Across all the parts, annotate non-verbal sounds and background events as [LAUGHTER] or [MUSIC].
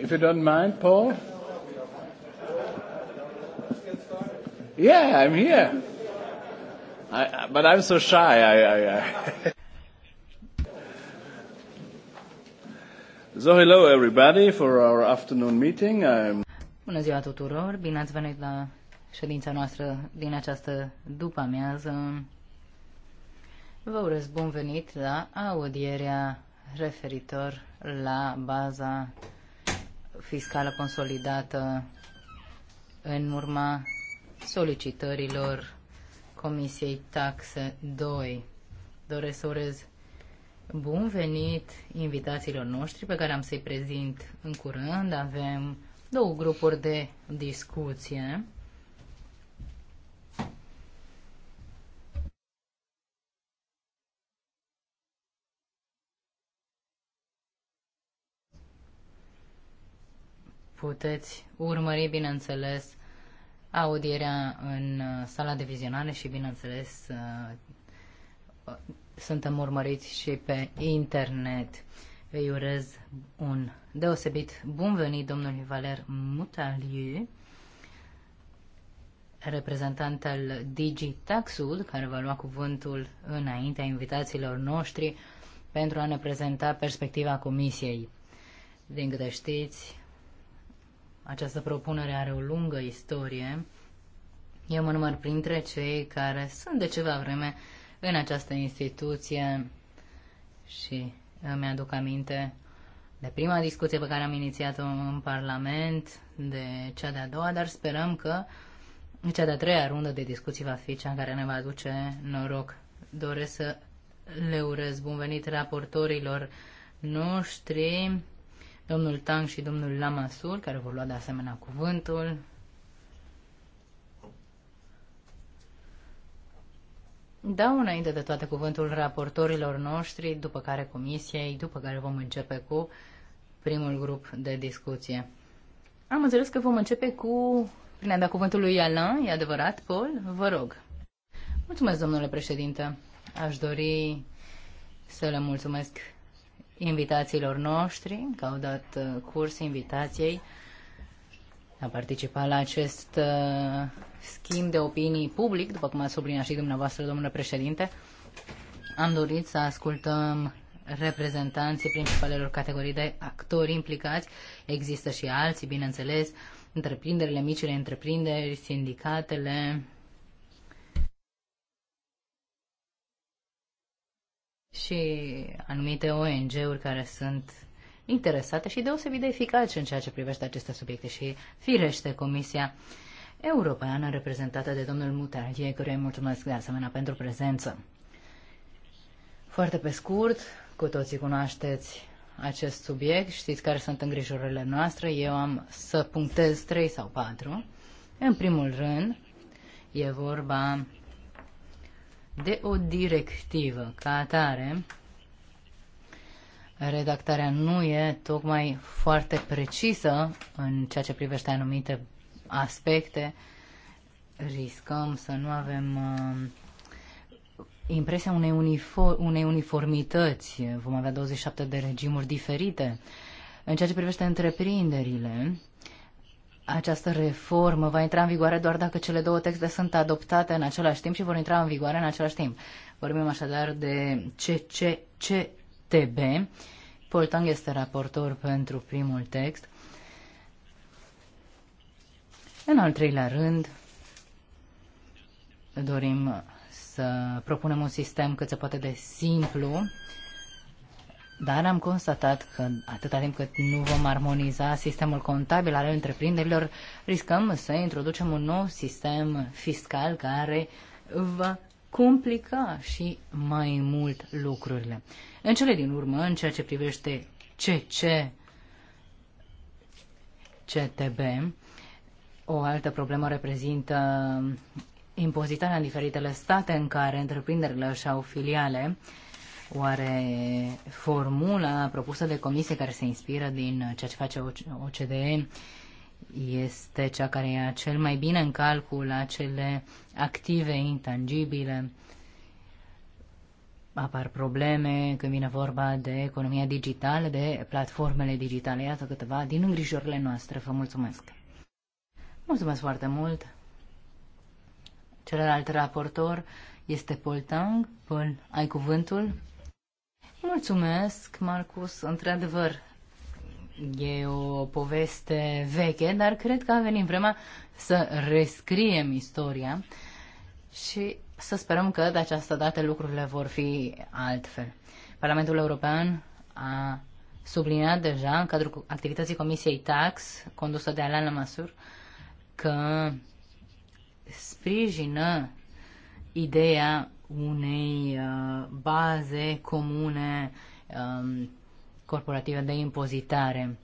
If you don't mind, Paul? Yeah, I'm here. I, but I'm so shy. I, I, I. [LAUGHS] so hello everybody for our afternoon meeting. I'm... Bună ziua tuturor, bine ați venit la ședința noastră din această după-amiază. Vă urez bun venit la audierea referitor la baza fiscală consolidată în urma solicitărilor Comisiei Taxe 2. Doresc să urez bun venit invitațiilor noștri pe care am să-i prezint în curând. Avem două grupuri de discuție. puteți urmări, bineînțeles, audierea în uh, sala de vizionare și, bineînțeles, uh, uh, suntem urmăriți și pe internet. Îi urez un deosebit bun venit domnului Valer Mutaliu, reprezentant al DigiTaxul, care va lua cuvântul înaintea invitațiilor noștri pentru a ne prezenta perspectiva Comisiei. Din câte știți, această propunere are o lungă istorie. Eu mă număr printre cei care sunt de ceva vreme în această instituție și îmi aduc aminte de prima discuție pe care am inițiat-o în Parlament, de cea de-a doua, dar sperăm că cea de-a treia rundă de discuții va fi cea care ne va aduce noroc. Doresc să le urez bun venit raportorilor noștri domnul Tang și domnul Lama Lamasur, care vor lua de asemenea cuvântul. Dau înainte de toate cuvântul raportorilor noștri, după care comisiei, după care vom începe cu primul grup de discuție. Am înțeles că vom începe cu, prin a da cuvântul lui Alain, e adevărat, Paul? Vă rog. Mulțumesc, domnule președinte. Aș dori să le mulțumesc invitațiilor noștri, că au dat uh, curs invitației a participat la acest uh, schimb de opinii public, după cum a subliniat și dumneavoastră, domnule președinte. Am dorit să ascultăm reprezentanții principalelor categorii de actori implicați. Există și alții, bineînțeles, întreprinderile, micile întreprinderi, sindicatele, și anumite ONG-uri care sunt interesate și deosebit de eficace în ceea ce privește aceste subiecte și firește Comisia Europeană reprezentată de domnul Mutarie, căruia îi mulțumesc de asemenea pentru prezență. Foarte pe scurt, cu toții cunoașteți acest subiect, știți care sunt îngrijorările noastre, eu am să punctez trei sau patru. În primul rând, e vorba de o directivă. Ca atare, redactarea nu e tocmai foarte precisă în ceea ce privește anumite aspecte. Riscăm să nu avem uh, impresia unei, uniform, unei uniformități. Vom avea 27 de regimuri diferite. În ceea ce privește întreprinderile, această reformă va intra în vigoare doar dacă cele două texte sunt adoptate în același timp și vor intra în vigoare în același timp. Vorbim așadar de CCCTB. Paul Tang este raportor pentru primul text. În al treilea rând, dorim să propunem un sistem cât se poate de simplu dar am constatat că atâta timp cât nu vom armoniza sistemul contabil al întreprinderilor, riscăm să introducem un nou sistem fiscal care va complica și mai mult lucrurile. În cele din urmă, în ceea ce privește CC CTB, o altă problemă reprezintă impozitarea în diferitele state în care întreprinderile și au filiale. Uh, Oare formula propusă de comisie care se inspiră din ceea ce face OCDE este cea care ia cel mai bine în calcul acele active intangibile? Apar probleme când vine vorba de economia digitală, de platformele digitale. Iată câteva din îngrijorile noastre. Vă mulțumesc! Mulțumesc foarte mult! Celălalt raportor este Paul Tang. Paul, ai cuvântul? Mulțumesc, Marcus. Într-adevăr, e o poveste veche, dar cred că a venit vremea să rescriem istoria și să sperăm că de această dată lucrurile vor fi altfel. Parlamentul European a subliniat deja în cadrul activității Comisiei Tax, condusă de Alain Lamassur, că sprijină ideea unei uh, baze comune um, corporative de impozitare.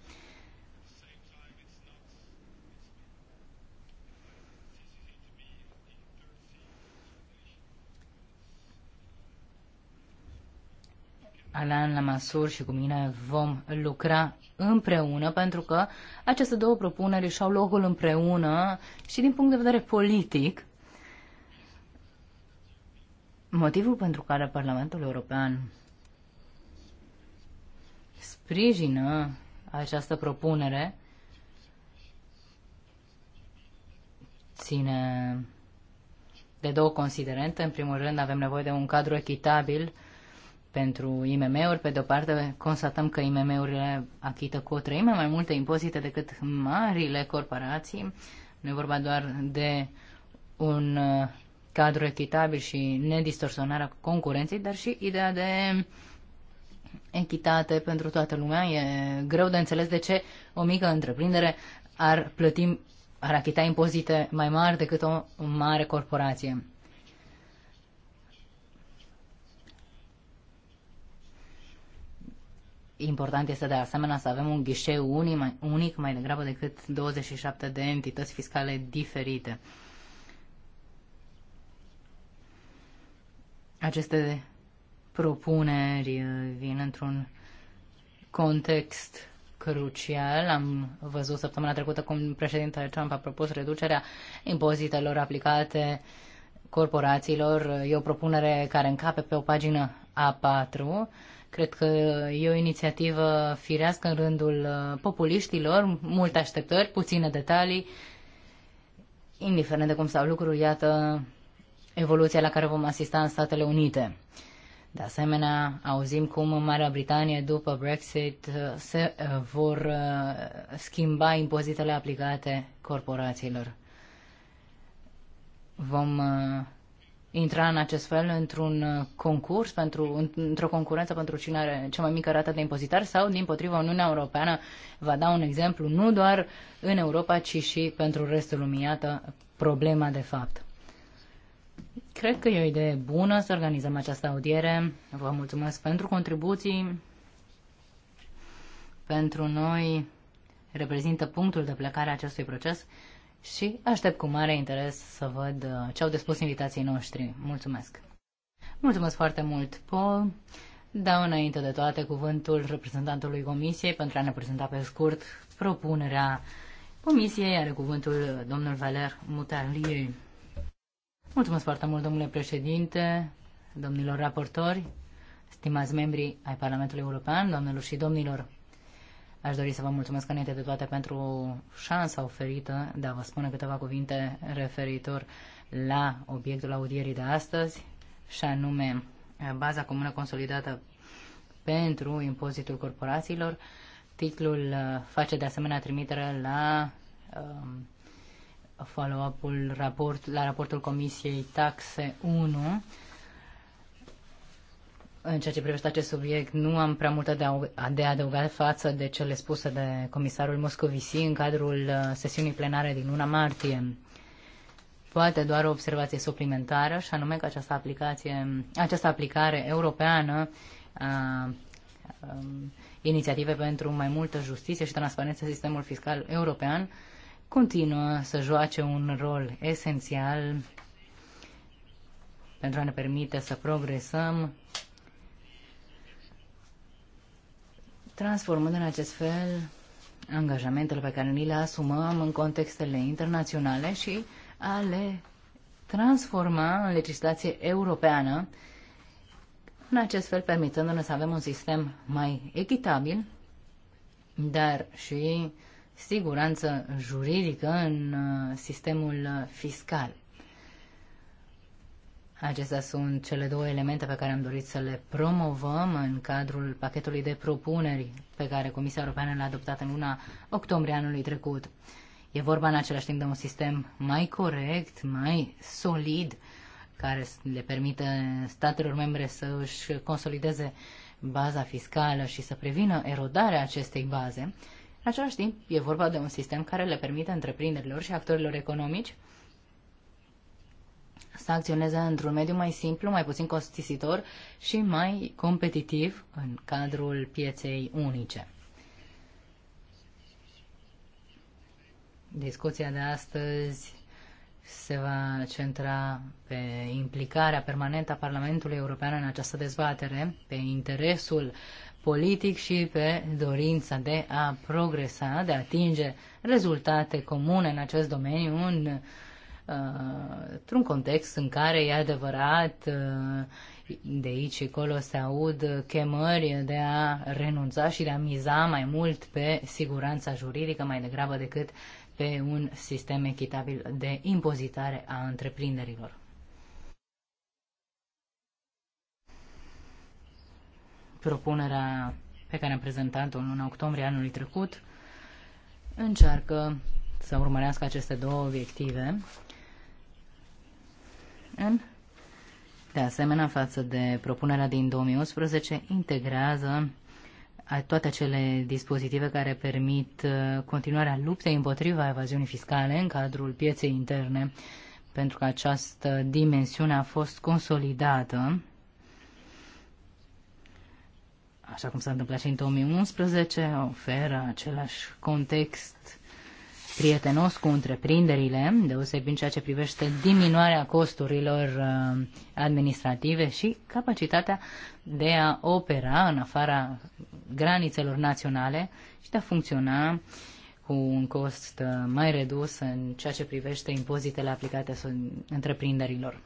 Alan Lamassur și cu mine vom lucra împreună pentru că aceste două propuneri își au locul împreună și din punct de vedere politic Motivul pentru care Parlamentul European sprijină această propunere ține de două considerente. În primul rând, avem nevoie de un cadru echitabil pentru IMM-uri. Pe de-o parte, constatăm că IMM-urile achită cu o treime mai multe impozite decât marile corporații. Nu e vorba doar de un cadru echitabil și nedistorsionarea concurenței, dar și ideea de echitate pentru toată lumea. E greu de înțeles de ce o mică întreprindere ar plăti, ar achita impozite mai mari decât o mare corporație. Important este de asemenea să avem un ghișeu unic mai, unic mai degrabă decât 27 de entități fiscale diferite. Aceste propuneri uh, vin într-un context crucial. Am văzut săptămâna trecută cum președintele Trump a propus reducerea impozitelor aplicate corporațiilor. E o propunere care încape pe o pagină A4. Cred că e o inițiativă firească în rândul uh, populiștilor, multe așteptări, puține detalii. Indiferent de cum stau lucruri, iată, evoluția la care vom asista în Statele Unite. De asemenea, auzim cum în Marea Britanie, după Brexit, se uh, vor uh, schimba impozitele aplicate corporațiilor. Vom uh, intra în acest fel într-un concurs, pentru, într-o concurență pentru cine are cea mai mică rată de impozitare sau, din potriva, Uniunea Europeană va da un exemplu nu doar în Europa, ci și pentru restul lumii. Iată problema de fapt. Cred că e o idee bună să organizăm această audiere. Vă mulțumesc pentru contribuții. Pentru noi reprezintă punctul de plecare a acestui proces și aștept cu mare interes să văd uh, ce au de spus invitații noștri. Mulțumesc! Mulțumesc foarte mult, Paul! Dau înainte de toate cuvântul reprezentantului Comisiei pentru a ne prezenta pe scurt propunerea Comisiei. Are cuvântul domnul Valer Mutarliei. Mulțumesc foarte mult, domnule președinte, domnilor raportori, stimați membri ai Parlamentului European, doamnelor și domnilor. Aș dori să vă mulțumesc înainte de toate pentru șansa oferită de a vă spune câteva cuvinte referitor la obiectul audierii de astăzi, și anume baza comună consolidată pentru impozitul corporațiilor. Titlul uh, face de asemenea trimitere la um, follow-up-ul raport, la raportul Comisiei Taxe 1. În ceea ce privește acest subiect, nu am prea multe de adăugat față de cele spuse de comisarul Moscovici în cadrul uh, sesiunii plenare din luna martie. Poate doar o observație suplimentară, și anume că această, aplicație, această aplicare europeană a, a, um, inițiative pentru mai multă justiție și transparență în sistemul fiscal european continuă să joace un rol esențial pentru a ne permite să progresăm, transformând în acest fel angajamentele pe care ni le asumăm în contextele internaționale și a le transforma în legislație europeană, în acest fel permitându-ne să avem un sistem mai echitabil, dar și siguranță juridică în uh, sistemul uh, fiscal. Acestea sunt cele două elemente pe care am dorit să le promovăm în cadrul pachetului de propuneri pe care Comisia Europeană l-a adoptat în luna octombrie anului trecut. E vorba în același timp de un sistem mai corect, mai solid, care le permite statelor membre să își consolideze baza fiscală și să prevină erodarea acestei baze, în același timp, e vorba de un sistem care le permite întreprinderilor și actorilor economici să acționeze într-un mediu mai simplu, mai puțin costisitor și mai competitiv în cadrul pieței unice. Discuția de astăzi se va centra pe implicarea permanentă a Parlamentului European în această dezbatere, pe interesul uh, politic și pe dorința de a progresa, de a atinge rezultate comune în acest domeniu, în, uh, într-un context în care e adevărat uh, de aici acolo se aud chemări de a renunța și de a miza mai mult pe siguranța juridică mai degrabă decât pe un sistem echitabil de impozitare a întreprinderilor. Propunerea pe care am prezentat-o în octombrie anului trecut încearcă să urmărească aceste două obiective în de asemenea, față de propunerea din 2011, integrează toate acele dispozitive care permit uh, continuarea luptei împotriva evaziunii fiscale în cadrul pieței interne, pentru că această dimensiune a fost consolidată așa cum s-a întâmplat și în 2011, oferă același context prietenos cu întreprinderile, deosebit în ceea ce privește diminuarea costurilor uh, administrative și capacitatea de a opera în afara granițelor naționale și de a funcționa cu un cost uh, mai redus în ceea ce privește impozitele aplicate întreprinderilor.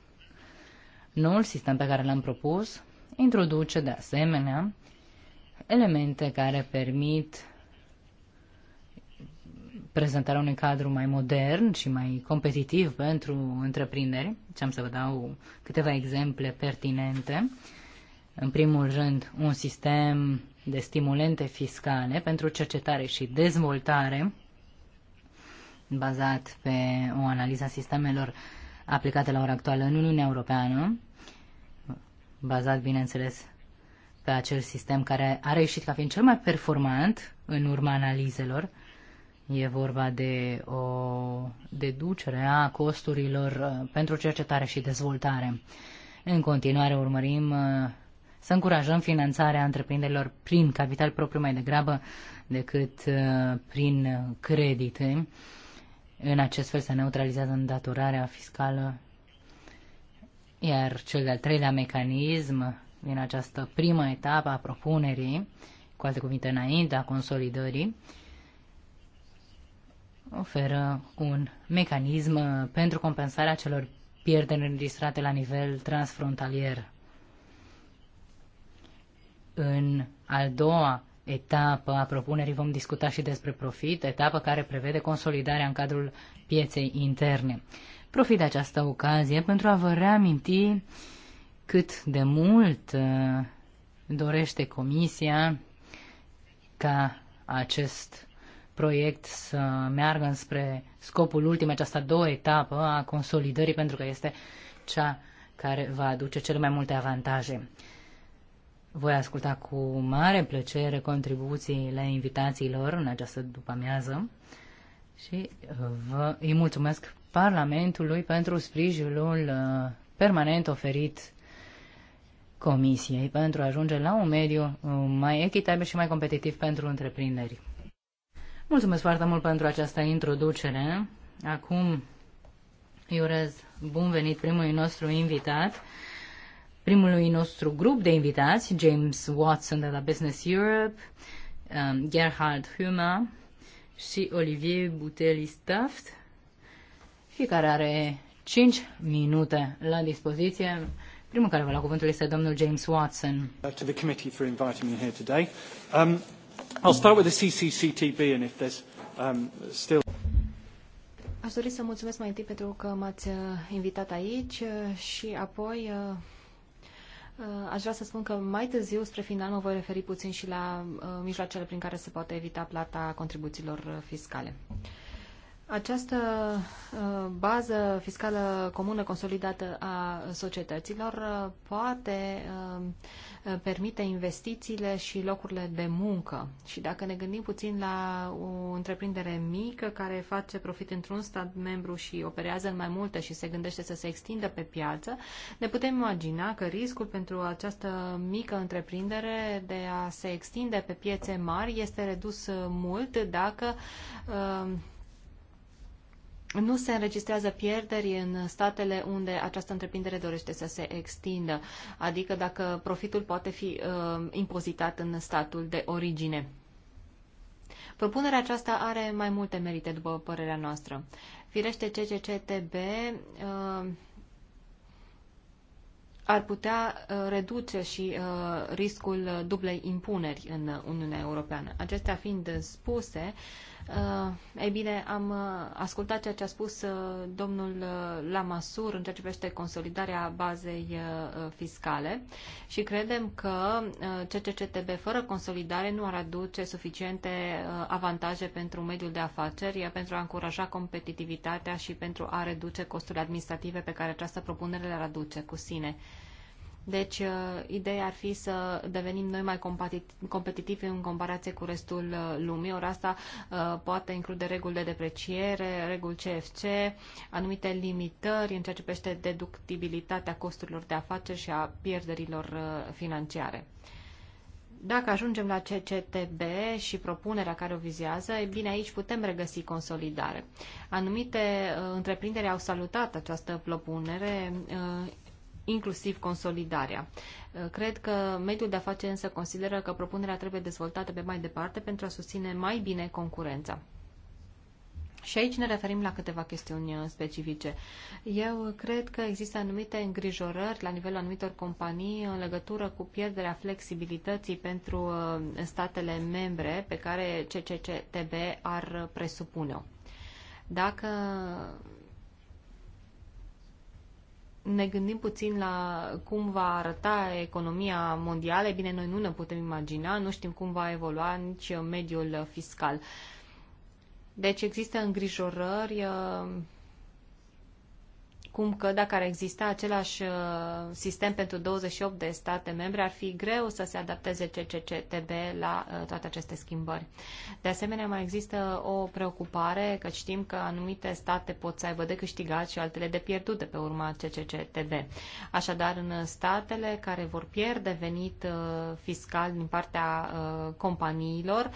Noul sistem pe care l-am propus introduce de asemenea elemente care permit prezentarea unui cadru mai modern și mai competitiv pentru întreprinderi. Și am să vă dau câteva exemple pertinente. În primul rând, un sistem de stimulente fiscale pentru cercetare și dezvoltare bazat pe o analiză a sistemelor aplicate la ora actuală în Uniunea Europeană, bazat, bineînțeles, pe acel sistem care a reușit ca fiind cel mai performant în urma analizelor. E vorba de o deducere a costurilor uh, pentru cercetare și dezvoltare. În continuare urmărim uh, să încurajăm finanțarea întreprinderilor prin capital propriu mai degrabă decât uh, prin credite. În acest fel se neutralizează îndatorarea fiscală. Iar cel de-al treilea mecanism din această primă etapă a propunerii, cu alte cuvinte înainte a consolidării, oferă un mecanism pentru compensarea celor pierderi înregistrate la nivel transfrontalier. În al doua etapă a propunerii vom discuta și despre profit, etapă care prevede consolidarea în cadrul pieței interne. Profit de această ocazie pentru a vă reaminti cât de mult uh, dorește Comisia ca acest proiect să meargă înspre scopul ultim, această a doua etapă a consolidării, pentru că este cea care va aduce cele mai multe avantaje. Voi asculta cu mare plăcere contribuțiile invitațiilor în această după-amiază și uh, vă îi mulțumesc Parlamentului pentru sprijinul uh, permanent oferit Comisiei pentru a ajunge la un mediu uh, mai echitabil și mai competitiv pentru întreprinderi. Mulțumesc foarte mult pentru această introducere. Acum îi urez bun venit primului nostru invitat, primului nostru grup de invitați, James Watson de la Business Europe, um, Gerhard Huma și Olivier Buteli-Staft. Fiecare are 5 minute la dispoziție Primul care va lua cuvântul este domnul James Watson. To the committee for inviting me here today. Um, I'll start with the CCCTB and if there's um, still... Aș dori să mulțumesc mai întâi pentru că m-ați uh, invitat aici uh, și apoi uh, aș vrea să spun că mai târziu, spre final, mă voi referi puțin și la mijloacele prin care se poate evita plata contribuțiilor fiscale. Uh, această uh, bază fiscală comună consolidată a societăților uh, poate uh, permite investițiile și locurile de muncă. Și dacă ne gândim puțin la o întreprindere mică care face profit într-un stat membru și operează în mai multe și se gândește să se extindă pe piață, ne putem imagina că riscul pentru această mică întreprindere de a se extinde pe piețe mari este redus mult dacă nu se înregistrează pierderi în statele unde această întreprindere dorește să se extindă, adică dacă profitul poate fi uh, impozitat în statul de origine. Propunerea aceasta are mai multe merite, după părerea noastră. Firește, CCCTB uh, ar putea uh, reduce și uh, riscul dublei impuneri în Uniunea Europeană. Acestea fiind spuse, uh, Eh, ei bine, am eh, ascultat ceea ce a spus eh, domnul Lamasur în ceea ce privește consolidarea bazei fiscale și credem că CCCTB fără consolidare nu ar aduce suficiente avantaje pentru mediul de afaceri, pentru a încuraja competitivitatea și pentru a reduce costurile administrative pe care această propunere le-ar aduce cu sine. Deci, uh, ideea ar fi să devenim noi mai competitivi în comparație cu restul uh, lumii. Ori asta uh, poate include reguli de depreciere, reguli CFC, anumite limitări în ceea ce privește deductibilitatea costurilor de afaceri și a pierderilor financiare. Dacă ajungem la CCTB și propunerea care o vizează, e bine, aici putem regăsi consolidare. Anumite uh, întreprinderi au salutat această propunere, uh, inclusiv consolidarea. Uh, cred că mediul de afaceri însă consideră că propunerea trebuie dezvoltată pe mai departe pentru a susține mai bine concurența. Și aici ne referim la câteva chestiuni uh, specifice. Eu cred că există anumite îngrijorări la nivelul anumitor companii în legătură cu pierderea flexibilității pentru uh, statele membre pe care CCCTB ar presupune-o. Dacă ne gândim puțin la cum va arăta economia mondială, e bine, noi nu ne putem imagina, nu știm cum va evolua nici mediul fiscal. Deci există îngrijorări uh, cum că dacă ar exista același uh, sistem pentru 28 de state membre, ar fi greu să se adapteze CCCTB la uh, toate aceste schimbări. De asemenea, mai există o preocupare că știm că anumite state pot să aibă de câștigat și altele de pierdut de pe urma CCCTB. Așadar, în statele care vor pierde venit uh, fiscal din partea companiilor,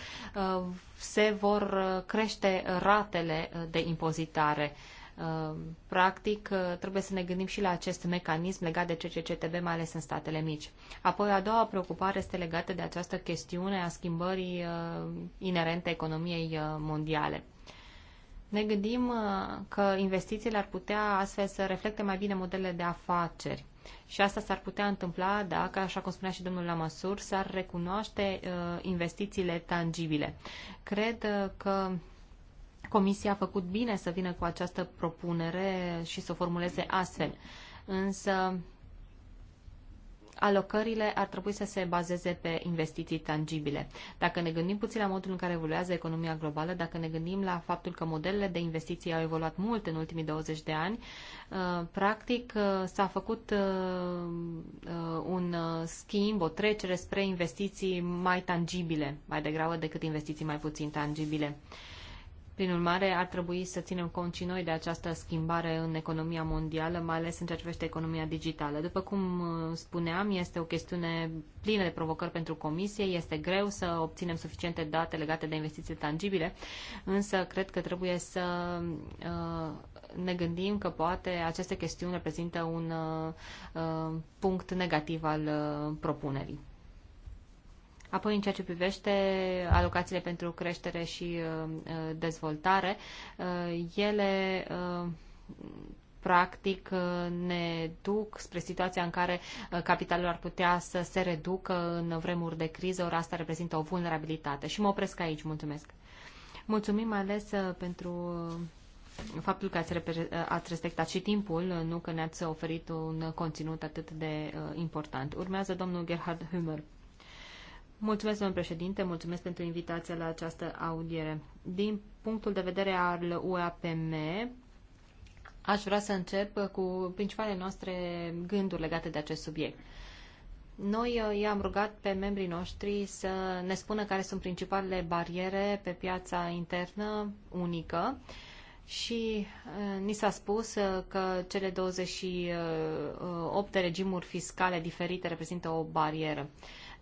se vor crește ratele de impozitare Uh, practic, uh, trebuie să ne gândim și la acest mecanism legat de CCCTB, mai ales în statele mici. Apoi, a doua preocupare este legată de această chestiune a schimbării uh, inerente economiei mondiale. Ne gândim că investițiile ar putea astfel să reflecte mai bine modelele de afaceri. Și asta s-ar putea întâmpla dacă, așa cum spunea și domnul Lamasur, s-ar recunoaște investițiile tangibile. Cred că Comisia a făcut bine să vină cu această propunere și să o formuleze astfel. Însă alocările ar trebui să se bazeze pe investiții tangibile. Dacă ne gândim puțin la modul în care evoluează economia globală, dacă ne gândim la faptul că modelele de investiții au evoluat mult în ultimii 20 de ani, uh, practic uh, s-a făcut uh, un schimb, o trecere spre investiții mai tangibile, mai degrabă decât investiții mai puțin tangibile. Prin urmare, ar trebui să ținem cont și noi de această schimbare în economia mondială, mai ales în ceea ce privește economia digitală. După cum uh, spuneam, este o chestiune plină de provocări pentru comisie, este greu să obținem suficiente date legate de investiții tangibile, însă cred că trebuie să uh, ne gândim că poate aceste chestiuni reprezintă un uh, punct negativ al propunerii. Apoi, în ceea ce privește alocațiile pentru creștere și uh, uh, dezvoltare, uh, ele practic ne duc spre situația în care capitalul ar putea să se reducă în vremuri de criză, ori asta reprezintă o vulnerabilitate. Și mă opresc aici, mulțumesc. Mulțumim mai ales pentru faptul că ați, ați respectat și timpul, nu că ne-ați oferit un conținut atât de important. Urmează domnul Gerhard Hümer. Mulțumesc, domnul președinte, mulțumesc pentru invitația la această audiere. Din punctul de vedere al UAPM, aș vrea să încep cu principalele noastre gânduri legate de acest subiect. Noi uh, i-am rugat pe membrii noștri să ne spună care sunt principalele bariere pe piața internă unică și uh, ni s-a spus uh, că cele 28 de regimuri fiscale diferite reprezintă o barieră.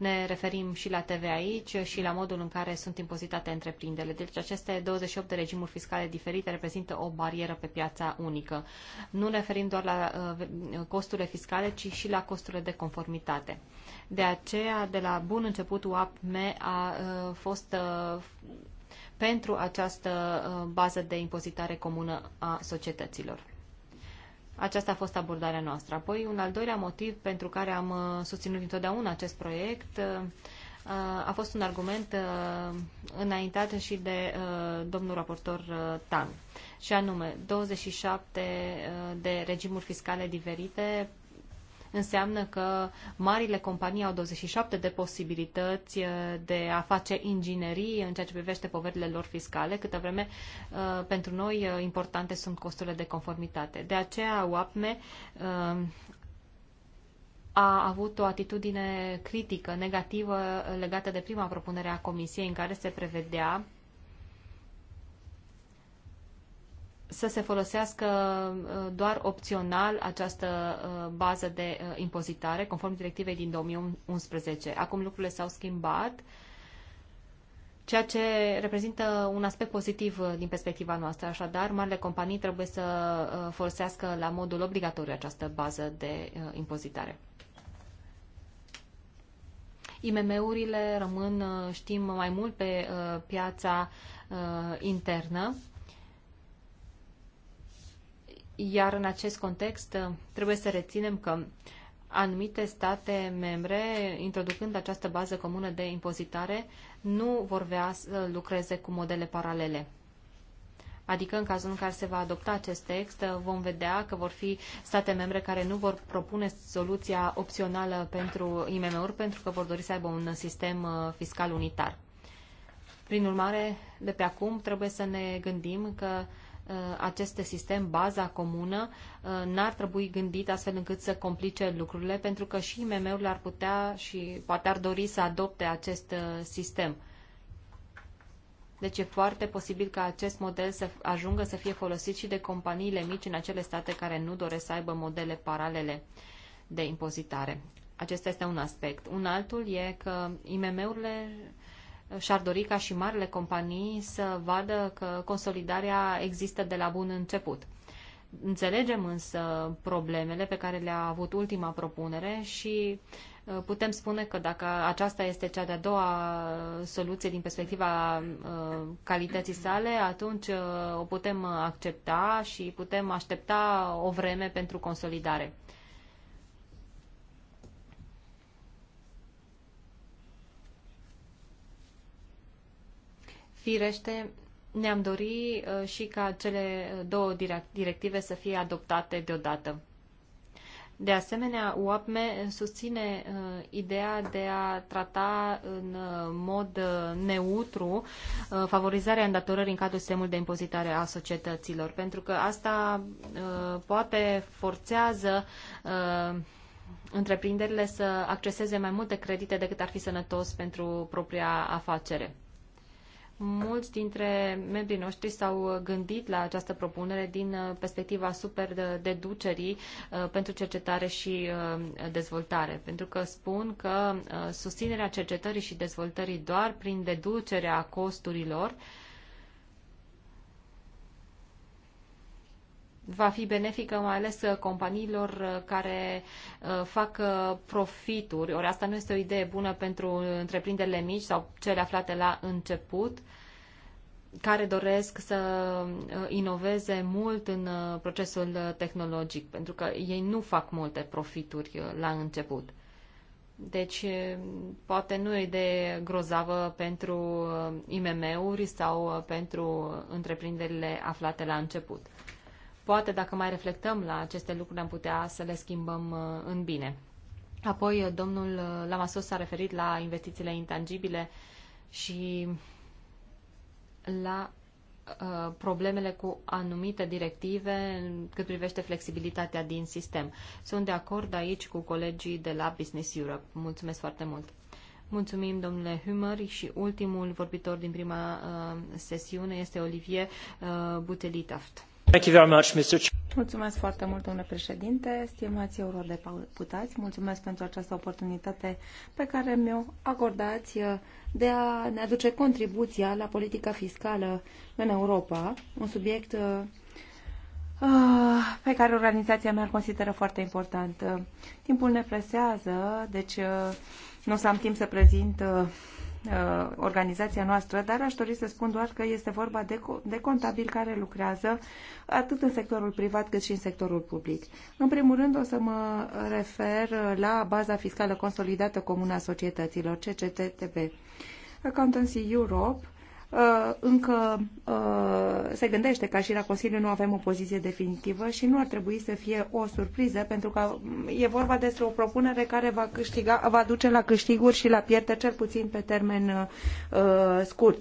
Ne referim și la TV aici și la modul în care sunt impozitate întreprinderile. Deci aceste 28 de regimuri fiscale diferite reprezintă o barieră pe piața unică. Nu ne referim doar la uh, costurile fiscale, ci și la costurile de conformitate. De aceea, de la bun început, UAPME a uh, fost uh, pentru această bază de impozitare comună a societăților. Aceasta a fost abordarea noastră. Apoi, un al doilea motiv pentru care am uh, susținut întotdeauna acest proiect uh, uh, a fost un argument înaintat și de domnul raportor Tan, și anume 27 de regimuri fiscale diferite înseamnă că marile companii au 27 de posibilități eh, de a face inginerii în ceea ce privește poverile lor fiscale, câtă vreme eh, pentru noi eh, importante sunt costurile de conformitate. De aceea UAPME a avut o atitudine critică, negativă, legată de prima propunere a Comisiei, în care se prevedea să se folosească uh, doar opțional această uh, bază de uh, impozitare, conform directivei din 2011. Acum lucrurile s-au schimbat, ceea ce reprezintă un aspect pozitiv din perspectiva noastră. Așadar, marile companii trebuie să folosească la modul obligatoriu această bază de impozitare. IMM-urile rămân, știm, mai mult pe piața internă iar în acest context uh, trebuie să reținem că anumite state membre, introducând această bază comună de impozitare, nu vor vrea să lucreze cu modele paralele. Adică în cazul în care se va adopta acest text, uh, vom vedea că vor fi state membre care nu vor propune soluția opțională pentru IMM-uri pentru că vor dori să aibă un sistem uh, fiscal unitar. Prin urmare, de pe acum trebuie să ne gândim că Uh, acest sistem, baza comună, uh, n-ar trebui gândit astfel încât să complice lucrurile, pentru că și IMM-urile ar putea și poate ar dori să adopte acest uh, sistem. Deci e foarte posibil ca acest model să ajungă să fie folosit și de companiile mici în acele state care nu doresc să aibă modele paralele de impozitare. Acesta este un aspect. Un altul e că IMM-urile și-ar dori ca și marile companii să vadă că consolidarea există de la bun început. Înțelegem însă problemele pe care le-a avut ultima propunere și uh, putem spune că dacă aceasta este cea de-a doua soluție din perspectiva uh, calității sale, atunci uh, o putem accepta și putem aștepta o vreme pentru consolidare. Firește, ne-am dori uh, și ca cele două directive să fie adoptate deodată. De asemenea, UAPME susține uh, ideea de a trata în uh, mod uh, neutru uh, favorizarea îndatorării în cadrul sistemului de impozitare a societăților, pentru că asta uh, poate forțează uh, întreprinderile să acceseze mai multe credite decât ar fi sănătos pentru propria afacere. Mulți dintre membrii noștri s-au gândit la această propunere din uh, perspectiva super deducerii uh, pentru cercetare și uh, dezvoltare, pentru că spun că susținerea cercetării și dezvoltării doar prin deducerea costurilor va fi benefică mai ales uh, companiilor uh, care uh, fac profituri. Ori asta nu este o idee bună pentru întreprinderile mici sau cele aflate la început care doresc să inoveze mult în procesul tehnologic, pentru că ei nu fac multe profituri la început. Deci, poate nu e de grozavă pentru IMM-uri sau pentru întreprinderile aflate la început. Poate dacă mai reflectăm la aceste lucruri am putea să le schimbăm uh, în bine. Apoi uh, domnul uh, Lamasos s-a referit la investițiile intangibile și la problemele cu anumite directive cât privește flexibilitatea din sistem. Sunt de acord aici cu colegii de la Business Europe. Mulțumesc foarte mult! Mulțumim, domnule Hümer, și ultimul vorbitor din prima uh, sesiune este Olivier uh, Butelitaft. Mulțumesc foarte mult, domnule președinte, stimați eurodeputați, mulțumesc pentru această oportunitate pe care mi-o acordați uh, de a ne aduce contribuția la politica fiscală în Europa, un subiect uh, uh, pe care organizația mea îl consideră foarte important. Timpul ne presează, deci nu o să am timp să prezint uh, organizația noastră, dar aș dori să spun doar că este vorba de, de contabili care lucrează atât în sectorul privat cât și în sectorul public. În primul rând o să mă refer la baza fiscală consolidată comună a societăților, CCTTB. Accountancy Europe Uh, încă uh, se gândește ca și la Consiliu nu avem o poziție definitivă și nu ar trebui să fie o surpriză pentru că um, e vorba despre o propunere care va, câștiga, va duce la câștiguri și la pierderi cel puțin pe termen uh, scurt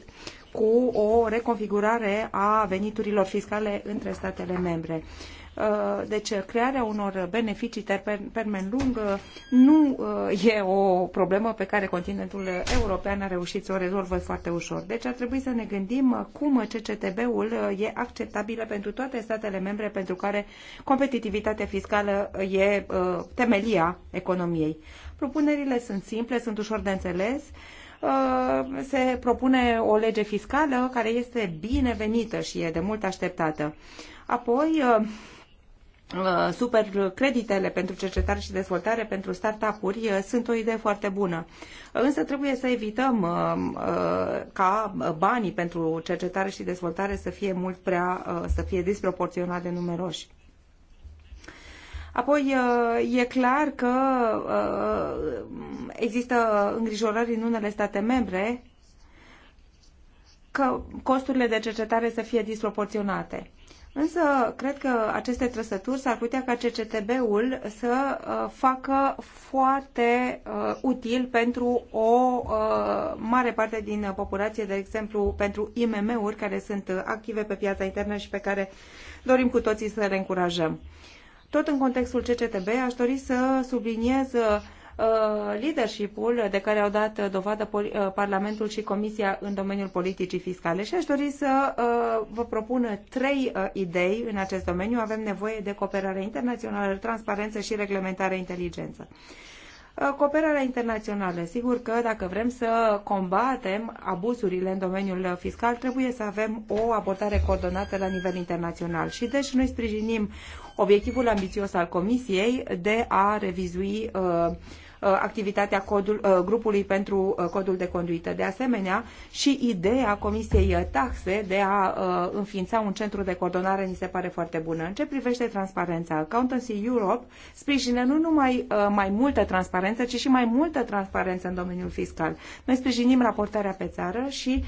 cu o reconfigurare a veniturilor fiscale între statele membre. Uh, Uh, deci crearea unor beneficii termen lung uh, nu uh, e o problemă pe care continentul european a reușit să o rezolvă foarte ușor. Deci ar trebui să ne gândim cum CCTB-ul e acceptabilă pentru toate statele membre pentru care competitivitatea fiscală e temelia economiei. Propunerile sunt simple, sunt ușor de înțeles se propune o lege fiscală care este binevenită și e de mult așteptată. Apoi, Uh, super creditele pentru cercetare și dezvoltare pentru startup-uri uh, sunt o idee foarte bună. Însă trebuie să evităm uh, ca banii pentru cercetare și dezvoltare să fie mult prea, să fie disproporționat de numeroși. Apoi, e clar că există îngrijorări în unele state membre că costurile de cercetare să fie disproporționate. Însă, cred că aceste trăsături s-ar putea ca CCTB-ul să uh, facă foarte uh, util pentru o uh, mare parte din populație, de exemplu, pentru IMM-uri care sunt active pe piața internă și pe care dorim cu toții să le încurajăm. Tot în contextul CCTB, aș dori să subliniez uh, Uh, leadership-ul de care au dat dovadă uh, Parlamentul și Comisia în domeniul politicii fiscale și aș dori să uh, vă propun trei idei în acest domeniu. Avem nevoie de cooperare internațională, transparență și reglementare inteligență cooperarea internațională. Sigur că dacă vrem să combatem abuzurile în domeniul fiscal, trebuie să avem o abordare coordonată la nivel internațional. Și deci noi sprijinim obiectivul ambițios al Comisiei de a revizui uh, Uh, activitatea codul, uh, grupului pentru uh, codul de conduită. De asemenea, și ideea Comisiei Taxe de a înființa un centru de coordonare ni se pare foarte bună. În ce privește transparența, Accountancy Europe sprijină nu numai mai multă transparență, ci și mai multă transparență în domeniul fiscal. Noi sprijinim raportarea pe țară și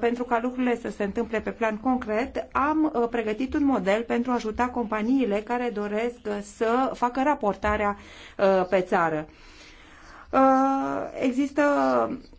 pentru ca lucrurile să se întâmple pe plan concret, am pregătit un model pentru a ajuta companiile care doresc să facă raportarea pe țară. Uh, există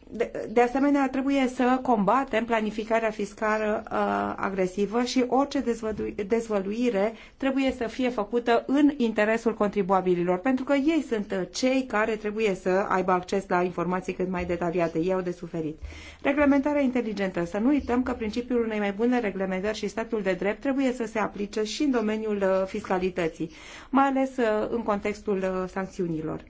de, de asemenea, trebuie să combatem planificarea fiscală uh, agresivă și orice dezvălu- dezvăluire trebuie să fie făcută în interesul contribuabililor, pentru că ei sunt uh, cei care trebuie să aibă acces la informații cât mai detaliate. Ei au de suferit. Reglementarea inteligentă. Să nu uităm că principiul unei mai bune reglementări și statul de drept trebuie să se aplice și în domeniul uh, fiscalității, mai ales în contextul sancțiunilor. Uh,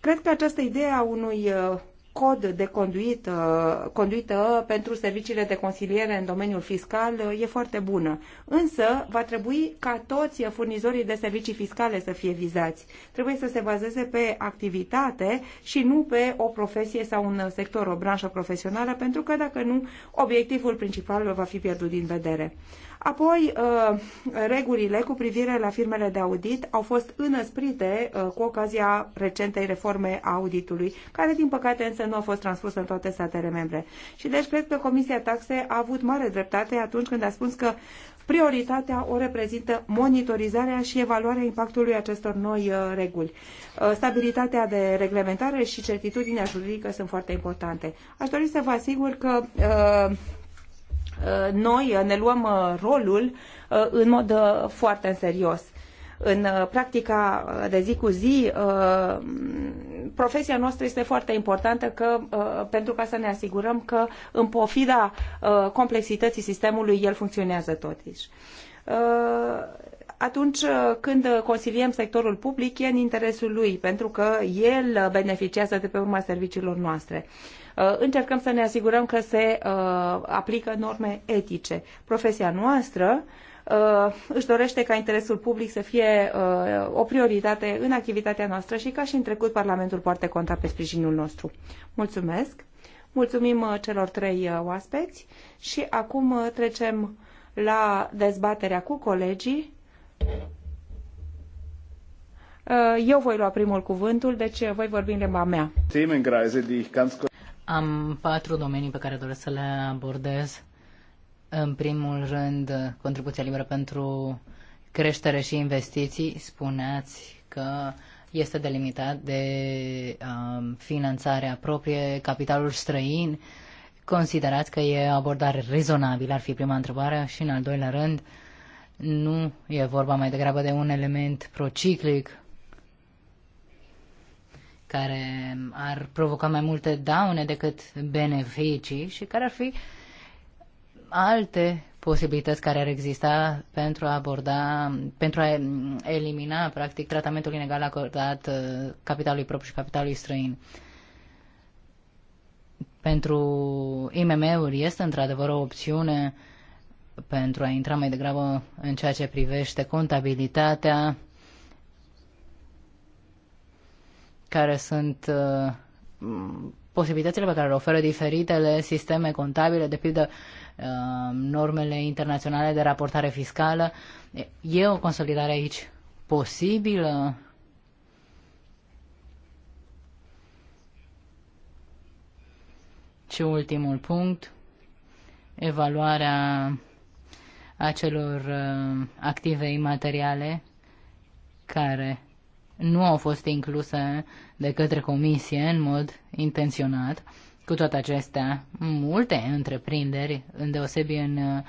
Cred că această idee a unui uh, cod de conduită, uh, conduită pentru serviciile de consiliere în domeniul fiscal uh, e foarte bună. Însă, va trebui ca toți furnizorii de servicii fiscale să fie vizați. Trebuie să se bazeze pe activitate și nu pe o profesie sau un sector, o branșă profesională, pentru că, dacă nu, obiectivul principal va fi pierdut din vedere. Apoi, uh, regulile cu privire la firmele de audit au fost înăsprite uh, cu ocazia recentei reforme a auditului, care, din păcate, însă nu a fost transpusă în toate statele membre. Și deci cred că Comisia Taxe a avut mare dreptate atunci când a spus că Prioritatea o reprezintă monitorizarea și evaluarea impactului acestor noi uh, reguli. Stabilitatea de reglementare și certitudinea juridică sunt foarte importante. Aș dori să vă asigur că Uh, noi uh, ne luăm uh, rolul în mod foarte în serios. În practica de zi cu zi, profesia noastră este foarte importantă că, pentru ca să ne asigurăm că, în pofida complexității sistemului, el funcționează totuși atunci când consiliem sectorul public e în interesul lui, pentru că el beneficiază de pe urma serviciilor noastre. Uh, încercăm să ne asigurăm că se uh, aplică norme etice. Profesia noastră uh, își dorește ca interesul public să fie o prioritate în activitatea noastră și ca și în trecut Parlamentul poate conta pe sprijinul nostru. Mulțumesc! Mulțumim celor trei oaspeți și acum trecem la dezbaterea cu colegii. Eu voi lua primul cuvântul, deci voi vorbi în limba mea. Am patru domenii pe care doresc să le abordez. În primul rând, contribuția liberă pentru creștere și investiții. Spuneați că este delimitat de um, finanțarea proprie, capitalul străin. Considerați că e abordare rezonabilă, ar fi prima întrebare. Și în al doilea rând, nu e vorba mai degrabă de un element prociclic care ar provoca mai multe daune decât beneficii și care ar fi alte posibilități care ar exista pentru a aborda, pentru a elimina, practic, tratamentul inegal acordat uh, capitalului propriu și capitalului străin. Pentru IMM-uri este într-adevăr o opțiune pentru a intra mai degrabă în ceea ce privește contabilitatea, care sunt uh, posibilitățile pe care le oferă diferitele sisteme contabile, de pildă uh, normele internaționale de raportare fiscală. E o consolidare aici posibilă? Și ultimul punct, evaluarea acelor uh, active imateriale care nu au fost incluse de către comisie în mod intenționat. Cu toate acestea, multe întreprinderi, îndeosebi în uh,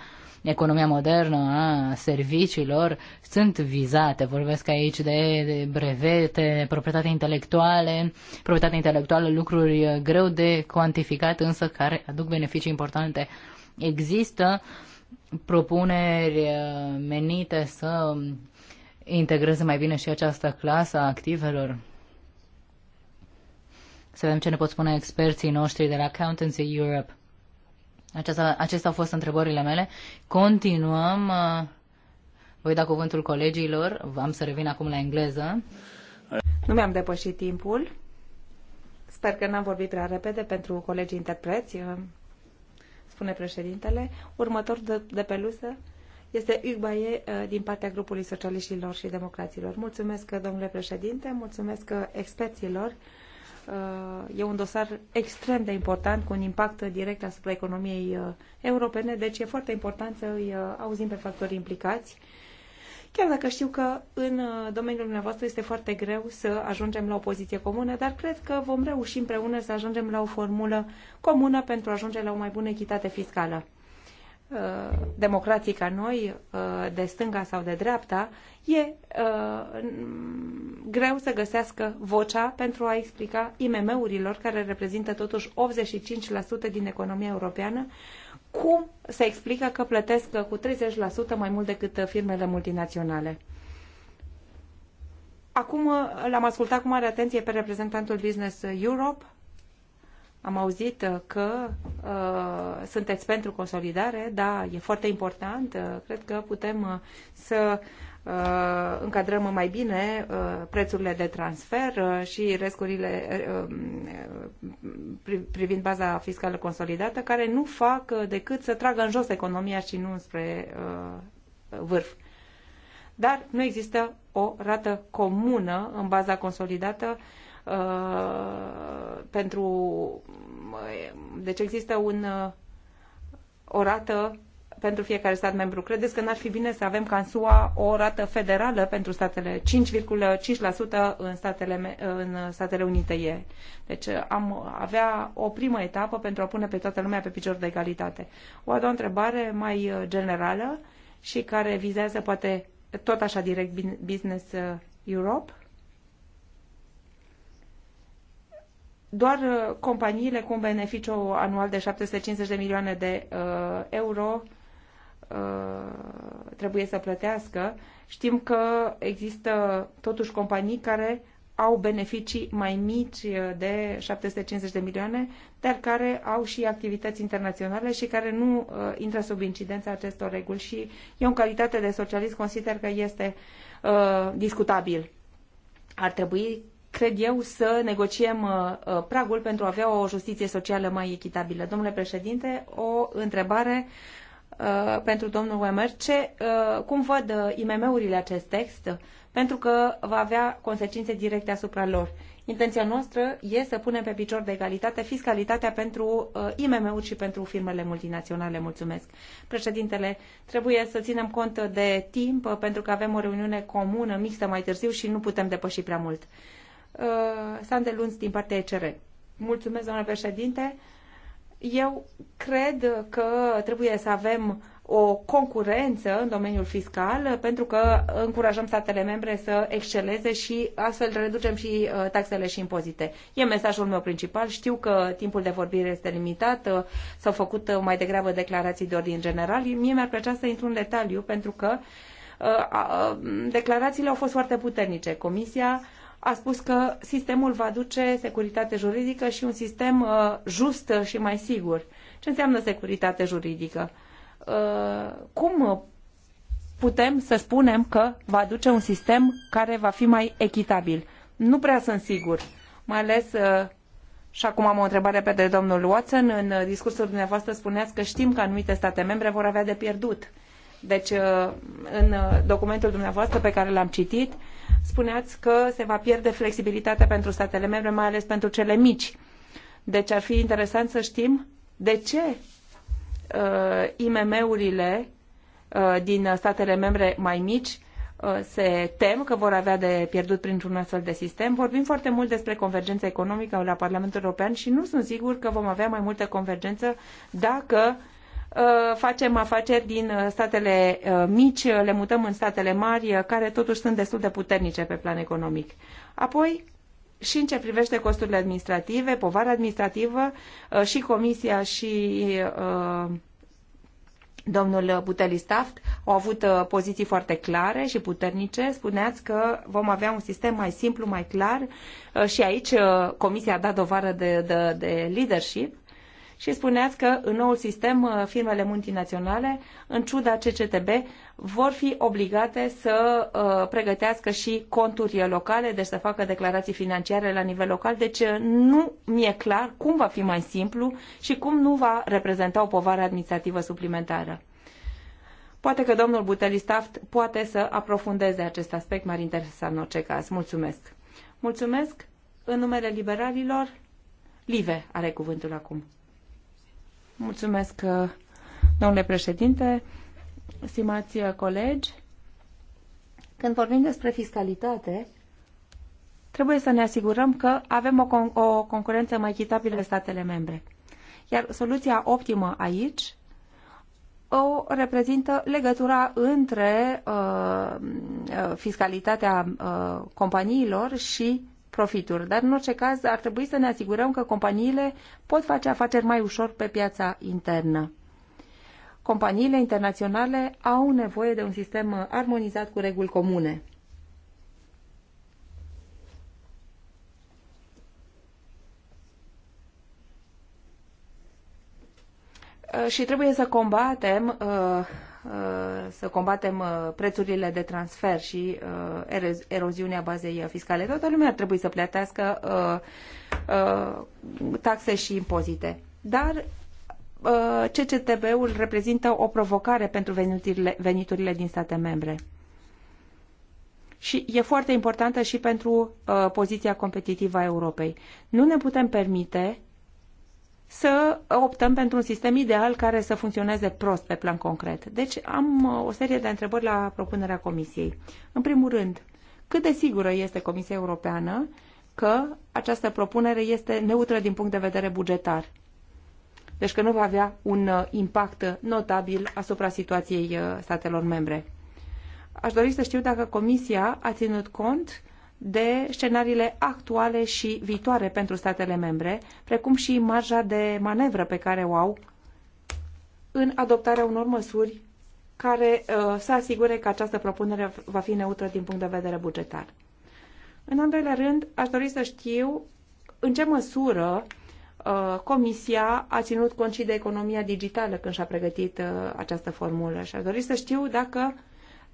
economia modernă a serviciilor, sunt vizate. Vorbesc aici de brevete, proprietate intelectuale, proprietate intelectuală, lucruri uh, greu de cuantificat, însă care aduc beneficii importante. Există propuneri uh, menite să integreze mai bine și această clasă a activelor. Să vedem ce ne pot spune experții noștri de la Accountancy Europe. Aceasta, acestea au fost întrebările mele. Continuăm. Uh, voi da cuvântul colegilor. Am să revin acum la engleză. Nu mi-am depășit timpul. Sper că n-am vorbit prea repede pentru colegii interpreți, uh, spune președintele. Următor de, de lusă este Ugbaie uh, din partea grupului socialiștilor și democraților. Mulțumesc, uh, domnule președinte, mulțumesc uh, experților. E un dosar extrem de important, cu un impact direct asupra economiei europene, deci e foarte important să îi auzim pe factorii implicați. Chiar dacă știu că în domeniul dumneavoastră este foarte greu să ajungem la o poziție comună, dar cred că vom reuși împreună să ajungem la o formulă comună pentru a ajunge la o mai bună echitate fiscală. Uh, democrații ca noi, uh, de stânga sau de dreapta, e uh, greu să găsească vocea pentru a explica IMM-urilor, care reprezintă totuși 85% din economia europeană, cum se explică că plătesc cu 30% mai mult decât firmele multinaționale. Acum l-am ascultat cu mare atenție pe reprezentantul Business Europe am auzit uh, că uh, sunteți pentru consolidare, da, e foarte important. Uh, cred că putem uh, să uh, încadrăm mai bine uh, prețurile de transfer uh, și riscurile um, uh, privind baza fiscală consolidată, care nu fac uh, decât să tragă în jos economia și nu spre uh, vârf. Dar nu există o rată comună în baza consolidată uh, Uh, pentru. Uh, deci există un, uh, o rată pentru fiecare stat membru. Credeți că n-ar fi bine să avem ca în SUA o rată federală pentru statele 5,5% în statele, în statele Unite e. Deci am avea o primă etapă pentru a pune pe toată lumea pe picior de egalitate. O a doua întrebare mai generală și care vizează poate tot așa direct Business Europe. doar uh, companiile cu un beneficiu anual de 750 de milioane de uh, euro uh, trebuie să plătească. Știm că există totuși companii care au beneficii mai mici uh, de 750 de milioane, dar care au și activități internaționale și care nu uh, intră sub incidența acestor reguli și eu în calitate de socialist consider că este uh, discutabil. Ar trebui cred eu, să negociem uh, uh, pragul pentru a avea o justiție socială mai echitabilă. Domnule președinte, o întrebare uh, pentru domnul Wemer. Ce, cum văd IMM-urile acest text? Pentru că va avea consecințe directe asupra lor. Intenția noastră e să punem pe picior de egalitate fiscalitatea pentru uh, IMM-uri și pentru firmele multinaționale. Mulțumesc. Președintele, trebuie să ținem cont de timp pentru că avem o reuniune comună, mixtă mai târziu și nu putem depăși prea mult. Uh, Sande Lunz din partea ECR. Mulțumesc, doamnă președinte. Eu cred că trebuie să avem o concurență în domeniul fiscal pentru că încurajăm statele membre să exceleze și astfel reducem și uh, taxele și impozite. E mesajul meu principal. Știu că timpul de vorbire este limitat, uh, s-au făcut mai degrabă declarații de ordin general. Mie mi-ar plăcea să intru în detaliu pentru că declarațiile au fost foarte puternice. Comisia a spus că sistemul va duce securitate juridică și un sistem uh, just și mai sigur. Ce înseamnă securitate juridică? Uh, cum putem să spunem că va duce un sistem care va fi mai echitabil? Nu prea sunt sigur, mai ales uh, și acum am o întrebare pe de domnul Watson. În discursul dumneavoastră spuneați că știm că anumite state membre vor avea de pierdut. Deci, în documentul dumneavoastră pe care l-am citit, spuneați că se va pierde flexibilitatea pentru statele membre, mai ales pentru cele mici. Deci ar fi interesant să știm de ce uh, IMM-urile uh, din statele membre mai mici uh, se tem că vor avea de pierdut printr-un astfel de sistem. Vorbim foarte mult despre convergența economică la Parlamentul European și nu sunt sigur că vom avea mai multă convergență dacă uh, Uh, facem afaceri din uh, statele uh, mici, le mutăm în statele mari, care totuși sunt destul de puternice pe plan economic. Apoi, și în ce privește costurile administrative, povara administrativă, și Comisia și domnul Butelistaft au avut poziții foarte clare și puternice. Spuneați că vom avea un sistem mai simplu, mai clar și aici Comisia a dat dovară de, de, de leadership și spuneați că în noul sistem uh, firmele multinaționale, în ciuda CCTB, vor fi obligate să uh, pregătească și conturi locale, deci să facă declarații financiare la nivel local. Deci uh, nu mi-e clar cum va fi mai simplu și cum nu va reprezenta o povară administrativă suplimentară. Poate că domnul Butelistaft poate să aprofundeze acest aspect, m-ar interesa în orice caz. Mulțumesc. Mulțumesc. În numele liberalilor, Live are cuvântul acum. Mulțumesc, uh, domnule președinte, stimați uh, colegi. Când vorbim despre fiscalitate, trebuie să ne asigurăm că avem o, con- o concurență mai echitabilă de statele membre. Iar soluția optimă aici o reprezintă legătura între uh, uh fiscalitatea uh, companiilor și profituri, dar în orice caz ar trebui să ne asigurăm că companiile pot face afaceri mai ușor pe piața internă. Companiile internaționale au nevoie de un sistem armonizat cu reguli comune. și trebuie să combatem uh, Uh, să combatem uh, prețurile de transfer și uh, eroziunea bazei fiscale. Toată lumea ar trebui să plătească taxe și impozite. Dar CCTB-ul reprezintă o provocare pentru veniturile, veniturile din state membre. Și e foarte importantă și pentru uh, poziția competitivă a Europei. Nu ne putem permite să optăm pentru un sistem ideal care să funcționeze prost pe plan concret. Deci am uh, o serie de întrebări la propunerea Comisiei. În primul rând, cât de sigură este Comisia Europeană că această propunere este neutră din punct de vedere bugetar? Deci că nu va avea un uh, impact notabil asupra situației uh, statelor membre. Aș dori să știu dacă Comisia a ținut cont de scenariile actuale și viitoare pentru statele membre, precum și marja de manevră pe care o au în adoptarea unor măsuri care uh, să asigure că această propunere va fi neutră din punct de vedere bugetar. În al doilea rând, aș dori să știu în ce măsură uh, Comisia a ținut cont și de economia digitală când și-a pregătit uh, această formulă și aș dori să știu dacă uh,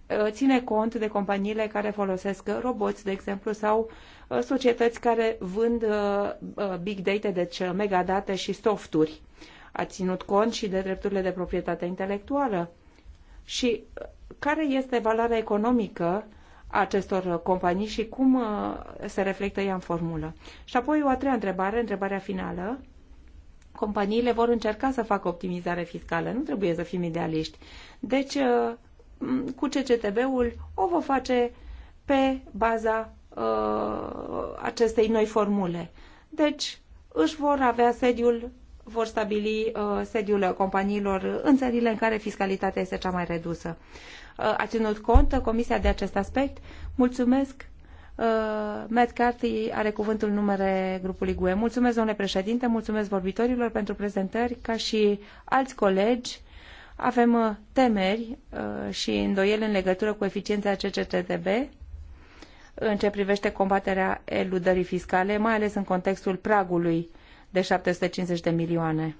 Uh, ține cont de companiile care folosesc roboți, de exemplu, sau uh, societăți care vând uh, big data, deci megadate și softuri. A ținut cont și de drepturile de proprietate intelectuală. Și care este valoarea economică a acestor companii și cum se reflectă ea în formulă? Și apoi o a treia întrebare, întrebarea finală companiile vor încerca să facă optimizare fiscală. Nu trebuie să fim idealiști. Deci, cu cctv ul o vom face pe baza uh, acestei noi formule. Deci își vor avea sediul, vor stabili uh, sediul companiilor în țările în care fiscalitatea este cea mai redusă. Uh, a ținut cont Comisia de acest aspect. Mulțumesc! Uh, Matt Carty are cuvântul numere grupului GUE. Mulțumesc, domnule președinte, mulțumesc vorbitorilor pentru prezentări, ca și alți colegi avem uh, temeri uh, și îndoieli în legătură cu eficiența CCTB în ce privește combaterea eludării fiscale, mai ales în contextul pragului de 750 de milioane.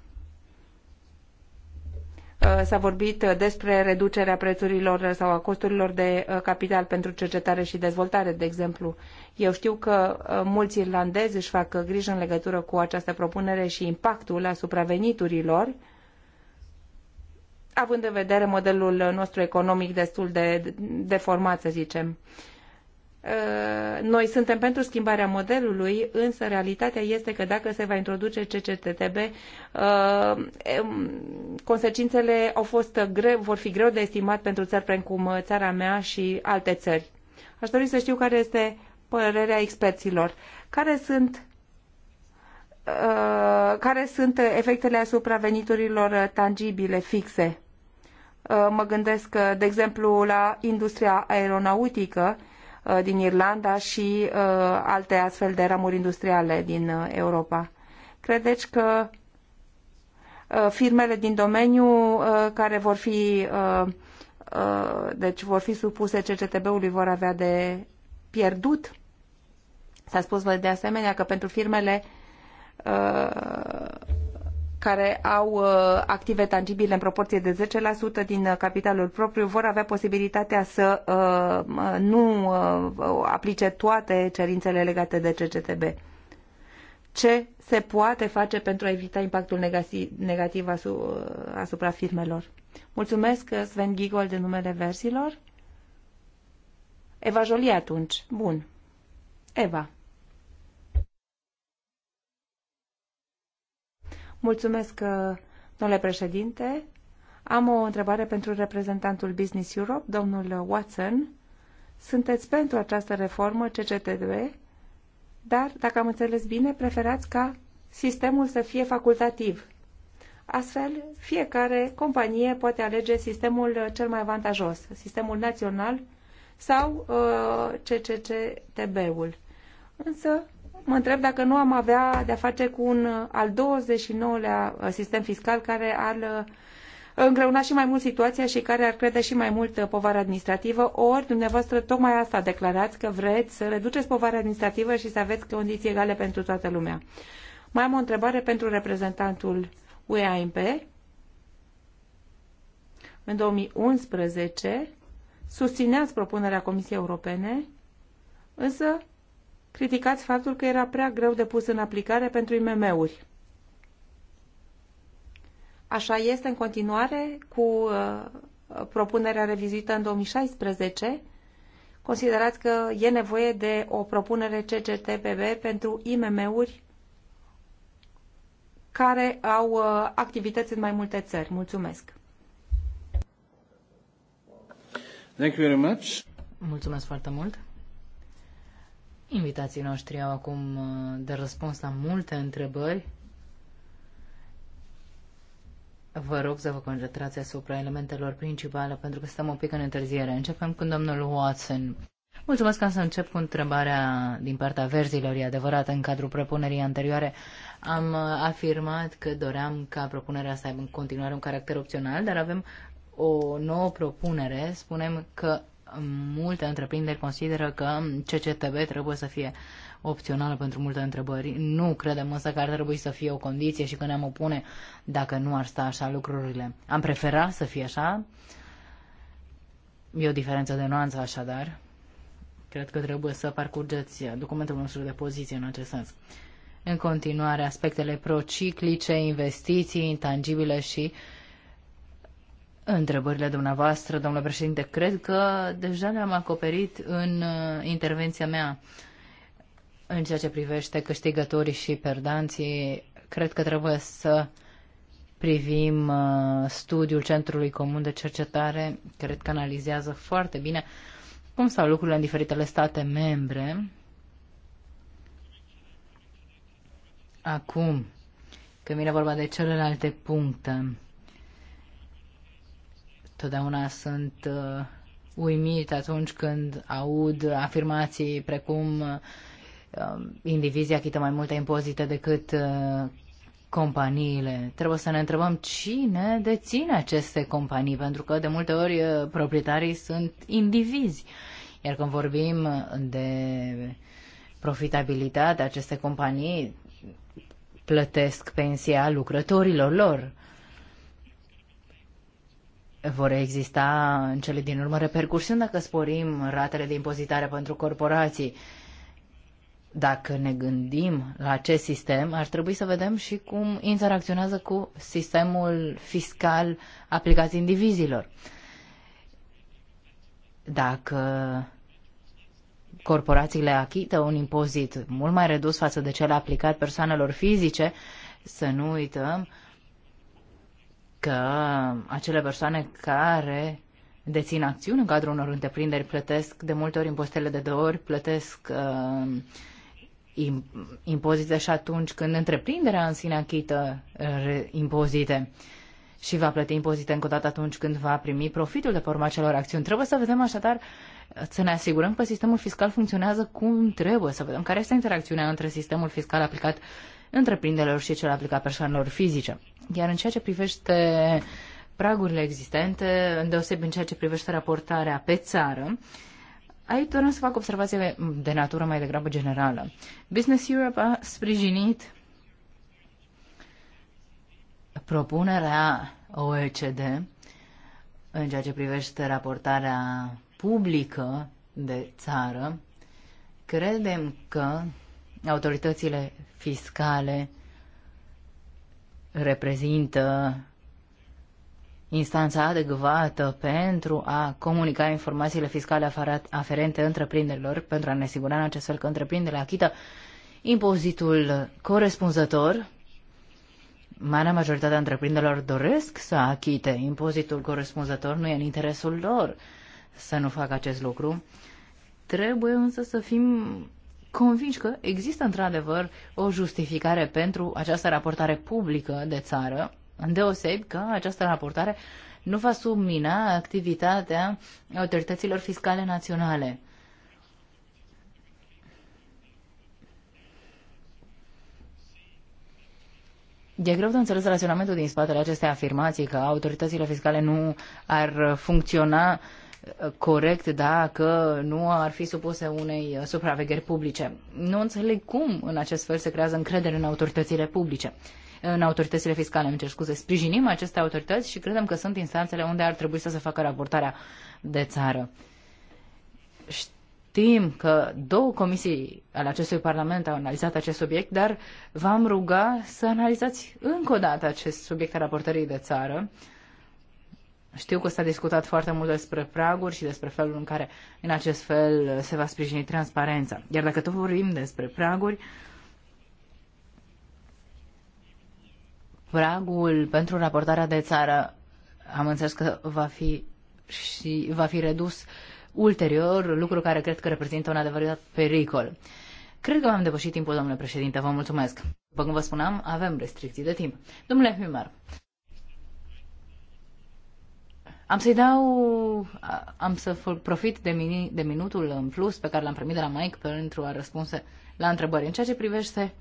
Uh, s-a vorbit despre reducerea prețurilor sau a costurilor de capital pentru cercetare și dezvoltare, de exemplu. Eu știu că mulți irlandezi își fac griji în legătură cu această propunere și impactul asupra veniturilor uh, având în vedere modelul nostru economic destul de deformat, să zicem. Uh, noi suntem pentru schimbarea modelului, însă realitatea este că dacă se va introduce CCTB, uh, consecințele au fost gre- vor fi greu de estimat pentru țări precum țara mea și alte țări. Aș dori să știu care este părerea experților. Care sunt uh, care sunt efectele asupra veniturilor tangibile, fixe. Uh, mă gândesc, uh, de exemplu, la industria aeronautică uh, din Irlanda și alte astfel de ramuri industriale din Europa. Credeți că firmele din domeniu care vor fi deci vor fi supuse CCTB-ului vor avea de pierdut. S-a spus de asemenea că pentru firmele care au uh, active tangibile în proporție de 10% din uh, capitalul propriu vor avea posibilitatea să uh, nu aplice toate cerințele legate de CCTB. Ce se poate face pentru a evita impactul negativ asupra firmelor? Mulțumesc, Sven Gigol, de numele versilor. Eva Jolie atunci. Bun. Eva. Mulțumesc, uh, domnule președinte. Am o întrebare pentru reprezentantul Business Europe, domnul Watson. Sunteți pentru această reformă CCTD, dar, dacă am înțeles bine, preferați ca sistemul să fie facultativ. Astfel, fiecare companie poate alege sistemul uh, cel mai avantajos, sistemul național sau uh, CCCTB-ul. Însă, mă întreb dacă nu am avea de-a face cu un uh, al 29-lea uh, sistem fiscal care ar uh, îngreuna și mai mult situația și care ar crede și mai mult povara administrativă, ori dumneavoastră tocmai asta declarați că vreți să reduceți povara administrativă și să aveți condiții egale pentru toată lumea. Mai am o întrebare pentru reprezentantul UEAMP. În 2011 susțineați propunerea Comisiei Europene, însă criticați faptul că era prea greu de pus în aplicare pentru IMM-uri. Așa este în continuare cu uh, propunerea revizuită în 2016. Considerați că e nevoie de o propunere CCTPB pentru IMM-uri care au uh, activități în mai multe țări. Mulțumesc! Thank you very much. Mulțumesc foarte mult! Invitații noștri au acum uh, de răspuns la multe întrebări. Vă rog să vă concentrați asupra elementelor principale, pentru că stăm un pic în întârziere. Începem cu domnul Watson. Mulțumesc că să încep cu întrebarea din partea verzilor. E adevărat, în cadrul propunerii anterioare am uh, afirmat că doream ca propunerea să aibă în continuare un caracter opțional, dar avem o nouă propunere. Spunem că multe întreprinderi consideră că CCTB trebuie să fie opțional pentru multe întrebări. Nu credem însă că ar trebui să fie o condiție și că ne-am opune dacă nu ar sta așa lucrurile. Am preferat să fie așa. E o diferență de nuanță așadar. Cred că trebuie să parcurgeți documentul nostru de poziție în acest sens. În continuare, aspectele prociclice, investiții intangibile și uh, Întrebările dumneavoastră, domnule președinte, cred că deja le-am acoperit în uh, intervenția mea. În ceea ce privește câștigătorii și perdanții, cred că trebuie să privim uh, studiul Centrului Comun de Cercetare, cred că analizează foarte bine cum stau lucrurile în diferitele state membre. Acum, când vine vorba de celelalte puncte, Totdeauna sunt uh, uimit atunci când aud afirmații precum uh, indivizii achită mai multe impozite decât uh, companiile. Trebuie să ne întrebăm cine deține aceste companii, pentru că de multe ori proprietarii sunt indivizi. Iar când vorbim de profitabilitate, aceste companii plătesc pensia lucrătorilor lor vor exista în cele din urmă repercursiuni dacă sporim ratele de impozitare pentru corporații. Dacă ne gândim la acest sistem, ar trebui să vedem și cum interacționează cu sistemul fiscal aplicat indivizilor. Dacă corporațiile achită un impozit mult mai redus față de cel aplicat persoanelor fizice, să nu uităm uh, că acele persoane care dețin acțiuni în cadrul unor întreprinderi plătesc de multe ori impostele de două ori, plătesc uh, impozite și atunci când întreprinderea în sine achită impozite și va plăti impozite încă o dată atunci când va primi profitul de pe urma celor acțiuni. Trebuie să vedem așadar, să ne asigurăm că sistemul fiscal funcționează cum trebuie, să vedem care este interacțiunea între sistemul fiscal aplicat întreprinderilor și cel aplicat persoanelor fizice. Iar în ceea ce privește pragurile existente, îndeoseb în ceea ce privește raportarea pe țară, aici doream să fac observație de natură mai degrabă generală. Business Europe a sprijinit propunerea OECD în ceea ce privește raportarea publică de țară, credem că autoritățile fiscale reprezintă instanța adecvată pentru a comunica informațiile fiscale aferente întreprinderilor, pentru a ne asigura în acest fel că întreprinderile achită impozitul corespunzător. Marea majoritate a întreprinderilor doresc să achite impozitul corespunzător, nu e în interesul lor să nu facă acest lucru. Trebuie însă să fim convinși că există într-adevăr o justificare pentru această raportare publică de țară, îndeosebi că această raportare nu va submina activitatea autorităților fiscale naționale. E greu de înțeles raționamentul din spatele acestei afirmații că autoritățile fiscale nu ar funcționa uh, corect dacă nu ar fi supuse unei supravegheri publice. Nu înțeleg cum în acest fel se creează încredere în autoritățile publice în autoritățile fiscale, îmi cer scuze, sprijinim aceste autorități și credem că sunt instanțele unde ar trebui să se facă raportarea de țară. Știm că două comisii ale acestui Parlament au analizat acest subiect, dar v-am ruga să analizați încă o dată acest subiect al raportării de țară, știu că s-a discutat foarte mult despre praguri și despre felul în care în acest fel se va sprijini transparența. Iar dacă tot vorbim despre praguri, pragul pentru raportarea de țară am înțeles că va fi și va fi redus ulterior, lucru care cred că reprezintă un adevărat pericol. Cred că am depășit timpul, domnule președinte, vă mulțumesc. După cum vă spuneam, avem restricții de timp. Domnule Himar, am să-i dau, am să profit de, mini, de minutul în plus pe care l-am primit de la Mike pentru a răspunse la întrebări. În ceea ce privește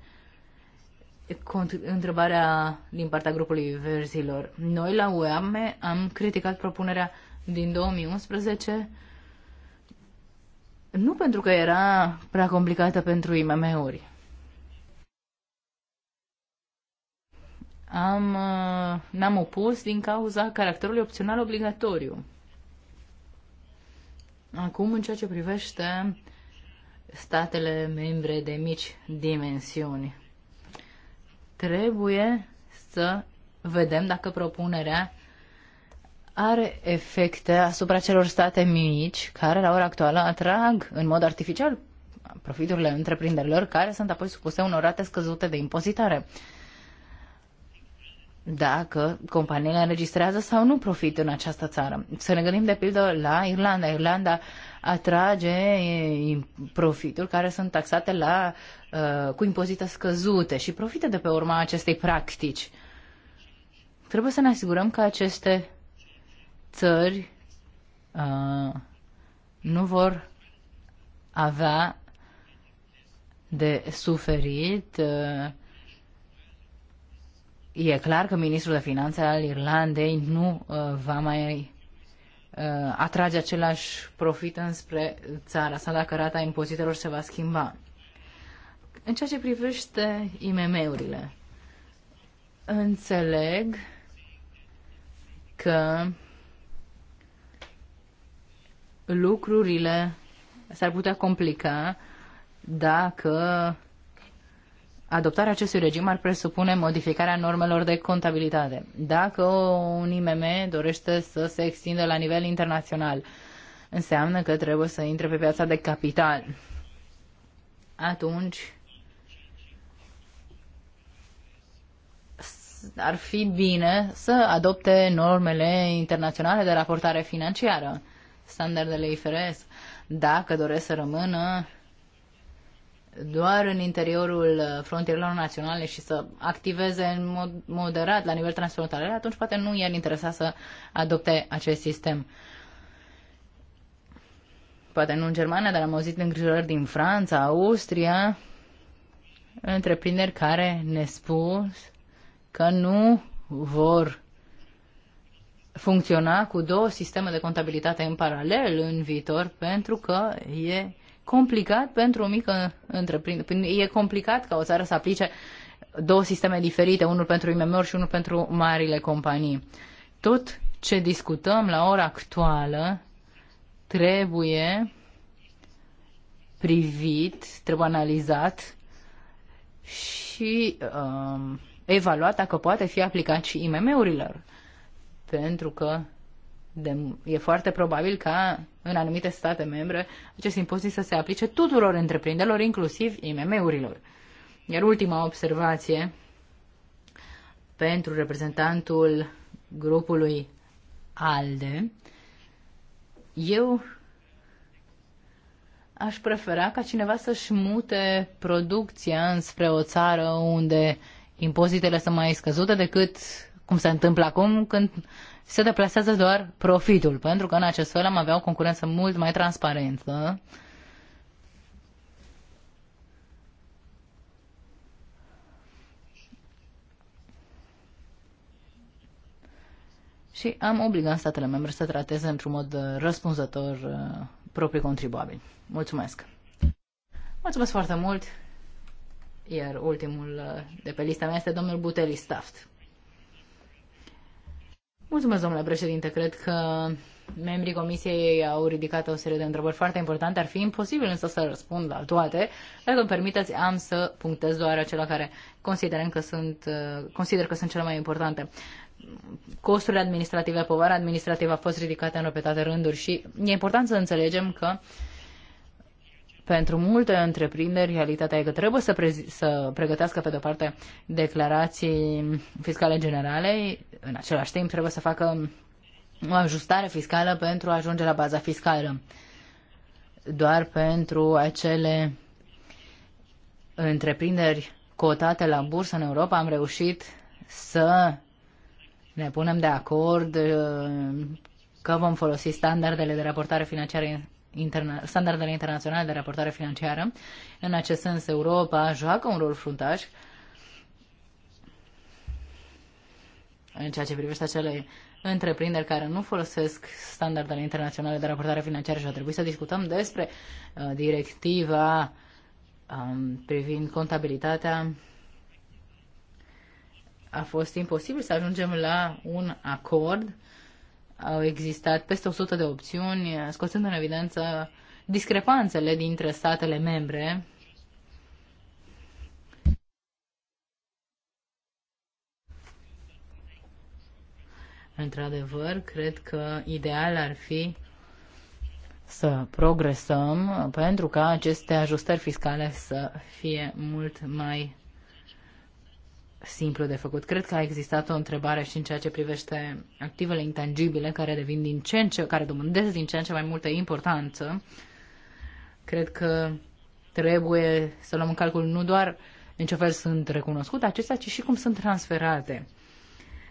întrebarea din partea grupului verzilor, noi la UAM am criticat propunerea din 2011 nu pentru că era prea complicată pentru IMM-uri. am, uh, n-am opus din cauza caracterului opțional obligatoriu. Acum, în ceea ce privește statele membre de mici dimensiuni, trebuie să vedem dacă propunerea are efecte asupra celor state mici care la ora actuală atrag în mod artificial profiturile întreprinderilor care sunt apoi supuse unor rate scăzute de impozitare dacă companiile înregistrează sau nu profit în această țară. Să ne gândim de pildă la Irlanda. Irlanda atrage profituri care sunt taxate la, uh, cu impozite scăzute și profită de pe urma acestei practici. Trebuie să ne asigurăm că aceste țări uh, nu vor avea de suferit uh, E clar că ministrul de finanțe al Irlandei nu uh, va mai uh, atrage același profit înspre țara sa dacă rata impozitelor se va schimba. În ceea ce privește IMM-urile, înțeleg că lucrurile s-ar putea complica dacă adoptarea acestui regim ar presupune modificarea normelor de contabilitate. Dacă un IMM dorește să se extindă la nivel internațional, înseamnă că trebuie să intre pe piața de capital. Atunci ar fi bine să adopte normele internaționale de raportare financiară, standardele IFRS, dacă doresc să rămână doar în interiorul uh, frontierelor naționale și să activeze în mod moderat la nivel transfrontalier, atunci poate nu i-ar interesa să adopte acest sistem. Poate nu în Germania, dar am auzit îngrijorări din Franța, Austria, întreprinderi care ne spun că nu vor funcționa cu două sisteme de contabilitate în paralel în viitor pentru că e complicat pentru o mică întreprindere. E complicat ca o țară să aplice două sisteme diferite, unul pentru IMM-uri și unul pentru marile companii. Tot ce discutăm la ora actuală trebuie privit, trebuie analizat și um, evaluat dacă poate fi aplicat și IMM-urilor. Pentru că de, e foarte probabil ca în anumite state membre acest impozit să se aplice tuturor întreprinderilor, inclusiv IMM-urilor. Iar ultima observație pentru reprezentantul grupului ALDE, eu aș prefera ca cineva să-și mute producția înspre o țară unde impozitele sunt mai scăzute decât cum se întâmplă acum când se deplasează doar profitul, pentru că în acest fel am avea o concurență mult mai transparentă. Și am obligat statele membre să trateze într-un mod răspunzător uh, proprii contribuabili. Mulțumesc! Mulțumesc foarte mult! Iar ultimul uh, de pe lista mea este domnul Buteli Staft. Mulțumesc, domnule președinte. Cred că membrii comisiei au ridicat o serie de întrebări foarte importante. Ar fi imposibil însă să răspund la toate. Dacă îmi permiteți, am să punctez doar acelea care considerăm că sunt, uh, consider că sunt cele mai importante. Costurile administrative, povara administrativă a fost ridicată în repetate rânduri și e important să înțelegem că uh, pentru multe întreprinderi, realitatea e că trebuie să, prezi- să pregătească, pe de-o parte, declarații fiscale generale, în același timp trebuie să facă o ajustare fiscală pentru a ajunge la baza fiscală. Doar pentru acele întreprinderi cotate la bursă în Europa am reușit să ne punem de acord uh, că vom folosi standardele de raportare financiară interna- standardele internaționale de raportare financiară. În acest sens, Europa joacă un rol fruntaș în ceea ce privește acele întreprinderi care nu folosesc standardele internaționale de raportare financiară și va trebui să discutăm despre uh, directiva um, privind contabilitatea. A fost imposibil să ajungem la un acord au existat peste 100 de opțiuni, scoțând în evidență discrepanțele dintre statele membre. Într-adevăr, cred că ideal ar fi să progresăm pentru ca aceste ajustări fiscale să fie mult mai simplu de făcut. Cred că a existat o întrebare și în ceea ce privește activele intangibile care devin din ce în ce, care domândesc din ce în ce mai multă importanță. Cred că trebuie să luăm în calcul nu doar în ce fel sunt recunoscute acestea, ci și cum sunt transferate.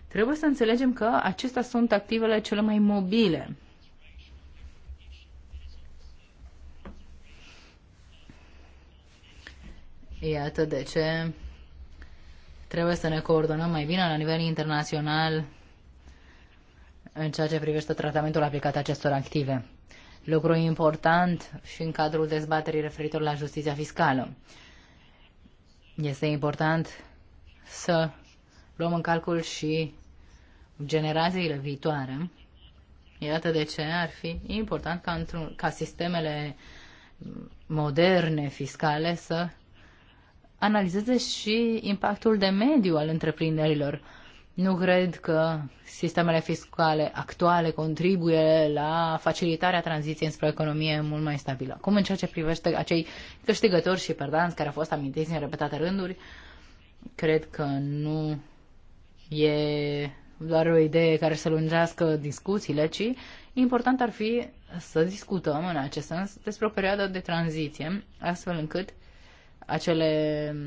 Trebuie să înțelegem că acestea sunt activele cele mai mobile. Iată de ce Trebuie să ne coordonăm mai bine la nivel internațional în ceea ce privește tratamentul aplicat acestor active. Lucru important și în cadrul dezbaterii referitor la justiția fiscală. Este important să luăm în calcul și generațiile viitoare. Iată de ce ar fi important ca, ca sistemele moderne fiscale să analizeze și impactul de mediu al întreprinderilor. Nu cred că sistemele fiscale actuale contribuie la facilitarea tranziției spre o economie mult mai stabilă. Cum în ceea ce privește acei câștigători și perdanți care au fost amintiți în repetate rânduri, cred că nu e doar o idee care să lungească discuțiile, ci important ar fi să discutăm în acest sens despre o perioadă de tranziție, astfel încât acele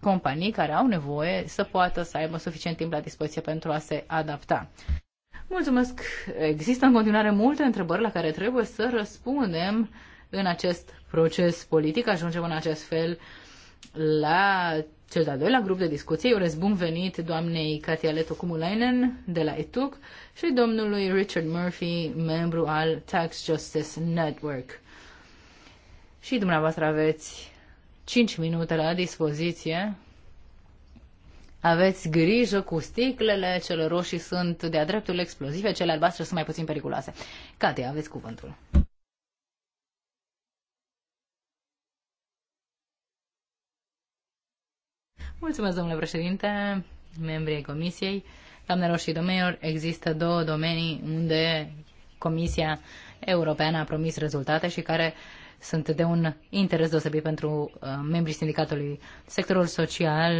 companii care au nevoie să poată să aibă suficient timp la dispoziție pentru a se adapta. Mulțumesc! Există în continuare multe întrebări la care trebuie să răspundem în acest proces politic. Ajungem în acest fel la cel de-al doilea grup de discuție. Eu urez bun venit doamnei Katia Leto Cumulainen de la ETUC și domnului Richard Murphy, membru al Tax Justice Network. Și dumneavoastră aveți 5 minute la dispoziție. Aveți grijă cu sticlele, cele roșii sunt de-a dreptul explozive, cele albastre sunt mai puțin periculoase. Cate, aveți cuvântul. Mulțumesc, domnule președinte, membrii comisiei. Doamnelor și domnilor, există două domenii unde Comisia Europeană a promis rezultate și care uh, sunt de un interes deosebit pentru uh, membrii sindicatului. Sectorul social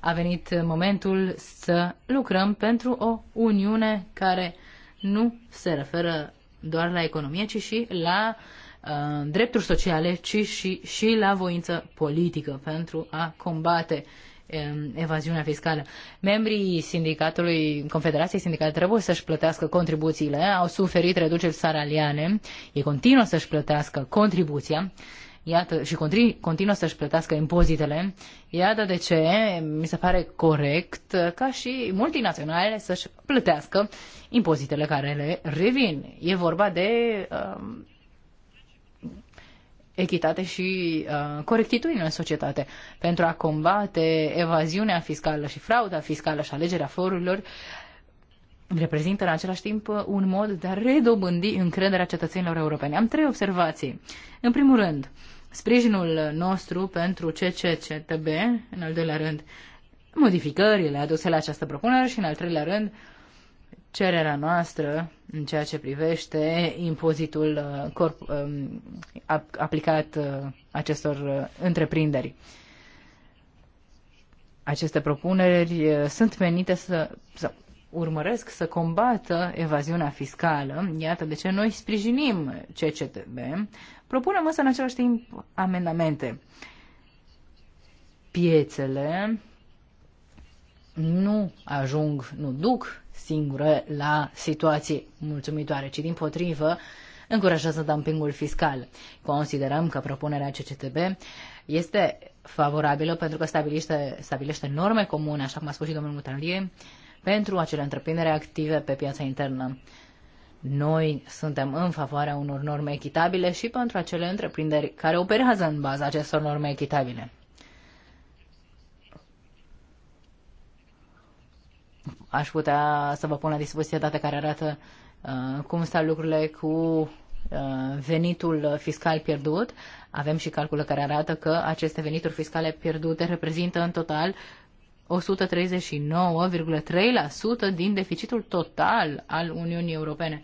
a venit momentul să lucrăm pentru o uniune care nu se referă doar la economie, ci și la uh, Uh, drepturi sociale, ci și, și la voință politică pentru a combate um, evaziunea fiscală. Membrii sindicatului, Confederației Sindicale trebuie să-și plătească contribuțiile, au suferit reduceri salariale, ei continuă să-și plătească contribuția, iată, și continuă să-și plătească impozitele. Iată de ce mi se pare corect ca și multinaționale să-și plătească impozitele care le revin. E vorba de um, echitate și uh, corectitudine în societate. Pentru a combate evaziunea fiscală și frauda fiscală și alegerea forurilor, reprezintă în același timp uh, un mod de a redobândi încrederea cetățenilor europeni. Am trei observații. În primul rând, sprijinul nostru pentru CCCTB, în al doilea rând, modificările aduse la această propunere și, în al treilea rând, cererea noastră în ceea ce privește impozitul uh, corp, um, aplicat uh, acestor uh, întreprinderi. Aceste propuneri sunt menite să, să urmăresc să combată evaziunea fiscală. Iată de ce noi sprijinim CCTB. Propunem însă în același timp amendamente. Piețele nu ajung, nu duc singură la situații mulțumitoare, ci din potrivă încurajează dumpingul fiscal. Considerăm că propunerea CCTB este favorabilă pentru că stabilește, stabilește norme comune, așa cum a spus și domnul Mutanlie, pentru acele întreprinderi active pe piața internă. Noi suntem în favoarea unor norme echitabile și pentru acele întreprinderi care operează în baza acestor norme echitabile. aș putea să vă pun la dispoziție date care arată uh, cum stau lucrurile cu uh, venitul fiscal pierdut. Avem și calculă care arată că aceste venituri fiscale pierdute reprezintă în total 139,3% din deficitul total al Uniunii Europene.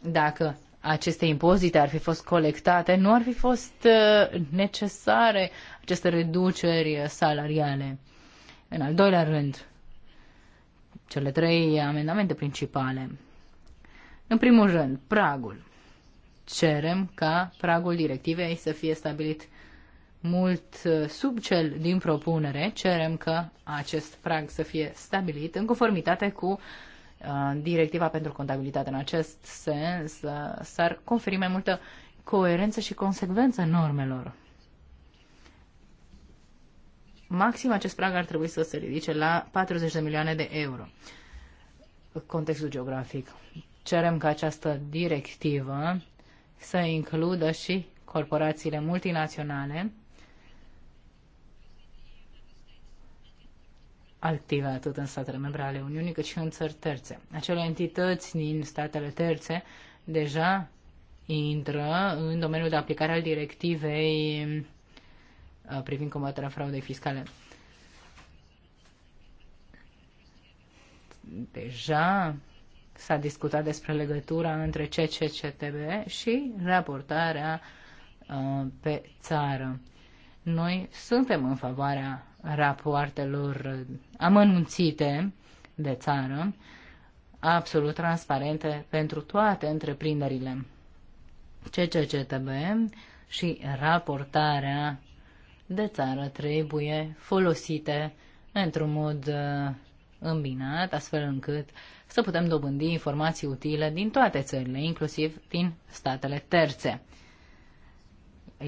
Dacă aceste impozite ar fi fost colectate, nu ar fi fost uh, necesare aceste reduceri salariale. În al doilea rând, cele trei amendamente principale. În primul rând, pragul. Cerem ca pragul directivei să fie stabilit mult uh, sub cel din propunere. Cerem ca acest prag să fie stabilit în conformitate cu uh, directiva pentru contabilitate. În acest sens, uh, s-ar conferi mai multă coerență și consecvență normelor. Maxim acest prag ar trebui să se ridice la 40 de milioane de euro. Contextul geografic. Cerem ca această directivă să includă și corporațiile multinaționale active atât în statele membre ale Uniunii cât și în țări terțe. Acele entități din statele terțe deja intră în domeniul de aplicare al directivei Uh, privind combaterea fraudei fiscale. Deja s-a discutat despre legătura între CCCTB și raportarea uh, pe țară. Noi suntem în favoarea rapoartelor amănunțite de țară, absolut transparente pentru toate întreprinderile. CCCTB și raportarea de țară trebuie folosite într-un mod uh, îmbinat, astfel încât să putem dobândi informații utile din toate țările, inclusiv din statele terțe.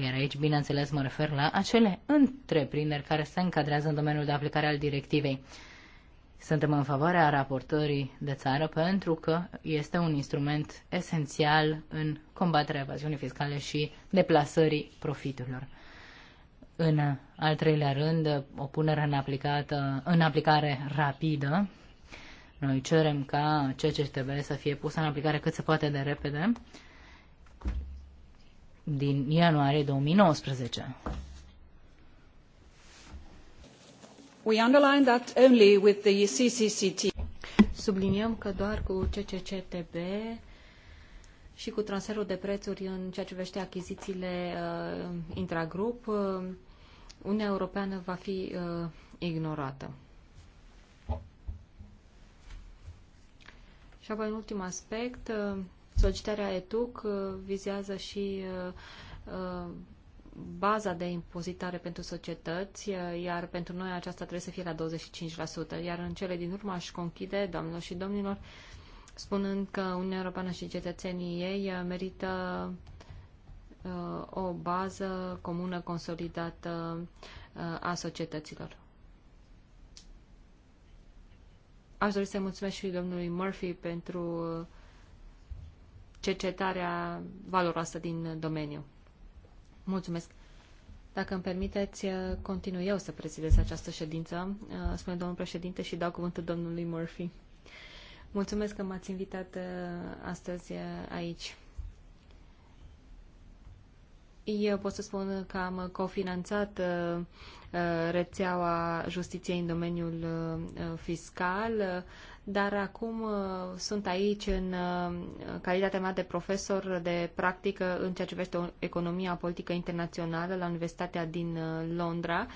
Iar aici, bineînțeles, mă refer la acele întreprinderi care se încadrează în domeniul de aplicare al directivei. Suntem în favoarea raportării de țară pentru că este un instrument esențial în combaterea evaziunii fiscale și deplasării profiturilor. În al treilea rând, o punere în, aplicată, în aplicare rapidă. Noi cerem ca CCTB să fie pusă în aplicare cât se poate de repede din ianuarie 2019. We underline that only with the CCCT. Subliniem că doar cu CCCTB și cu transferul de prețuri în ceea ce privește achizițiile uh, intragrup, uh, Uniunea Europeană va fi uh, ignorată. Și apoi, în ultim aspect, uh, solicitarea ETUC uh, vizează și uh, uh, baza de impozitare pentru societăți, uh, iar pentru noi aceasta trebuie să fie la 25%. Iar în cele din urmă aș conchide, doamnelor și domnilor, spunând că Uniunea Europeană și cetățenii ei uh, merită Uh, o bază comună consolidată uh, a societăților. Aș dori să mulțumesc și domnului Murphy pentru cercetarea valoroasă din domeniu. Mulțumesc. Dacă îmi permiteți, uh, continui eu să prezidez această ședință, spune domnul președinte și dau cuvântul domnului Murphy. Mulțumesc că m-ați invitat astăzi aici. Eu pot să spun că am cofinanțat uh, uh, rețeaua justiției în domeniul uh, fiscal, dar acum sunt aici în calitatea mea de profesor de practică în ceea ce privește economia politică internațională la Universitatea din Londra.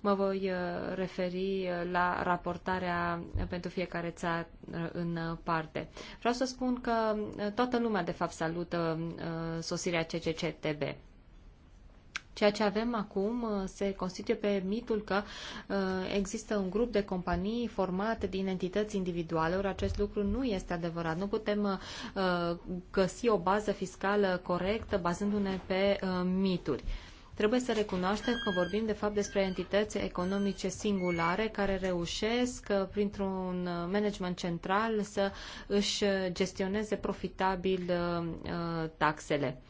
Mă voi referi la raportarea pentru fiecare țară în parte. Vreau să spun că toată lumea, de fapt, salută sosirea CCCTB. Ceea ce avem acum uh, se constituie pe mitul că uh, există un grup de companii format din entități individuale, ori acest lucru nu este adevărat. Nu putem uh, găsi o bază fiscală corectă bazându-ne pe mituri. Trebuie să recunoaștem că vorbim de fapt despre entități economice singulare care reușesc printr-un management central să își gestioneze profitabil taxele.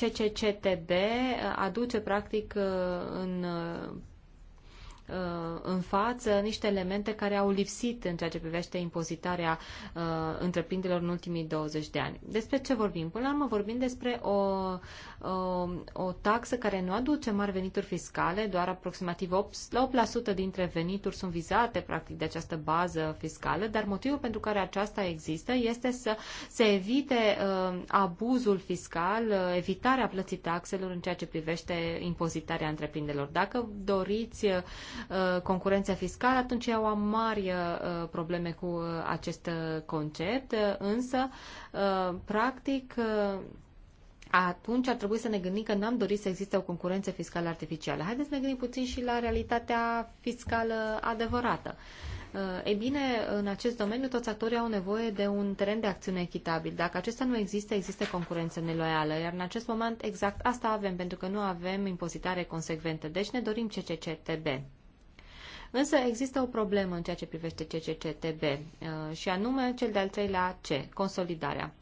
CCCTB uh, aduce practic uh, în uh, Uh, în față niște elemente care au lipsit în ceea ce privește impozitarea uh, întreprinderilor în ultimii 20 de ani. Despre ce vorbim? Până la urmă vorbim despre o, o, uh, o taxă care nu aduce mari venituri fiscale, doar aproximativ 8% dintre venituri sunt vizate practic de această bază fiscală, dar motivul pentru care aceasta există este să se evite uh, abuzul fiscal, uh, evitarea plății taxelor în ceea ce privește impozitarea întreprinderilor. Dacă doriți uh, Uh, concurența fiscală, atunci au mari uh, probleme cu uh, acest concept, însă, practic, atunci ar trebui să ne gândim că n-am dorit să existe o concurență fiscală artificială. Haideți să ne gândim puțin și la realitatea fiscală adevărată. Ei bine, în acest domeniu toți actorii au nevoie de un teren de acțiune echitabil. Dacă acesta nu există, există concurență neloială, iar în acest moment exact asta avem, pentru că nu avem impozitare consecventă. Deci ne dorim CCCTB. Însă există o problemă în ceea ce privește CCCTB uh, și anume cel de-al treilea C, consolidarea.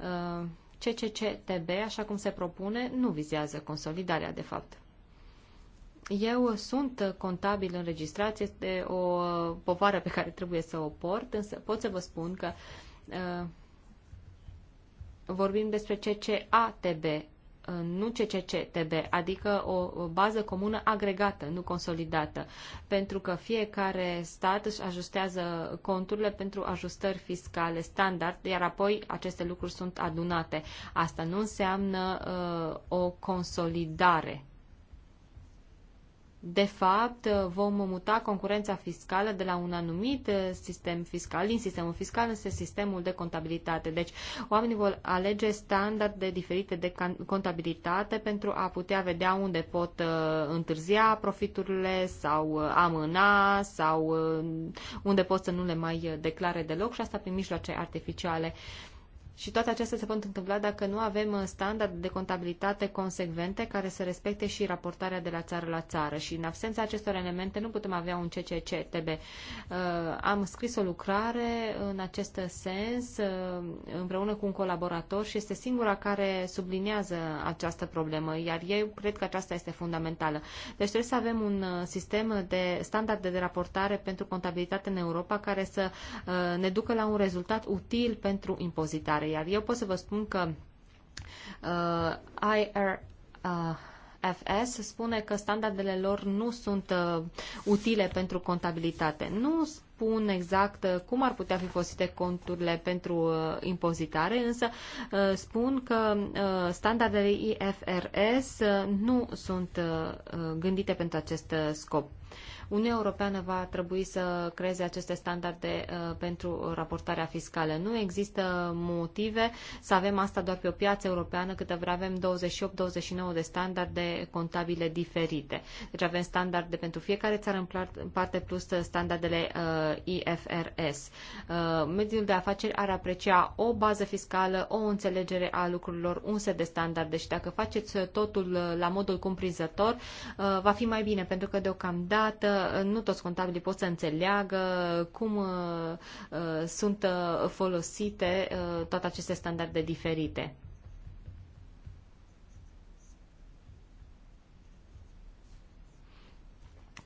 Uh, CCCTB, așa cum se propune, nu vizează consolidarea, de fapt. Eu sunt contabil înregistrat, este o povară pe care trebuie să o port, însă pot să vă spun că uh, vorbim despre CCATB, nu CCCTB, adică o bază comună agregată, nu consolidată, pentru că fiecare stat își ajustează conturile pentru ajustări fiscale standard, iar apoi aceste lucruri sunt adunate. Asta nu înseamnă uh, o consolidare de fapt, vom muta concurența fiscală de la un anumit eh, sistem fiscal, din sistemul fiscal, în sistemul de contabilitate. Deci, oamenii vor alege standarde diferite de contabilitate pentru a putea vedea unde pot eh, întârzia profiturile sau eh, amâna sau unde pot să nu le mai declare deloc și asta prin mijloace artificiale. Uh, și toate acestea se pot întâmpla dacă nu avem uh, standarde de contabilitate consecvente care să respecte și raportarea de la țară la țară. Și în absența acestor elemente nu putem avea un TB. Uh, am scris o lucrare în acest sens uh, împreună cu un colaborator și este singura care subliniază această problemă, iar eu cred că aceasta este fundamentală. Deci trebuie să avem un sistem de standarde de raportare pentru contabilitate în Europa care să ne ducă la un rezultat util pentru impozitare. Iar eu pot să vă spun că uh, IR, uh, FS spune că standardele lor nu sunt uh, utile pentru contabilitate. Nu spun exact uh, cum ar putea fi folosite conturile pentru uh, impozitare, însă uh, spun că uh, standardele IFRS uh, nu sunt uh, uh, gândite pentru acest uh, scop. Uh, Uniunea Europeană va trebui să creeze aceste standarde uh, pentru raportarea fiscală. Nu există motive să avem asta doar pe o piață europeană, cât vreau avem 28-29 de standarde contabile diferite. Deci avem standarde pentru fiecare țară în parte plus uh, standardele uh, IFRS. Mediul de afaceri ar aprecia o bază fiscală, o înțelegere a lucrurilor, un set de standarde și dacă faceți totul la modul cumprinzător, va fi mai bine, pentru că deocamdată nu toți contabilii pot să înțeleagă cum uh, uh, sunt uh, folosite toate aceste standarde diferite.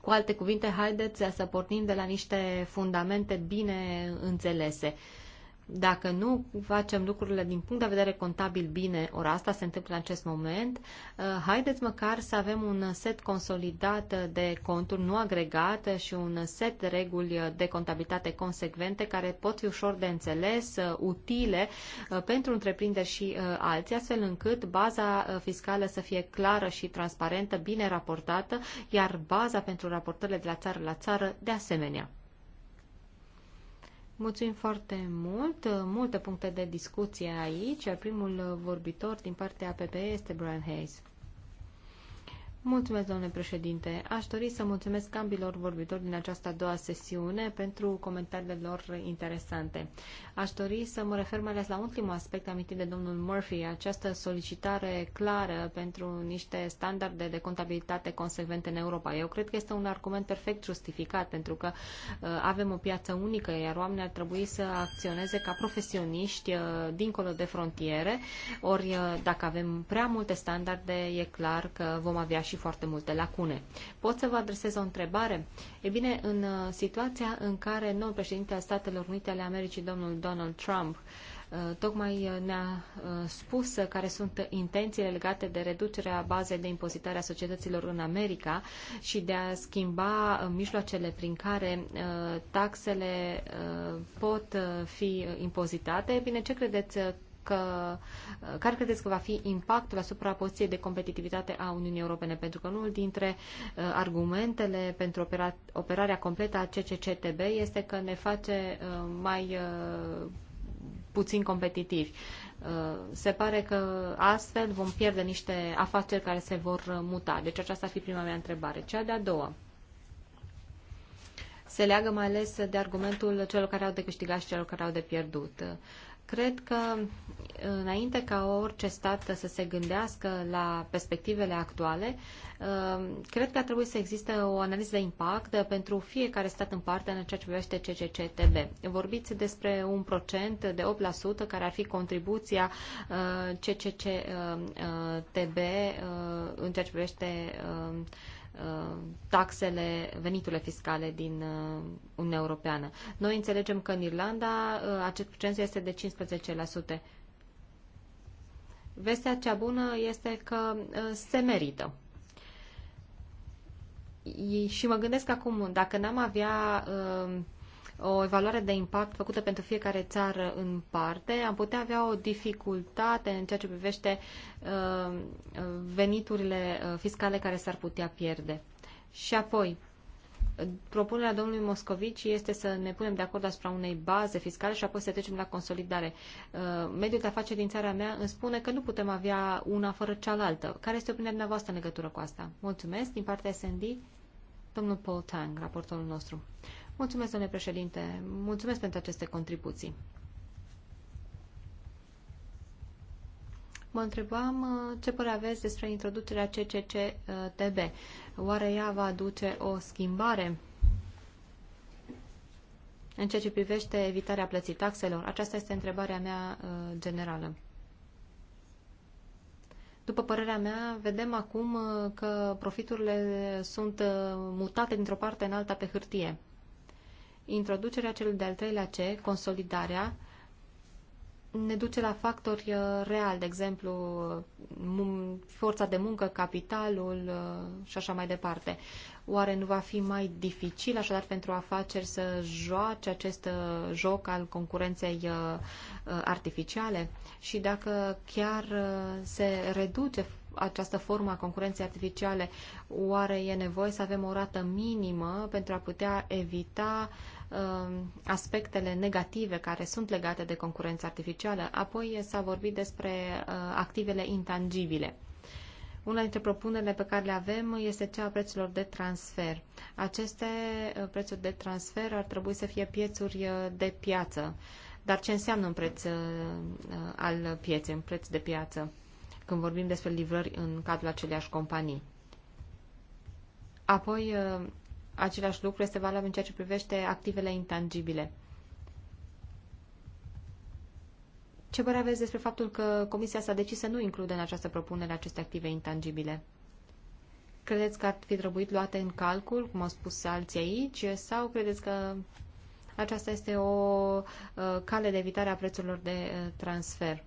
Cu alte cuvinte, haideți să pornim de la niște fundamente bine înțelese. Uh, dacă nu facem lucrurile din punct de vedere contabil bine, ora asta se întâmplă în acest moment, uh, haideți măcar să avem un set consolidat de conturi nu agregate și un set de reguli de contabilitate consecvente care pot fi ușor de înțeles, uh, utile uh, pentru întreprinderi și alții, astfel încât baza fiscală să fie clară și transparentă, bine raportată, iar baza pentru raportările de la țară la țară de asemenea. Mulțumim foarte mult. Multe puncte de discuție aici. Primul vorbitor din partea PPE este Brian Hayes. Mulțumesc, domnule președinte. Aș dori să mulțumesc ambilor vorbitori din această a doua sesiune pentru comentariile lor interesante. Aș dori să mă refer mai ales la ultimul aspect amintit de domnul Murphy, această solicitare clară pentru niște standarde de contabilitate consecvente în Europa. Eu cred că este un argument perfect justificat, pentru că uh, avem o piață unică, iar oamenii ar trebui să acționeze ca profesioniști uh, dincolo de frontiere, ori uh, dacă avem prea multe standarde, e clar că vom avea și și foarte multe lacune. Pot să vă adresez o întrebare? E bine, în uh, situația în care noul președinte al Statelor Unite ale Americii, domnul Donald Trump, uh, tocmai uh, ne-a spus care sunt intențiile legate de reducerea bazei de impozitare a societăților în America și de a schimba mijloacele prin care taxele pot fi impozitate. Bine, ce credeți că, care credeți că va fi impactul asupra poziției de competitivitate a Uniunii Europene? Pentru că unul dintre uh, argumentele pentru opera, operarea completă a CCCTB este că ne face uh, mai uh, puțin competitivi. Se pare că astfel vom pierde niște afaceri care se vor muta. Deci aceasta ar fi prima mea întrebare. Cea de-a doua se leagă mai ales de argumentul celor care au de câștigat și celor care au de pierdut. Cred că înainte ca orice stat să se gândească la perspectivele actuale, uh, cred că ar trebui să existe o analiză de impact pentru fiecare stat în parte în ceea ce privește CCCTB. Vorbiți despre un procent de 8% care ar fi contribuția uh, CCCTB uh, în ceea ce privește Uh, taxele, veniturile fiscale din uh, Uniunea Europeană. Noi înțelegem că în Irlanda uh, acest procent este de 15%. Vestea cea bună este că se merită. Și mă gândesc acum, dacă n-am avea o evaluare de impact făcută pentru fiecare țară în parte, am putea avea o dificultate în ceea ce privește uh, veniturile uh, fiscale care s-ar putea pierde. Și apoi, propunerea domnului Moscovici este să ne punem de acord asupra unei baze fiscale și apoi să trecem la consolidare. Uh, mediul de afaceri din țara mea îmi spune că nu putem avea una fără cealaltă. Care este opinia dumneavoastră în legătură cu asta? Mulțumesc. Din partea SND, domnul Paul Tang, raportorul nostru. Mulțumesc, domnule președinte. Mulțumesc pentru aceste contribuții. Mă întrebam uh, ce părere aveți despre introducerea CCCTB. Uh, Oare ea va aduce o schimbare în ceea ce privește evitarea plății taxelor? Aceasta este întrebarea mea uh, generală. După părerea mea, vedem acum că profiturile sunt mutate dintr-o parte în alta pe hârtie introducerea celui de-al treilea C, consolidarea, ne duce la factori uh, reali, de exemplu, forța de muncă, capitalul uh, și așa mai departe. Oare nu va fi mai dificil așadar pentru afaceri să joace acest uh, joc al concurenței artificiale? Și dacă chiar se reduce această formă a concurenței artificiale, oare e nevoie să avem o rată minimă pentru a putea evita uh, Um, aspectele negative care sunt legate de concurența artificială. Apoi s-a vorbit despre uh, activele intangibile. Una dintre propunerile pe care le avem este cea a prețurilor de transfer. Aceste uh, prețuri de transfer ar trebui să fie piețuri uh, de piață. Dar ce înseamnă un preț al pieței, un preț de piață, când vorbim despre livrări în cadrul aceleași companii? Apoi, același lucru este valabil în ceea ce privește activele intangibile. Ce părere aveți despre faptul că Comisia s-a decis să nu includă în această propunere aceste active intangibile? Credeți că ar fi trebuit luate în calcul, cum au spus alții aici, sau credeți că aceasta este o uh, cale de evitare a prețurilor de uh, transfer?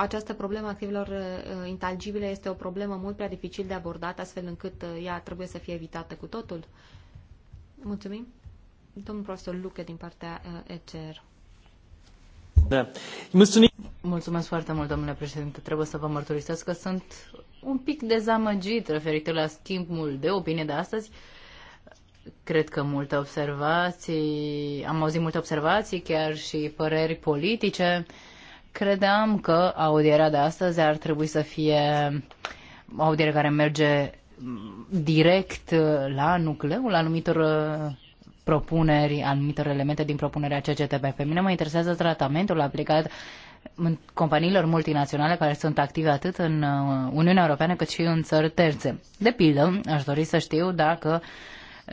această problemă a activelor uh, uh, intangibile este o problemă mult prea dificil de abordat, astfel încât uh, ea trebuie să fie evitată cu totul. Mulțumim. Domnul profesor Luche din partea ECR. Da. Mulțumesc foarte mult, domnule președinte. Trebuie să vă mărturisesc că sunt un pic dezamăgit referitor la schimbul de opinie de astăzi. Cred că multe observații, am auzit multe observații, chiar și păreri politice. Uh, Credeam că audierea de astăzi ar trebui să fie o audiere care merge direct la nucleul anumitor uh, propuneri, anumitor elemente din propunerea CCTP. Pe mine mă interesează tratamentul aplicat în companiilor multinaționale care sunt active atât în uh, Uniunea Europeană cât și în țări terțe. De pildă, aș dori să știu dacă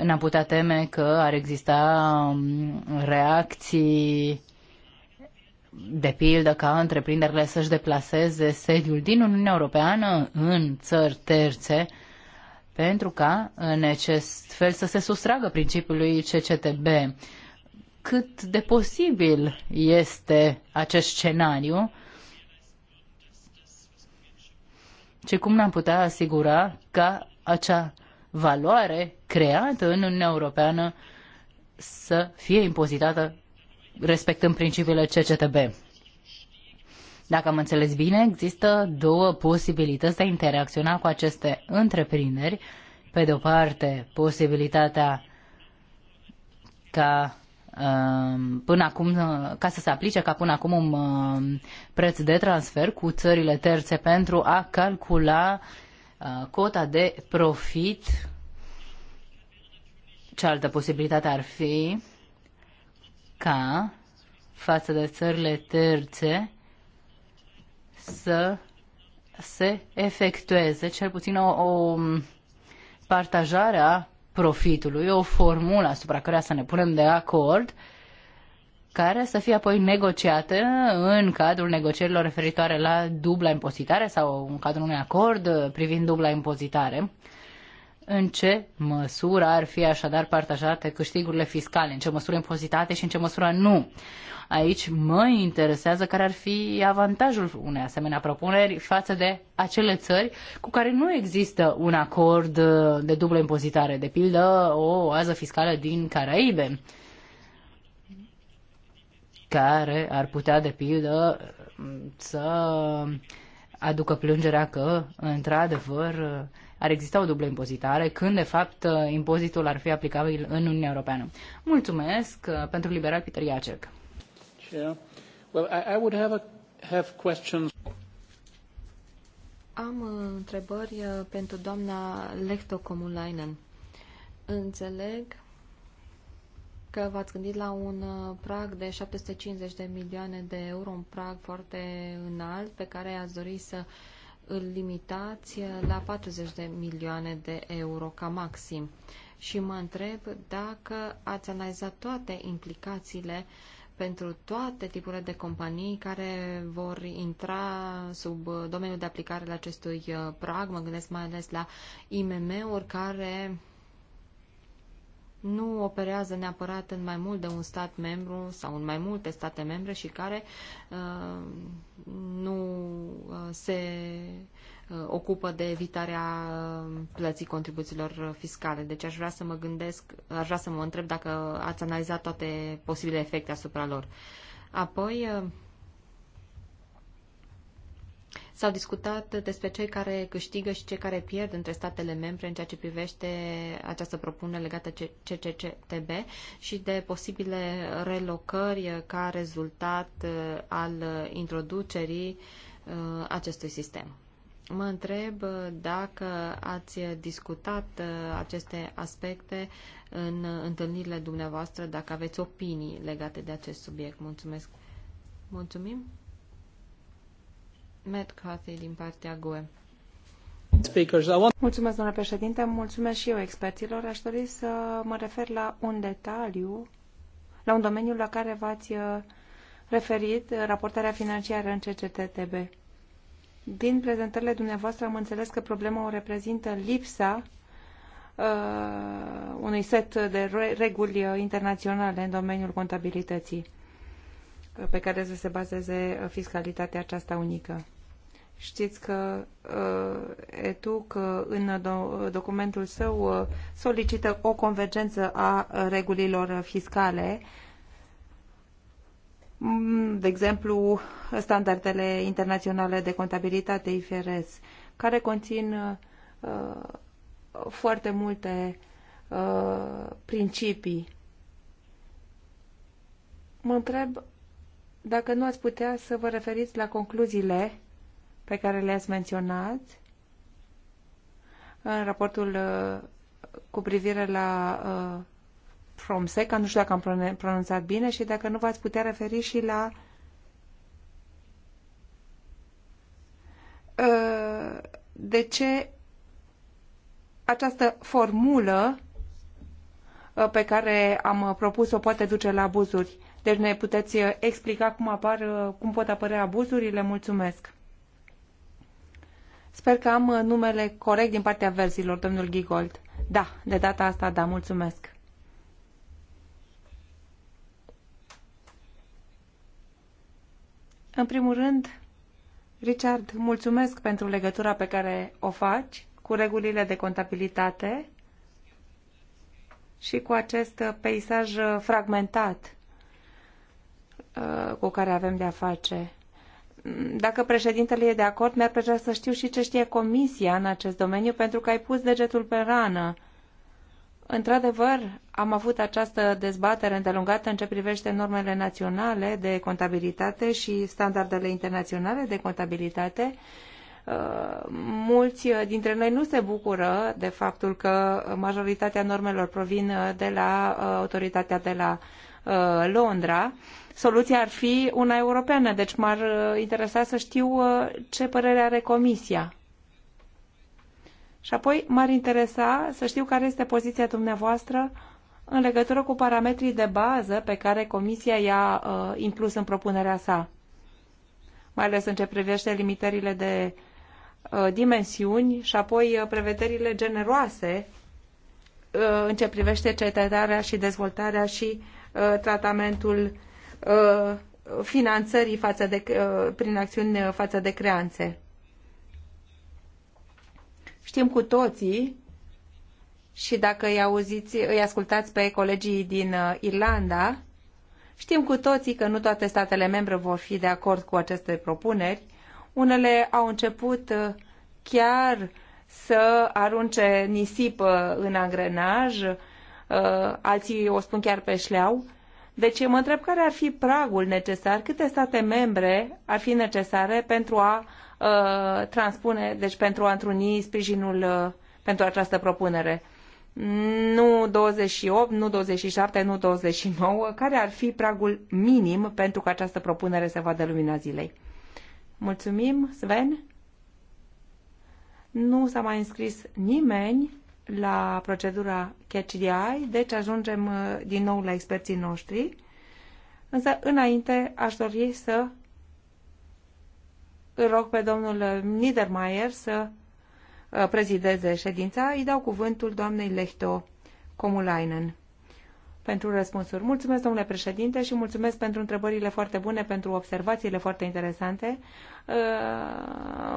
ne-am putea teme că ar exista um, reacții de pildă ca întreprinderile să-și deplaseze sediul din Uniunea Europeană în țări terțe, pentru ca în acest fel să se sustragă principiului CCTB. Cât de posibil este acest scenariu și cum ne-am putea asigura ca acea valoare creată în Uniunea Europeană să fie impozitată respectăm principiile CCTB. Dacă am înțeles bine, există două posibilități de a interacționa cu aceste întreprinderi. Pe de o parte, posibilitatea ca um, până acum, ca să se aplice ca până acum un um, preț de transfer cu țările terțe pentru a calcula uh, cota de profit. Cealaltă posibilitate ar fi ca față de țările terțe să se efectueze cel puțin o, o partajare a profitului, o formulă asupra căreia să ne punem de acord, care să fie apoi negociată în cadrul negocierilor referitoare la dubla impozitare sau în cadrul unui acord privind dubla impozitare în ce măsură ar fi așadar partajate câștigurile fiscale, în ce măsură impozitate și în ce măsură nu. Aici mă interesează care ar fi avantajul unei asemenea propuneri față de acele țări cu care nu există un acord de dublă impozitare, de pildă o oază fiscală din Caraibe, care ar putea, de pildă, să aducă plângerea că, într-adevăr, ar exista o dublă impozitare, când de fapt impozitul ar fi aplicabil în Uniunea Europeană. Mulțumesc uh, pentru liberal Peter Iacek. Well, I, I would have, a, have questions. Am uh, întrebări uh, pentru doamna Lehto Comulainen. Înțeleg că v-ați gândit la un prag de 750 de milioane de euro, un prag foarte înalt pe care ați dori să uh, îl limitați la 40 de milioane de euro ca maxim. Și mă întreb dacă ați analizat toate implicațiile pentru toate tipurile de companii care vor intra sub domeniul de aplicare al acestui uh, prag. Mă gândesc mai ales la IMM-uri care nu operează neapărat în mai mult de un stat membru sau în mai multe state membre și care uh, nu uh, se uh, ocupă de evitarea plății contribuțiilor fiscale. Deci aș vrea să mă gândesc, aș vrea să mă întreb dacă ați analizat toate posibile efecte asupra lor. Apoi, S-au discutat despre cei care câștigă și cei care pierd între statele membre în ceea ce privește această propunere legată CCCTB și de posibile relocări ca rezultat uh, al introducerii uh, acestui sistem. Mă întreb uh, dacă ați discutat aceste aspecte în întâlnirile dumneavoastră, dacă aveți opinii legate de acest subiect. Mulțumesc. Mulțumim. Matt Cathy din partea GUE. Mulțumesc, domnule președinte, mulțumesc și eu experților. Aș dori să mă refer la un detaliu, la un domeniu la care v-ați uh, referit, raportarea financiară în CCTB. Din prezentările dumneavoastră am înțeles că problema o reprezintă lipsa uh, unui set de reguli uh, internaționale în domeniul contabilității uh, pe care să se bazeze fiscalitatea aceasta unică. Știți că uh, ETUC uh, în uh, documentul său solicită o convergență a regulilor fiscale mm, de exemplu, standardele internaționale de contabilitate, IFRS, care conțin uh, foarte multe uh, principii. Mă întreb dacă nu ați putea să vă referiți la concluziile pe care le-ați menționat în raportul uh, cu privire la uh, FROMSECA, nu știu dacă am pronunțat bine și dacă nu v-ați putea referi și la uh, de ce această formulă pe care am propus-o poate duce la abuzuri. Deci ne puteți explica cum, apar, cum pot apărea abuzurile? Mulțumesc! Sper că am uh, numele corect din partea verzilor, domnul Gigold. Da, de data asta, da, mulțumesc. În primul rând, Richard, mulțumesc pentru legătura pe care o faci cu regulile de contabilitate și cu acest uh, peisaj uh, fragmentat cu care avem de-a face dacă președintele e de acord, mi-ar plăcea să știu și ce știe Comisia în acest domeniu, pentru că ai pus degetul pe rană. Într-adevăr, am avut această dezbatere îndelungată în ce privește normele naționale de contabilitate și standardele internaționale de contabilitate. Uh, mulți dintre noi nu se bucură de faptul că majoritatea normelor provin de la uh, autoritatea de la uh, Londra soluția ar fi una europeană, deci m-ar uh, interesa să știu uh, ce părere are Comisia. Și apoi m-ar interesa să știu care este poziția dumneavoastră în legătură cu parametrii de bază pe care Comisia i-a uh, inclus în propunerea sa, mai ales în ce privește limitările de uh, dimensiuni și apoi uh, prevederile generoase uh, în ce privește cercetarea și dezvoltarea și uh, tratamentul Uh, finanțării față de, uh, prin acțiuni uh, față de creanțe. Știm cu toții și dacă îi, auziți, îi ascultați pe colegii din Irlanda, știm cu toții că nu toate statele membre vor fi de acord cu aceste propuneri. Unele au început chiar să arunce nisip în angrenaj, alții o spun chiar pe șleau deci mă întreb care ar fi pragul necesar, câte state membre ar fi necesare pentru a uh, transpune, deci pentru a întruni sprijinul uh, pentru această propunere. Nu 28, nu 27, nu 29. Care ar fi pragul minim pentru că această propunere să vadă lumina zilei? Mulțumim, Sven. Nu s-a mai înscris nimeni la procedura Catch the Eye, deci ajungem uh, din nou la experții noștri. Însă, înainte, aș dori să îl rog pe domnul Niedermayer să uh, prezideze ședința. Îi dau cuvântul doamnei Lehto Komulainen pentru răspunsuri. Mulțumesc, domnule președinte, și mulțumesc pentru întrebările foarte bune, pentru observațiile foarte interesante. Uh,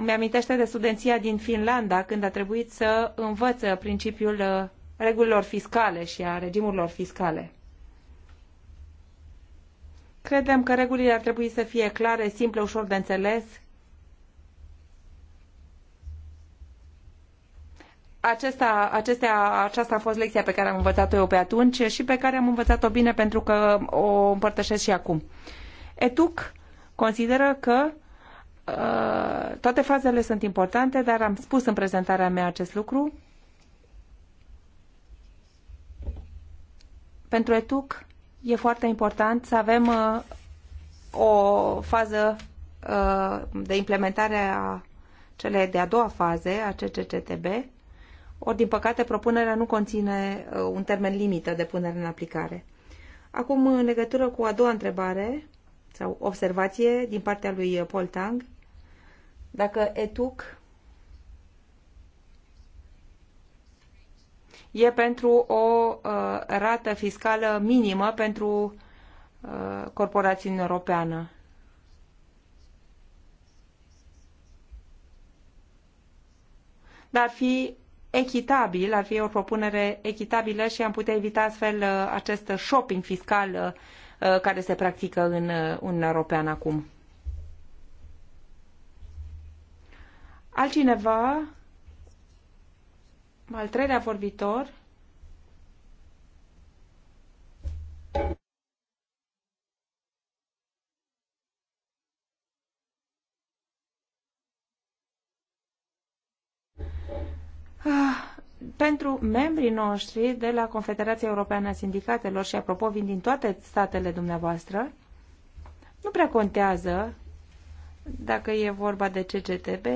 mi amintește de studenția din Finlanda, când a trebuit să învăț principiul uh, regulilor fiscale și a regimurilor fiscale. Credem că regulile ar trebui să fie clare, simple, ușor de înțeles acesta, acestea, aceasta a fost lecția pe care am învățat-o eu pe atunci și pe care am învățat-o bine pentru că o împărtășesc și acum. ETUC consideră că uh, toate fazele sunt importante, dar am spus în prezentarea mea acest lucru. Pentru ETUC e foarte important să avem uh, o fază uh, de implementare a cele de-a doua faze a CCCTB, ori, din păcate, propunerea nu conține uh, un termen limită de punere în aplicare. Acum, în legătură cu a doua întrebare, sau observație din partea lui uh, Paul Tang, dacă ETUC e pentru o uh, rată fiscală minimă pentru uh, corporațiunea europeană. Dar fi echitabil, ar fi o propunere echitabilă și am putea evita astfel uh, acest shopping fiscal uh, uh, care se practică în Uniunea Europeană acum. Altcineva, al treilea vorbitor, Ah, pentru membrii noștri de la Confederația Europeană a Sindicatelor și apropo vin din toate statele dumneavoastră, nu prea contează dacă e vorba de CGTB,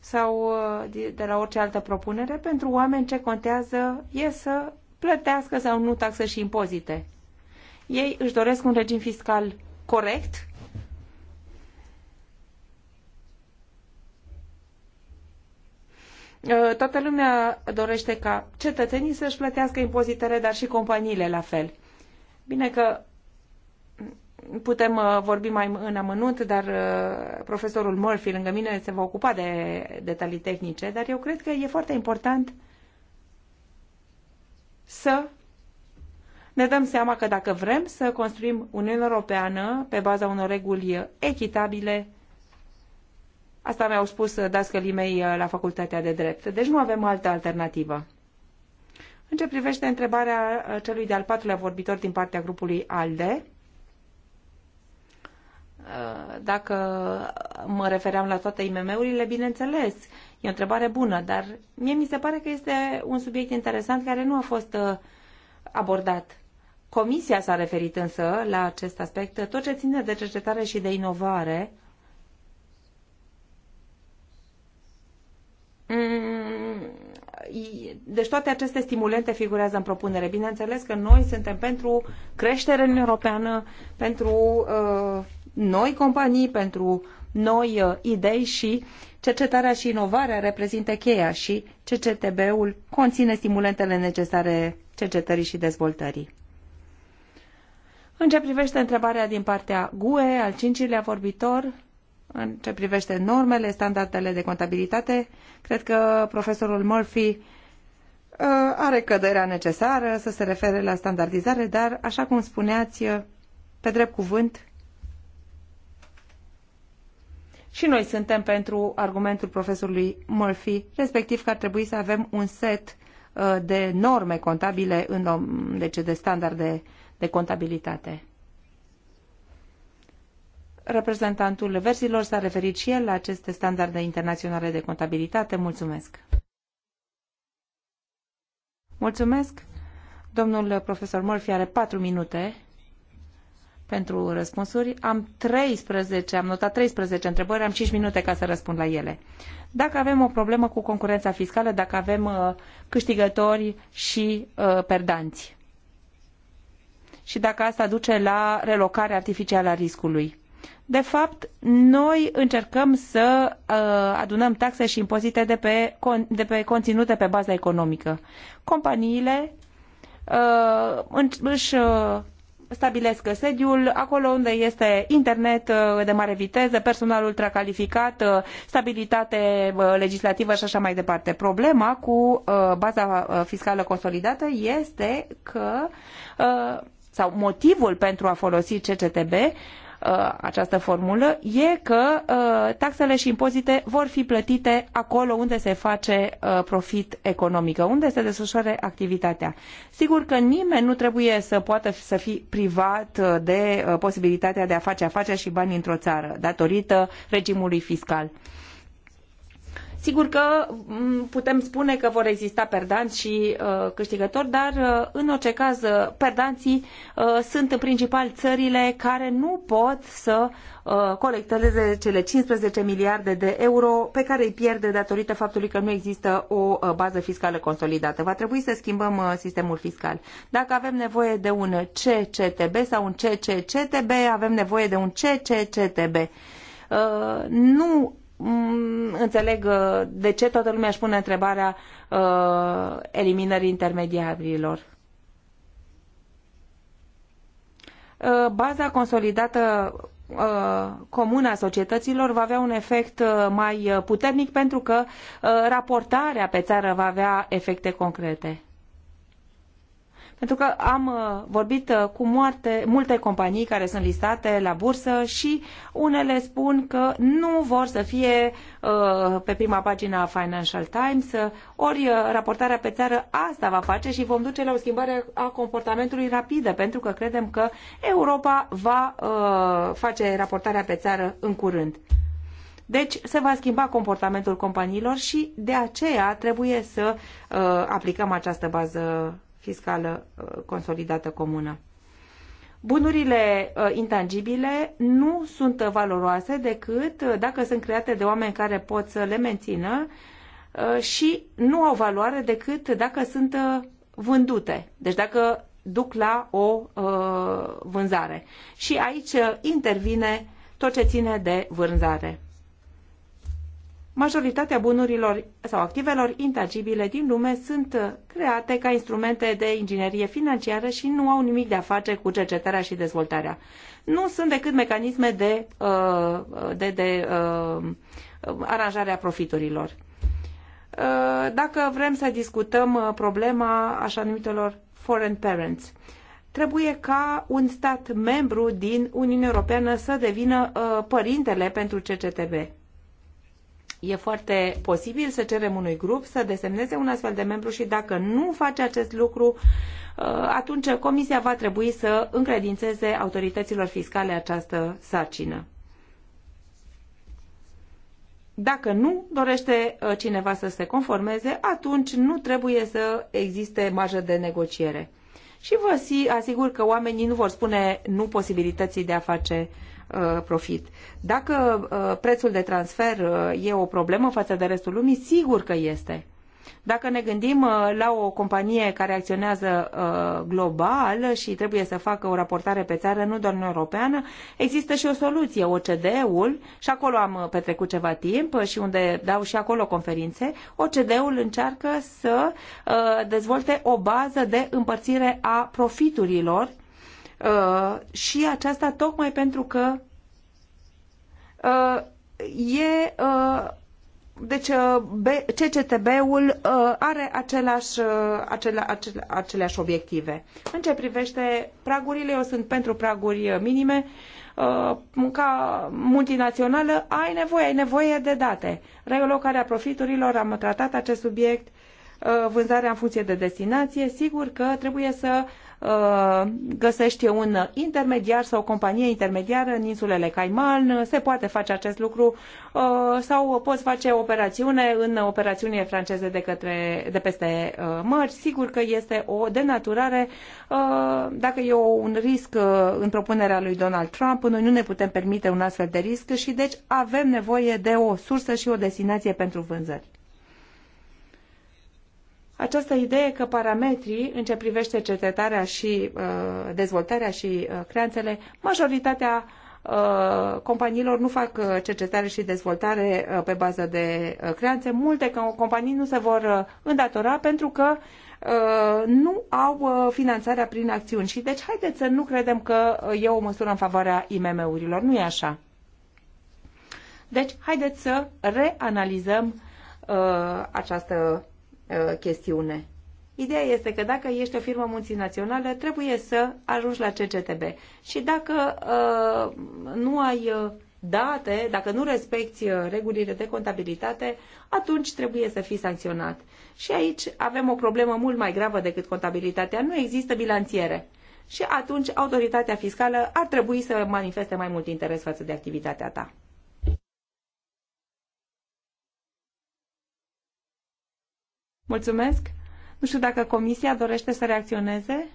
sau uh, de la orice altă propunere, pentru oameni ce contează e să plătească sau nu taxe și impozite. Ei își doresc un regim fiscal corect, Uh, toată lumea dorește ca cetățenii să-și plătească impozitele, dar și companiile la fel. Bine că putem uh, vorbi mai în amănunt, dar uh, profesorul Murphy lângă mine se va ocupa de detalii tehnice, dar eu cred că e foarte important să ne dăm seama că dacă vrem să construim Uniunea Europeană pe baza unor reguli echitabile, Asta mi-au spus dascălii mei uh, la facultatea de drept. Deci nu avem altă alternativă. În ce privește întrebarea uh, celui de-al patrulea vorbitor din partea grupului ALDE, uh, dacă mă refeream la toate IMM-urile, bineînțeles, e o întrebare bună, dar mie mi se pare că este un subiect interesant care nu a fost abordat. Comisia s-a referit însă la acest aspect. Tot ce ține de cercetare și de inovare Mm, deci toate aceste stimulente figurează în propunere. Bineînțeles că noi suntem pentru creștere în europeană, pentru uh, noi companii, pentru noi uh, idei și cercetarea și inovarea reprezintă cheia și CCTB-ul conține stimulentele necesare cercetării și dezvoltării. În ce privește întrebarea din partea GUE, al cincilea vorbitor, în ce privește normele, standardele de contabilitate, cred că profesorul Murphy uh, are căderea necesară să se refere la standardizare, dar, așa cum spuneați, uh, pe drept cuvânt, și noi suntem pentru argumentul profesorului Murphy, respectiv că ar trebui să avem un set uh, de norme contabile, în, deci de standarde de contabilitate. Reprezentantul verzilor s-a referit și el la aceste standarde internaționale de contabilitate. Mulțumesc! Mulțumesc! Domnul profesor Murphy are patru minute pentru răspunsuri. Am 13, am notat 13 întrebări, am 5 minute ca să răspund la ele. Dacă avem o problemă cu concurența fiscală, dacă avem uh, câștigători și uh, perdanți și dacă asta duce la relocarea artificială a riscului. De fapt, noi încercăm să uh, adunăm taxe și impozite de pe, con- de pe conținute pe baza economică. Companiile uh, în, își uh, stabilesc sediul acolo unde este internet uh, de mare viteză, personal ultracalificat, uh, stabilitate uh, legislativă și așa mai departe. Problema cu baza fiscală consolidată este că sau motivul pentru a folosi CCTB Uh, această formulă e că uh, taxele și impozite vor fi plătite acolo unde se face uh, profit economic, unde se desfășoare activitatea. Sigur că nimeni nu trebuie să poată să fie privat de posibilitatea de a face afaceri și bani într-o țară datorită regimului fiscal. Uh, Sigur că mm, putem spune că vor exista perdanți și uh, câștigători, dar uh, în orice caz uh, perdanții uh, sunt în principal țările care nu pot să colecteze cele 15 miliarde de euro pe care îi pierde datorită faptului că nu există o bază fiscală consolidată. Va trebui să schimbăm sistemul fiscal. Dacă avem nevoie de un CCTB sau un CCCTB, avem nevoie de un CCCTB. Uh, nu Mm, înțeleg uh, de ce toată lumea își pune întrebarea uh, eliminării intermediarilor. Uh, baza consolidată uh, comună a societăților va avea un efect uh, mai puternic pentru că raportarea pe țară va avea efecte concrete. Pentru că am uh, vorbit uh, cu moarte, multe companii care sunt listate la bursă și unele spun că nu vor să fie uh, pe prima pagina Financial Times, ori raportarea pe țară asta va face și vom duce la o schimbare a comportamentului rapidă, pentru că credem că Europa va face raportarea pe țară în curând. Deci se va schimba comportamentul companiilor și de aceea trebuie să uh, aplicăm această bază fiscală uh, consolidată comună. Bunurile uh, intangibile nu sunt valoroase decât uh, dacă sunt create de oameni care pot să le mențină și nu au valoare decât dacă sunt vândute. Deci dacă duc la o vânzare. Și aici intervine tot ce ține de vânzare. Majoritatea bunurilor sau activelor intangibile din lume sunt create ca instrumente de inginerie financiară și nu au nimic de a face cu cercetarea și dezvoltarea. Nu sunt decât mecanisme de, uh, de, de uh, aranjare a profiturilor. Uh, dacă vrem să discutăm problema așa numitelor foreign parents, trebuie ca un stat membru din Uniunea Europeană să devină părintele pentru CCTB e foarte posibil să cerem unui grup să desemneze un astfel de membru și dacă nu face acest lucru, uh, atunci Comisia va trebui să încredințeze autorităților fiscale această sarcină. Dacă nu dorește uh, cineva să se conformeze, atunci nu trebuie să existe marjă de negociere. Și vă asigur că oamenii nu vor spune nu posibilității de a face Uh, profit. Dacă uh, prețul de transfer uh, e o problemă față de restul lumii, sigur că este. Dacă ne gândim la o companie care acționează global și trebuie să facă o raportare pe țară, nu doar în europeană, există și o soluție, OCD-ul, și acolo am petrecut ceva timp și unde dau și acolo conferințe, OCD-ul încearcă să dezvolte o bază de împărțire a profiturilor Uh, și aceasta tocmai pentru că uh, e uh, deci CCTB-ul are aceleași, acele, acele, aceleași obiective. În ce privește pragurile, eu sunt pentru praguri minime. Ca multinațională ai nevoie, ai nevoie de date. Reolocarea profiturilor, am tratat acest subiect, vânzarea în funcție de destinație, sigur că trebuie să Uh, găsește un intermediar sau o companie intermediară în insulele Caiman, se poate face acest lucru uh, sau poți face operațiune în operațiunile franceze de, către, de peste uh, mări. Sigur că este o denaturare. Dacă e un risc în propunerea lui Donald Trump, noi nu ne putem permite un astfel de risc și deci avem nevoie de o sursă și o destinație pentru vânzări această idee că parametrii în ce privește cercetarea și uh, dezvoltarea și uh, creanțele, majoritatea uh, companiilor nu fac cercetare și dezvoltare pe bază de creanțe. Multe companii nu se vor îndatora pentru că nu au finanțarea prin acțiuni. Și deci haideți să nu credem că e o măsură în favoarea IMM-urilor. Nu e așa. Deci haideți să reanalizăm această Uh, chestiune. Ideea este că dacă ești o firmă multinațională, trebuie să ajungi la CCTB. Și dacă uh, nu ai uh, date, dacă nu respecti uh, regulile de contabilitate, atunci trebuie să fii sancționat. Și aici avem o problemă mult mai gravă decât contabilitatea. Nu există bilanțiere. Și atunci autoritatea fiscală ar trebui să manifeste mai mult interes față de activitatea ta. Mulțumesc. Nu știu dacă Comisia dorește să reacționeze.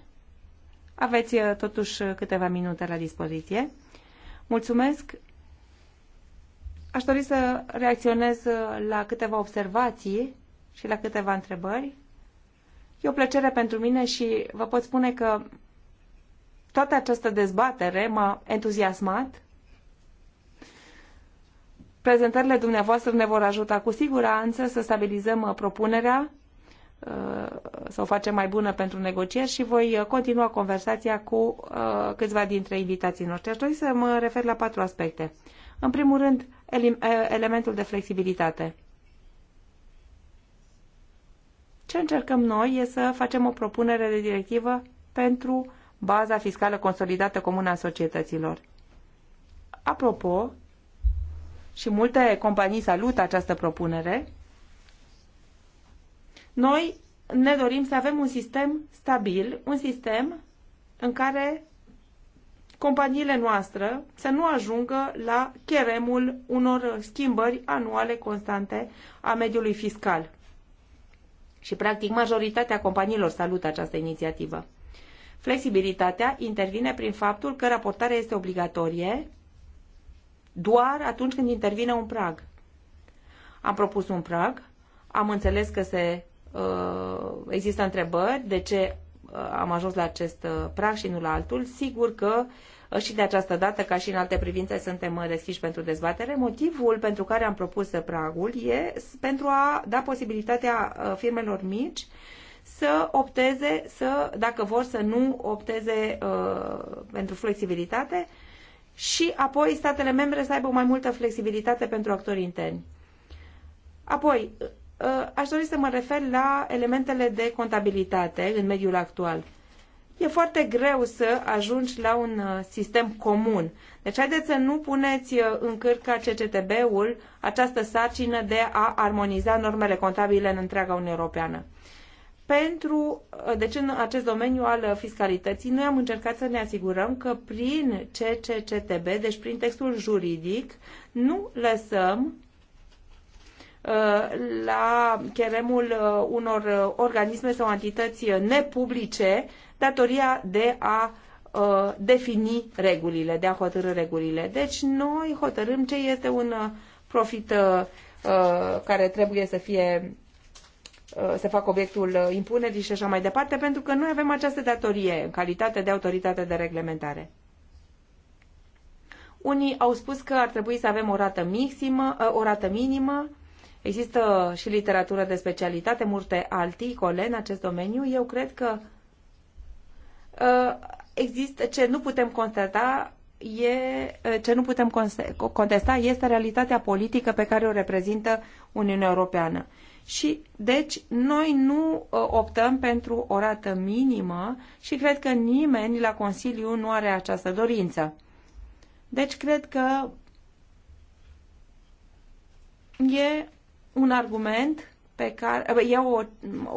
Aveți uh, totuși uh, câteva minute la dispoziție. Mulțumesc. Aș dori să reacționez uh, la câteva observații și la câteva întrebări. E o plăcere pentru mine și vă pot spune că toată această dezbatere m-a entuziasmat. Prezentările dumneavoastră ne vor ajuta cu siguranță să stabilizăm propunerea Uh, să o facem mai bună pentru negocieri și voi uh, continua conversația cu uh, câțiva dintre invitații noștri. Aș dori să mă refer la patru aspecte. În primul rând, elementul de flexibilitate. Ce încercăm noi e să facem o propunere de directivă pentru baza fiscală consolidată comună a societăților. Apropo, și multe companii salută această propunere, noi ne dorim să avem un sistem stabil, un sistem în care companiile noastre să nu ajungă la cheremul unor schimbări anuale constante a mediului fiscal. Și, practic, majoritatea companiilor salută această inițiativă. Flexibilitatea intervine prin faptul că raportarea este obligatorie doar atunci când intervine un prag. Am propus un prag, am înțeles că se Uh, există întrebări de ce uh, am ajuns la acest uh, prag și nu la altul. Sigur că și de această dată, ca și în alte privințe, suntem deschiși pentru dezbatere. Motivul pentru care am propus pragul e pentru a da posibilitatea firmelor mici să opteze, să, dacă vor să nu opteze uh, pentru flexibilitate și apoi statele membre să aibă mai multă flexibilitate pentru actorii interni. Apoi, Uh, aș dori să mă refer la elementele de contabilitate în mediul actual. E foarte greu să ajungi la un uh, sistem comun. Deci haideți să nu puneți uh, în cârca CCTB-ul această sarcină de a armoniza normele contabile în întreaga Uniune Europeană. Pentru, deci în acest domeniu al fiscalității, noi am încercat să ne asigurăm că prin CCCTB, deci prin textul juridic, nu lăsăm Uh, la cheremul uh, unor uh, organisme sau entități nepublice datoria de a defini regulile, de a hotărâ regulile. Deci noi hotărâm ce este un profit care trebuie să fie să facă obiectul impunerii și așa mai departe, pentru că noi avem această datorie în calitate de autoritate de reglementare. Unii au spus că ar trebui să avem o rată, miximă, o rată minimă, Există și literatură de specialitate, multe articole în acest domeniu. Eu cred că ă, există ce nu putem constata e, ă, ce nu putem contesta este realitatea politică pe care o reprezintă Uniunea Europeană. Și, deci, noi nu ă, optăm pentru o rată minimă și cred că nimeni la Consiliu nu are această dorință. Deci, cred că e un argument pe care, e o,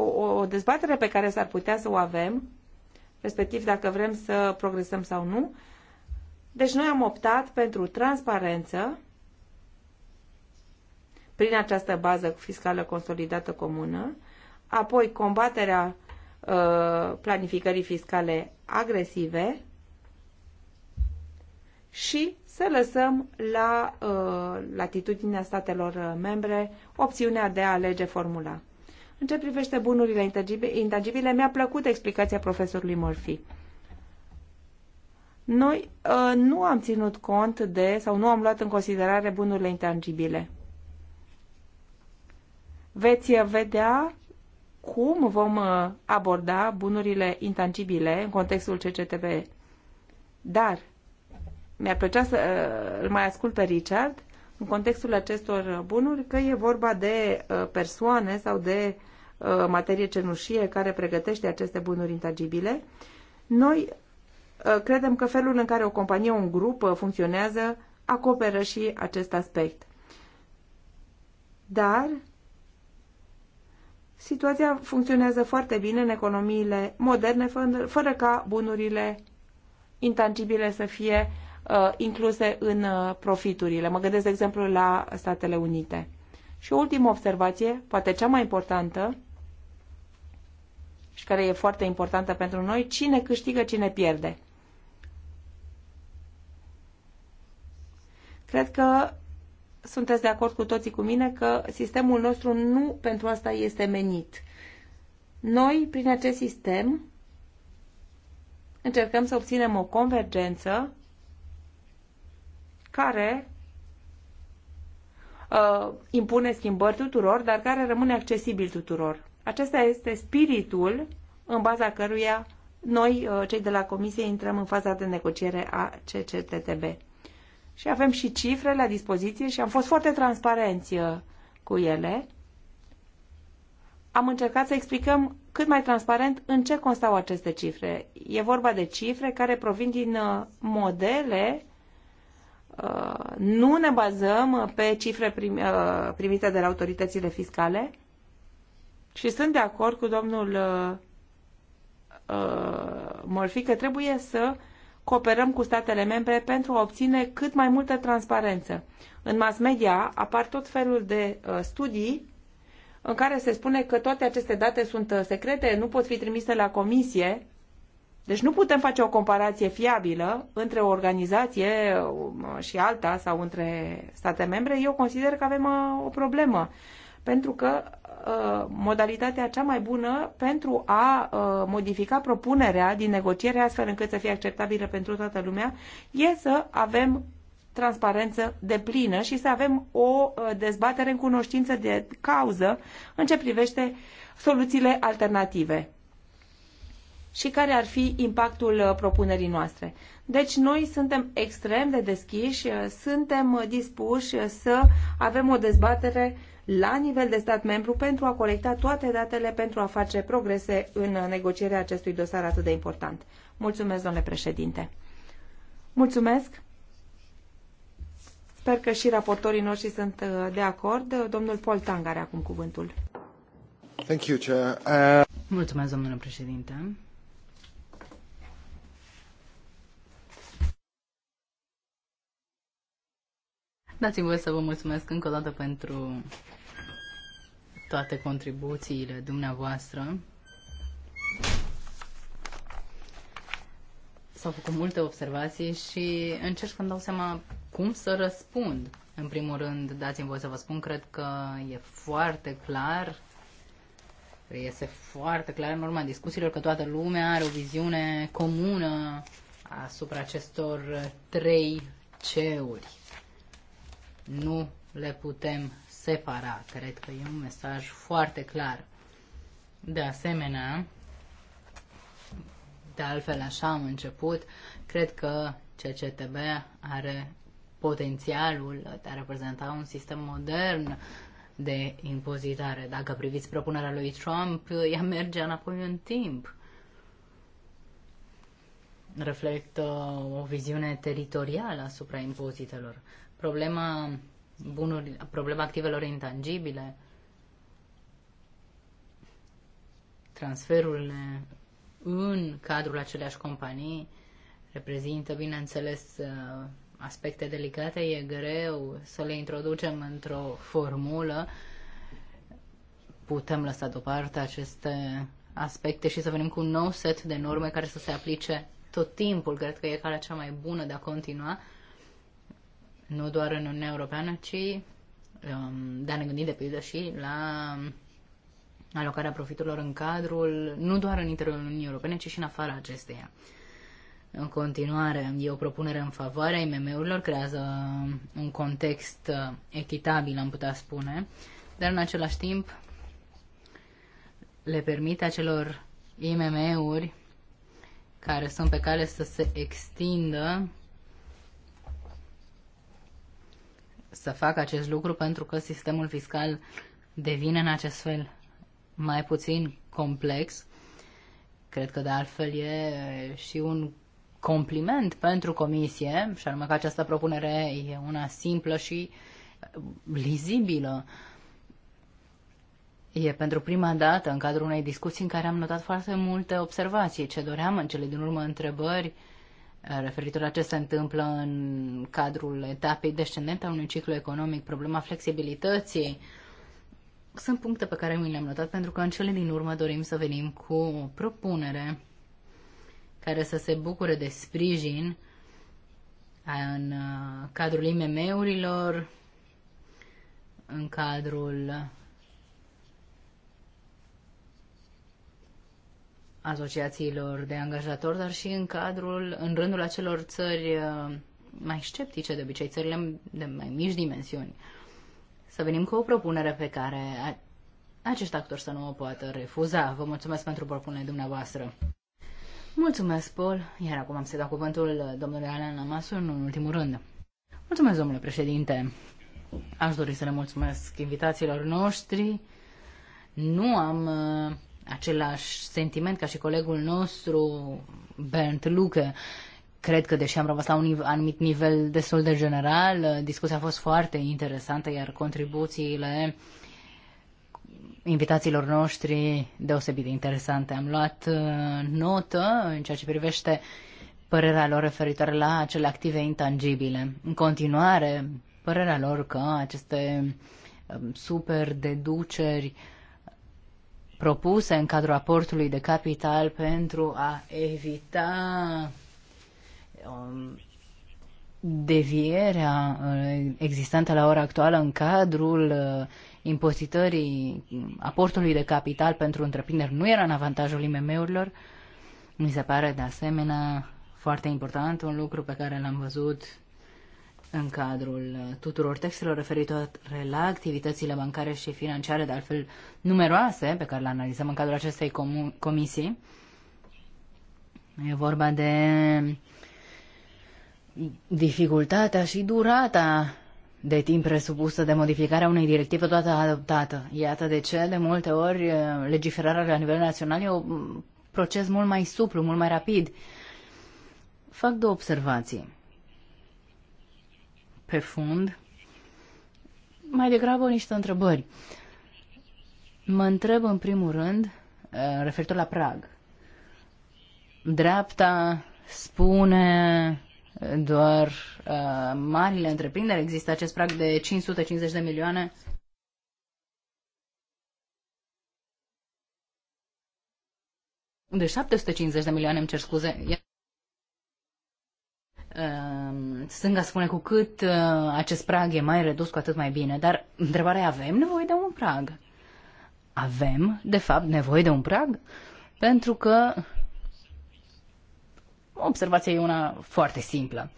o, o dezbatere pe care s-ar putea să o avem, respectiv dacă vrem să progresăm sau nu. Deci noi am optat pentru transparență prin această bază fiscală consolidată comună, apoi combaterea uh, planificării fiscale agresive și să lăsăm la uh, latitudinea statelor uh, membre opțiunea de a alege formula. În ce privește bunurile intangibile, mi-a plăcut explicația profesorului Murphy. Noi uh, nu am ținut cont de sau nu am luat în considerare bunurile intangibile. Veți vedea cum vom uh, aborda bunurile intangibile în contextul CCTV. Dar mi-ar plăcea să uh, îl mai ascult pe Richard în contextul acestor bunuri că e vorba de uh, persoane sau de uh, materie cenușie care pregătește aceste bunuri intangibile. Noi credem că felul în care o companie, un grup funcționează acoperă și acest aspect. Dar situația funcționează foarte bine în economiile moderne, fără ca bunurile intangibile să fie Uh, incluse în uh, profiturile. Mă gândesc, de exemplu, la Statele Unite. Și o ultimă observație, poate cea mai importantă și care e foarte importantă pentru noi, cine câștigă, cine pierde. Cred că sunteți de acord cu toții cu mine că sistemul nostru nu pentru asta este menit. Noi, prin acest sistem, încercăm să obținem o convergență care uh, impune schimbări tuturor, dar care rămâne accesibil tuturor. Acesta este spiritul în baza căruia noi, uh, cei de la Comisie, intrăm în faza de negociere a CCTTB. Și avem și cifre la dispoziție și am fost foarte transparenți uh, cu ele. Am încercat să explicăm cât mai transparent în ce constau aceste cifre. E vorba de cifre care provin din uh, modele Uh, nu ne bazăm pe cifre uh, primite de la autoritățile fiscale și sunt de acord cu domnul uh, Morfi că trebuie să cooperăm cu statele membre pentru a obține cât mai multă transparență. În mass media apar tot felul de studii în care se spune că toate aceste date sunt secrete, nu pot fi trimise la comisie deci nu putem face o comparație fiabilă între o organizație um, și alta sau între state membre. Eu consider că avem uh, o problemă pentru că uh, modalitatea cea mai bună pentru a uh, modifica propunerea din negociere astfel încât să fie acceptabilă pentru toată lumea e să avem transparență deplină și să avem o dezbatere în cunoștință de cauză în ce privește soluțiile alternative și care ar fi impactul uh, propunerii noastre. Deci noi suntem extrem de deschiși, uh, suntem uh, dispuși să avem o dezbatere la nivel de stat membru pentru a colecta toate datele pentru a face progrese în negocierea acestui dosar atât de important. Mulțumesc, domnule președinte. Mulțumesc. Sper că și raportorii noștri sunt de acord. Domnul Paul Tang are acum cuvântul. Mulțumesc, domnule președinte. Dați-mi voi să vă mulțumesc încă o dată pentru toate contribuțiile dumneavoastră. S-au făcut multe observații și încerc să-mi dau seama cum să răspund. În primul rând, dați-mi voi să vă spun, cred că e foarte clar este foarte clar în urma discuțiilor că toată lumea are o viziune comună asupra acestor trei ceuri nu le putem separa. Cred că e un mesaj foarte clar. De asemenea, de altfel așa am început, cred că CCTB are potențialul de a reprezenta un sistem modern de impozitare. Dacă priviți propunerea lui Trump, ea merge înapoi în timp. Reflectă o viziune teritorială asupra impozitelor problema, bunuri, problema activelor intangibile, transferurile în cadrul aceleași companii reprezintă, bineînțeles, uh, aspecte delicate, e greu să le introducem într-o formulă. Putem lăsa deoparte aceste aspecte și să venim cu un nou set de norme care să se aplice tot timpul. Cred că e calea cea mai bună de a continua nu doar în Uniunea Europeană, ci um, de a ne gândi de pildă și la alocarea profiturilor în cadrul, nu doar în interiorul Uniunii Europene, ci și în afara acesteia. În continuare, e o propunere în favoarea IMM-urilor, creează un context uh, echitabil, am putea spune, dar în același timp le permite acelor IMM-uri care sunt pe cale să se extindă să facă acest lucru pentru că sistemul fiscal devine în acest fel mai puțin complex. Cred că de altfel e și un compliment pentru comisie, și anume că această propunere e una simplă și uh, lizibilă. E pentru prima dată în cadrul unei discuții în care am notat foarte multe observații. Ce doream în cele din urmă întrebări uh, referitor la ce se întâmplă în cadrul etapei descendente a unui ciclu economic, problema flexibilității. Sunt puncte pe care mi le-am notat pentru că în cele din urmă dorim să venim cu o propunere care să se bucure de sprijin în uh, cadrul IMM-urilor, în cadrul asociațiilor de angajatori, dar și în cadrul, în rândul acelor țări uh, mai sceptice, de obicei țările de mai mici dimensiuni. Să venim cu o propunere pe care acești actori să nu o poată refuza. Vă mulțumesc pentru propunerea dumneavoastră. Mulțumesc, Paul. Iar acum am să dau cuvântul domnului Alan Lamasu în ultimul rând. Mulțumesc, domnule președinte. Aș dori să le mulțumesc invitațiilor noștri. Nu am uh, același sentiment ca și colegul nostru, Bernd Luke. Cred că, deși am rămas la un anumit nivel destul de general, uh, discuția a fost foarte interesantă, iar contribuțiile invitațiilor noștri deosebit de interesante. Am luat uh, notă în ceea ce privește părerea lor referitoare la acele active intangibile. În continuare, părerea lor că aceste uh, super deduceri uh, propuse în cadrul aportului de capital pentru a evita um, devierea uh, existentă la ora actuală în cadrul uh, impozitării aportului de capital pentru întreprinderi nu era în avantajul IMM-urilor. Mi se pare de asemenea foarte important un lucru pe care l-am văzut în cadrul uh, tuturor textelor referitoare la activitățile bancare și financiare, de altfel numeroase, pe care le analizăm în cadrul acestei comisii. E vorba de dificultatea și durata de timp presupusă de modificarea unei directive toată adoptată. Iată de ce, de multe ori, uh, legiferarea la nivel național e un mm, proces mult mai suplu, mult mai rapid. Fac două observații pe fund, mai degrabă niște întrebări. Mă întreb în primul rând, eh, referitor la prag. Dreapta spune doar uh, marile întreprinderi, există acest prag de 550 de milioane. De 750 de milioane, îmi cer scuze. Ehm, stânga spune cu cât ă, acest prag e mai redus, cu atât mai bine. Dar întrebarea e, avem nevoie de un prag? Avem, de fapt, nevoie de un prag? Pentru că observația e una foarte simplă.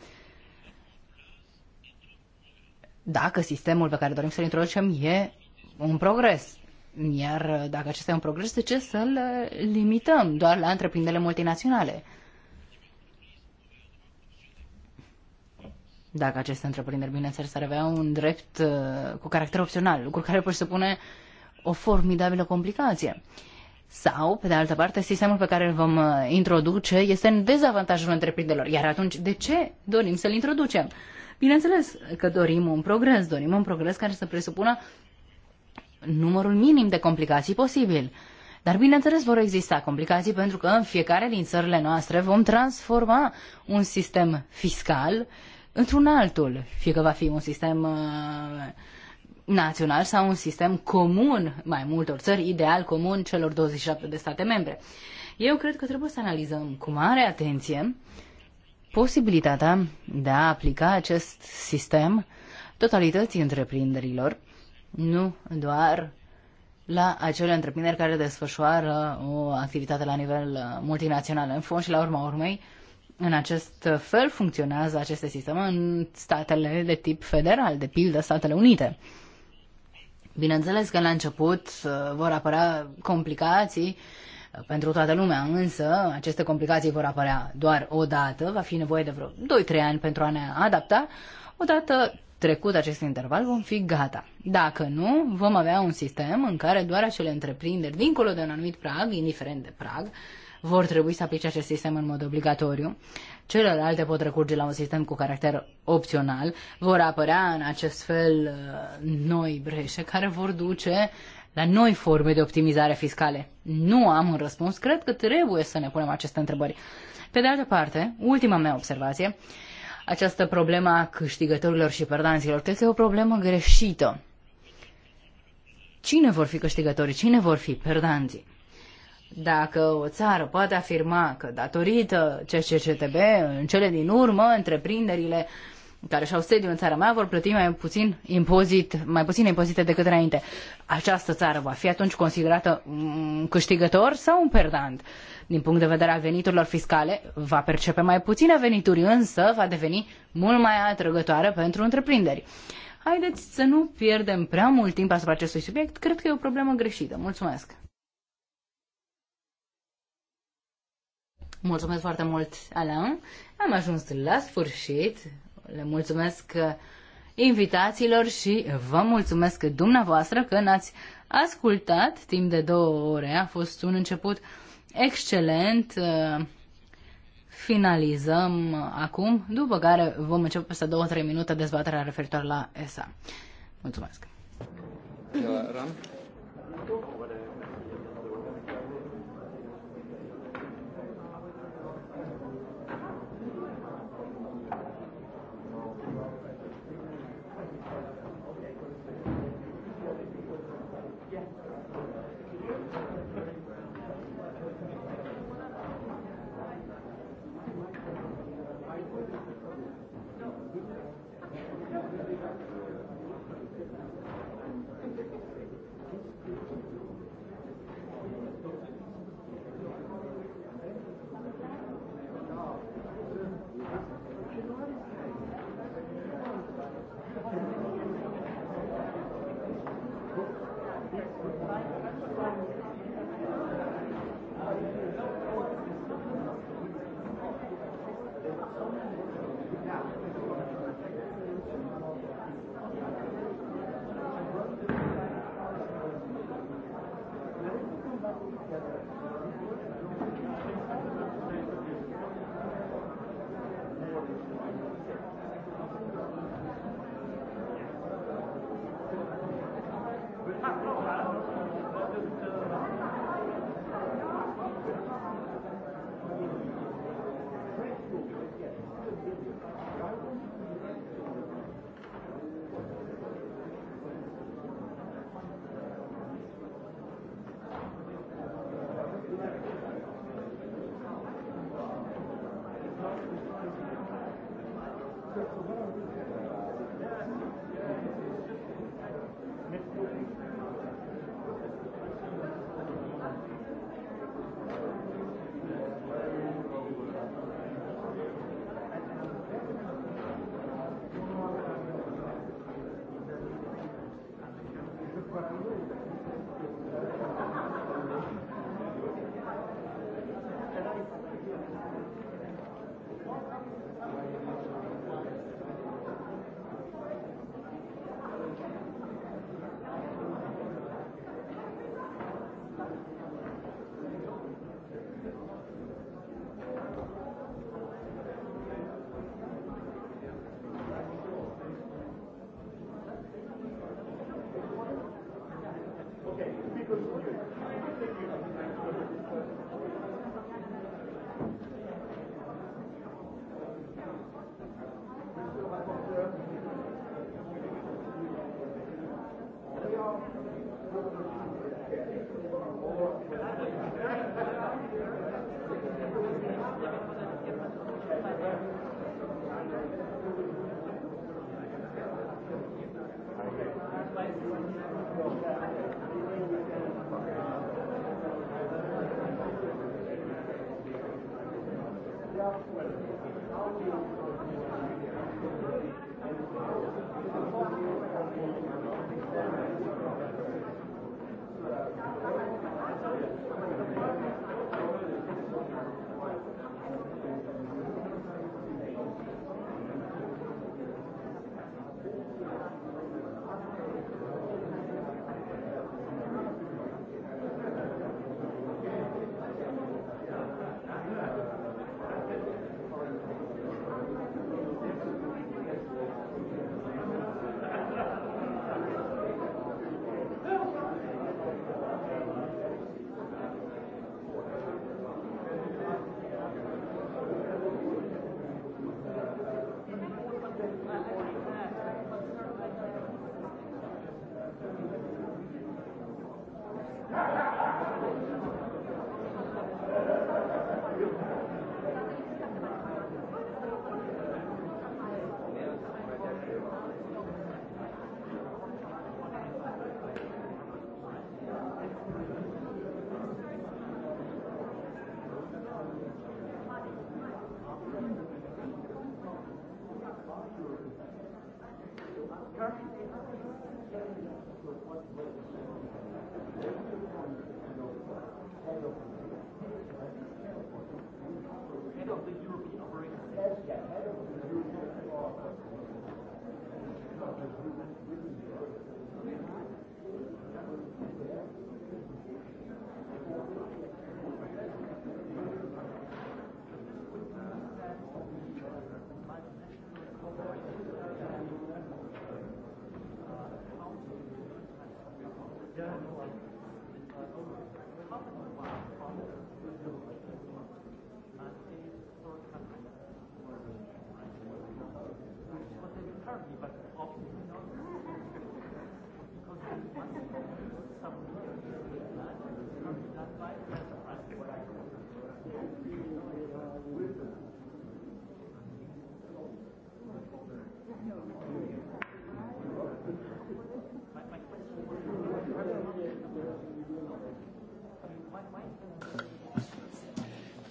Dacă sistemul pe care dorim să-l introducem e un progres, iar dacă acesta e un progres, de ce să-l limităm doar la întreprinderile multinaționale? dacă aceste întreprinderi, bineînțeles, ar avea un drept uh, cu caracter opțional, lucru care poate să pune o formidabilă complicație. Sau, pe de altă parte, sistemul pe care îl vom uh, introduce este în dezavantajul întreprinderilor. Iar atunci, de ce dorim să-l introducem? Bineînțeles că dorim un progres, dorim un progres care să presupună numărul minim de complicații posibil. Dar bineînțeles vor exista complicații pentru că în fiecare din țările noastre vom transforma un sistem fiscal uh, într-un altul, fie că va fi un sistem uh, național sau un sistem comun mai multor țări, ideal comun celor 27 de state membre. Eu cred că trebuie să analizăm cu mare atenție posibilitatea de a aplica acest sistem totalității întreprinderilor, nu doar la acele întreprinderi care desfășoară o activitate la nivel uh, multinațional în fond și la urma urmei în acest fel funcționează aceste sisteme în statele de tip federal, de pildă Statele Unite. Bineînțeles că la început uh, vor apărea complicații uh, pentru toată lumea, însă aceste complicații vor apărea doar o dată, va fi nevoie de vreo 2-3 ani pentru a ne adapta. Odată trecut acest interval vom fi gata. Dacă nu, vom avea un sistem în care doar acele întreprinderi, dincolo de un anumit prag, indiferent de prag, uh, vor trebui să aplice acest sistem în mod obligatoriu. Celelalte pot recurge la un sistem cu caracter opțional. Vor apărea în acest fel uh, noi breșe care vor duce la noi forme de optimizare fiscale. Nu am un răspuns, cred că trebuie să ne punem aceste întrebări. Pe de altă parte, ultima mea observație, această problemă a câștigătorilor și perdanților, cred că e o problemă greșită. Cine vor fi câștigătorii? Cine vor fi perdanții? Dacă o țară poate afirma că datorită CCCTB, în cele din urmă, întreprinderile care și-au sediu în țara mea vor plăti mai puțin impozit, mai puțin impozite decât înainte. Această țară va fi atunci considerată un câștigător sau un perdant? Din punct de vedere al veniturilor fiscale, va percepe mai puține venituri, însă va deveni mult mai atrăgătoare pentru întreprinderi. Haideți să nu pierdem prea mult timp asupra acestui subiect, cred că e o problemă greșită. Mulțumesc! Mulțumesc foarte mult, Alain. Am ajuns la sfârșit. Le mulțumesc uh, invitațiilor și vă mulțumesc dumneavoastră că n ați ascultat timp de două ore. A fost un început excelent. Uh, finalizăm acum, după care vom începe peste două-trei minute dezbaterea referitoare la ESA. Mulțumesc! Da, RAM?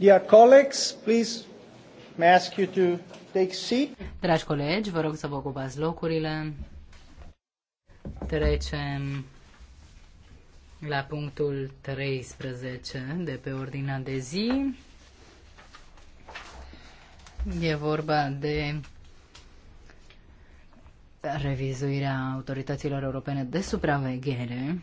Dear colleagues, please may ask you to take seat. Dragi colegi, vă rog să vă ocupați locurile. Trecem la punctul 13 de pe ordinea de zi. E vorba de revizuirea autorităților europene de supraveghere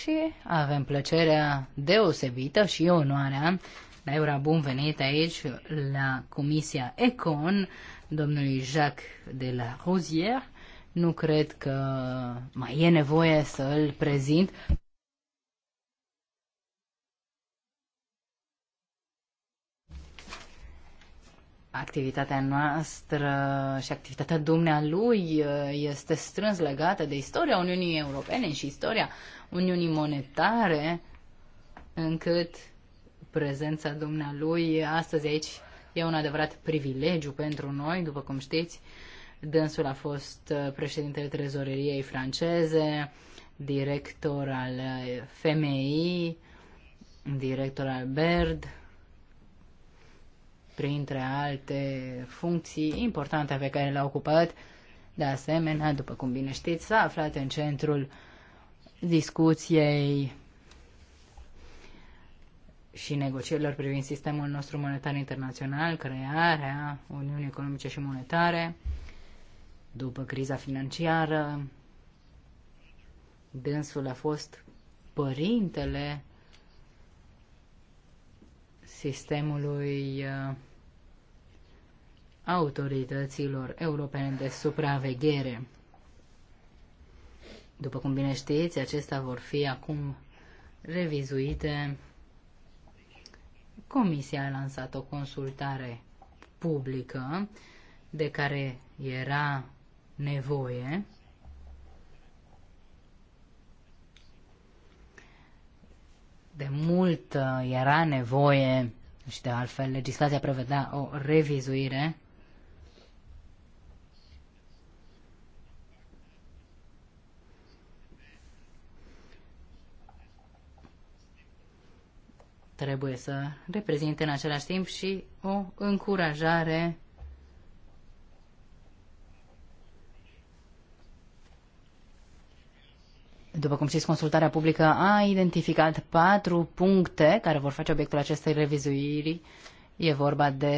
și avem plăcerea deosebită și onoarea de ura bun venit aici la Comisia Econ domnului Jacques de la Rosière. Nu cred că mai e nevoie să îl prezint. activitatea noastră și activitatea dumnealui este strâns legată de istoria Uniunii Europene și istoria Uniunii Monetare, încât prezența dumnealui astăzi aici e un adevărat privilegiu pentru noi, după cum știți. Dânsul a fost uh, președintele trezoreriei franceze, director al uh, FMI, director al BERD, printre alte funcții importante pe care le-a ocupat. De asemenea, după cum bine știți, s-a aflat în centrul uh, discuției și negocierilor privind sistemul nostru monetar internațional, crearea Uniunii Economice și Monetare, după criza financiară, dânsul a fost părintele sistemului uh, autorităților europene de supraveghere. După cum bine știți, acestea vor fi acum revizuite. Comisia a lansat o consultare publică de care era nevoie. De mult era nevoie și de altfel legislația prevedea o revizuire trebuie să reprezinte în același timp și o încurajare După cum știți, consultarea publică a identificat patru puncte care vor face obiectul acestei revizuiri. E vorba de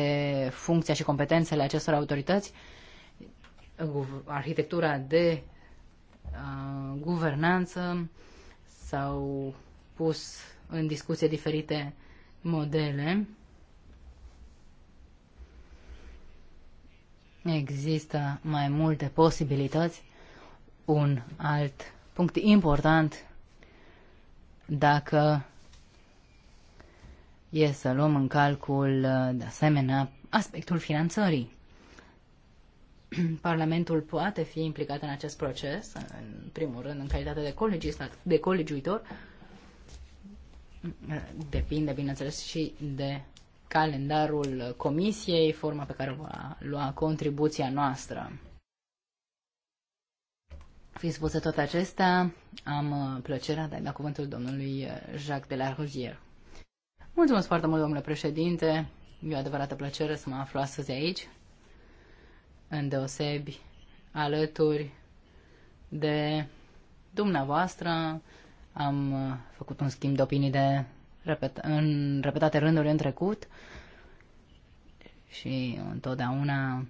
funcția și competențele acestor autorități, arhitectura de uh, guvernanță, s-au pus în discuție diferite modele. Există mai multe posibilități. Un alt punct important, dacă e să luăm în calcul, de asemenea, aspectul finanțării. Parlamentul poate fi implicat în acest proces, în primul rând, în calitate de, colegiuitor, de colegiuitor, Depinde, bineînțeles, și de calendarul comisiei, forma pe care va lua contribuția noastră. Fiind spuse toate acestea, am uh, plăcerea de a da cuvântul domnului uh, Jacques de la Rogier. Mulțumesc foarte mult, domnule președinte. E o adevărată plăcere să mă aflu astăzi aici, în deosebi alături de dumneavoastră, am uh, făcut un schimb de opinii de repet, în repetate rânduri în trecut și întotdeauna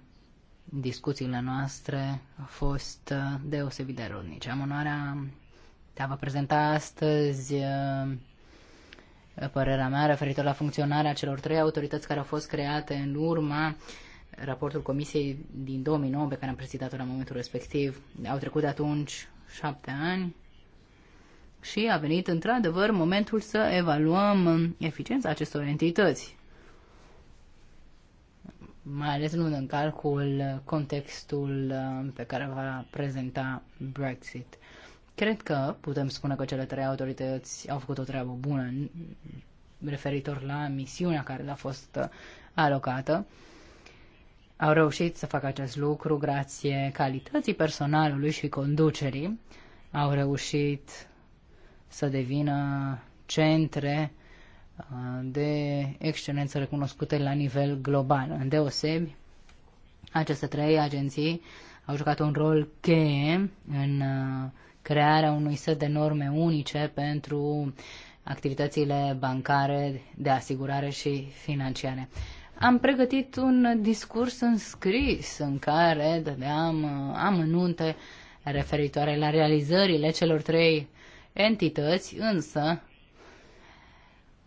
discuțiile noastre au fost uh, deosebit de rodnice. Am onoarea de a vă prezenta astăzi uh, părerea mea referitor la funcționarea celor trei autorități care au fost create în urma raportul comisiei din 2009 pe care am prezidat-o la momentul respectiv. Au trecut de atunci șapte ani și a venit într-adevăr momentul să evaluăm um, eficiența acestor entități. Mai ales luând în calcul uh, contextul um, pe care va prezenta Brexit. Cred că putem spune că cele trei autorități au făcut o treabă bună referitor la misiunea care le-a fost uh, alocată. Au reușit să facă acest lucru grație calității personalului și conducerii. Au reușit să devină centre uh, de excelență recunoscute la nivel global. În deosebi, aceste trei agenții au jucat un rol cheie în uh, crearea unui set de norme unice pentru activitățile bancare, de asigurare și financiare. Am pregătit un discurs scris în care dădeam uh, amănunte referitoare la realizările celor trei entități, însă,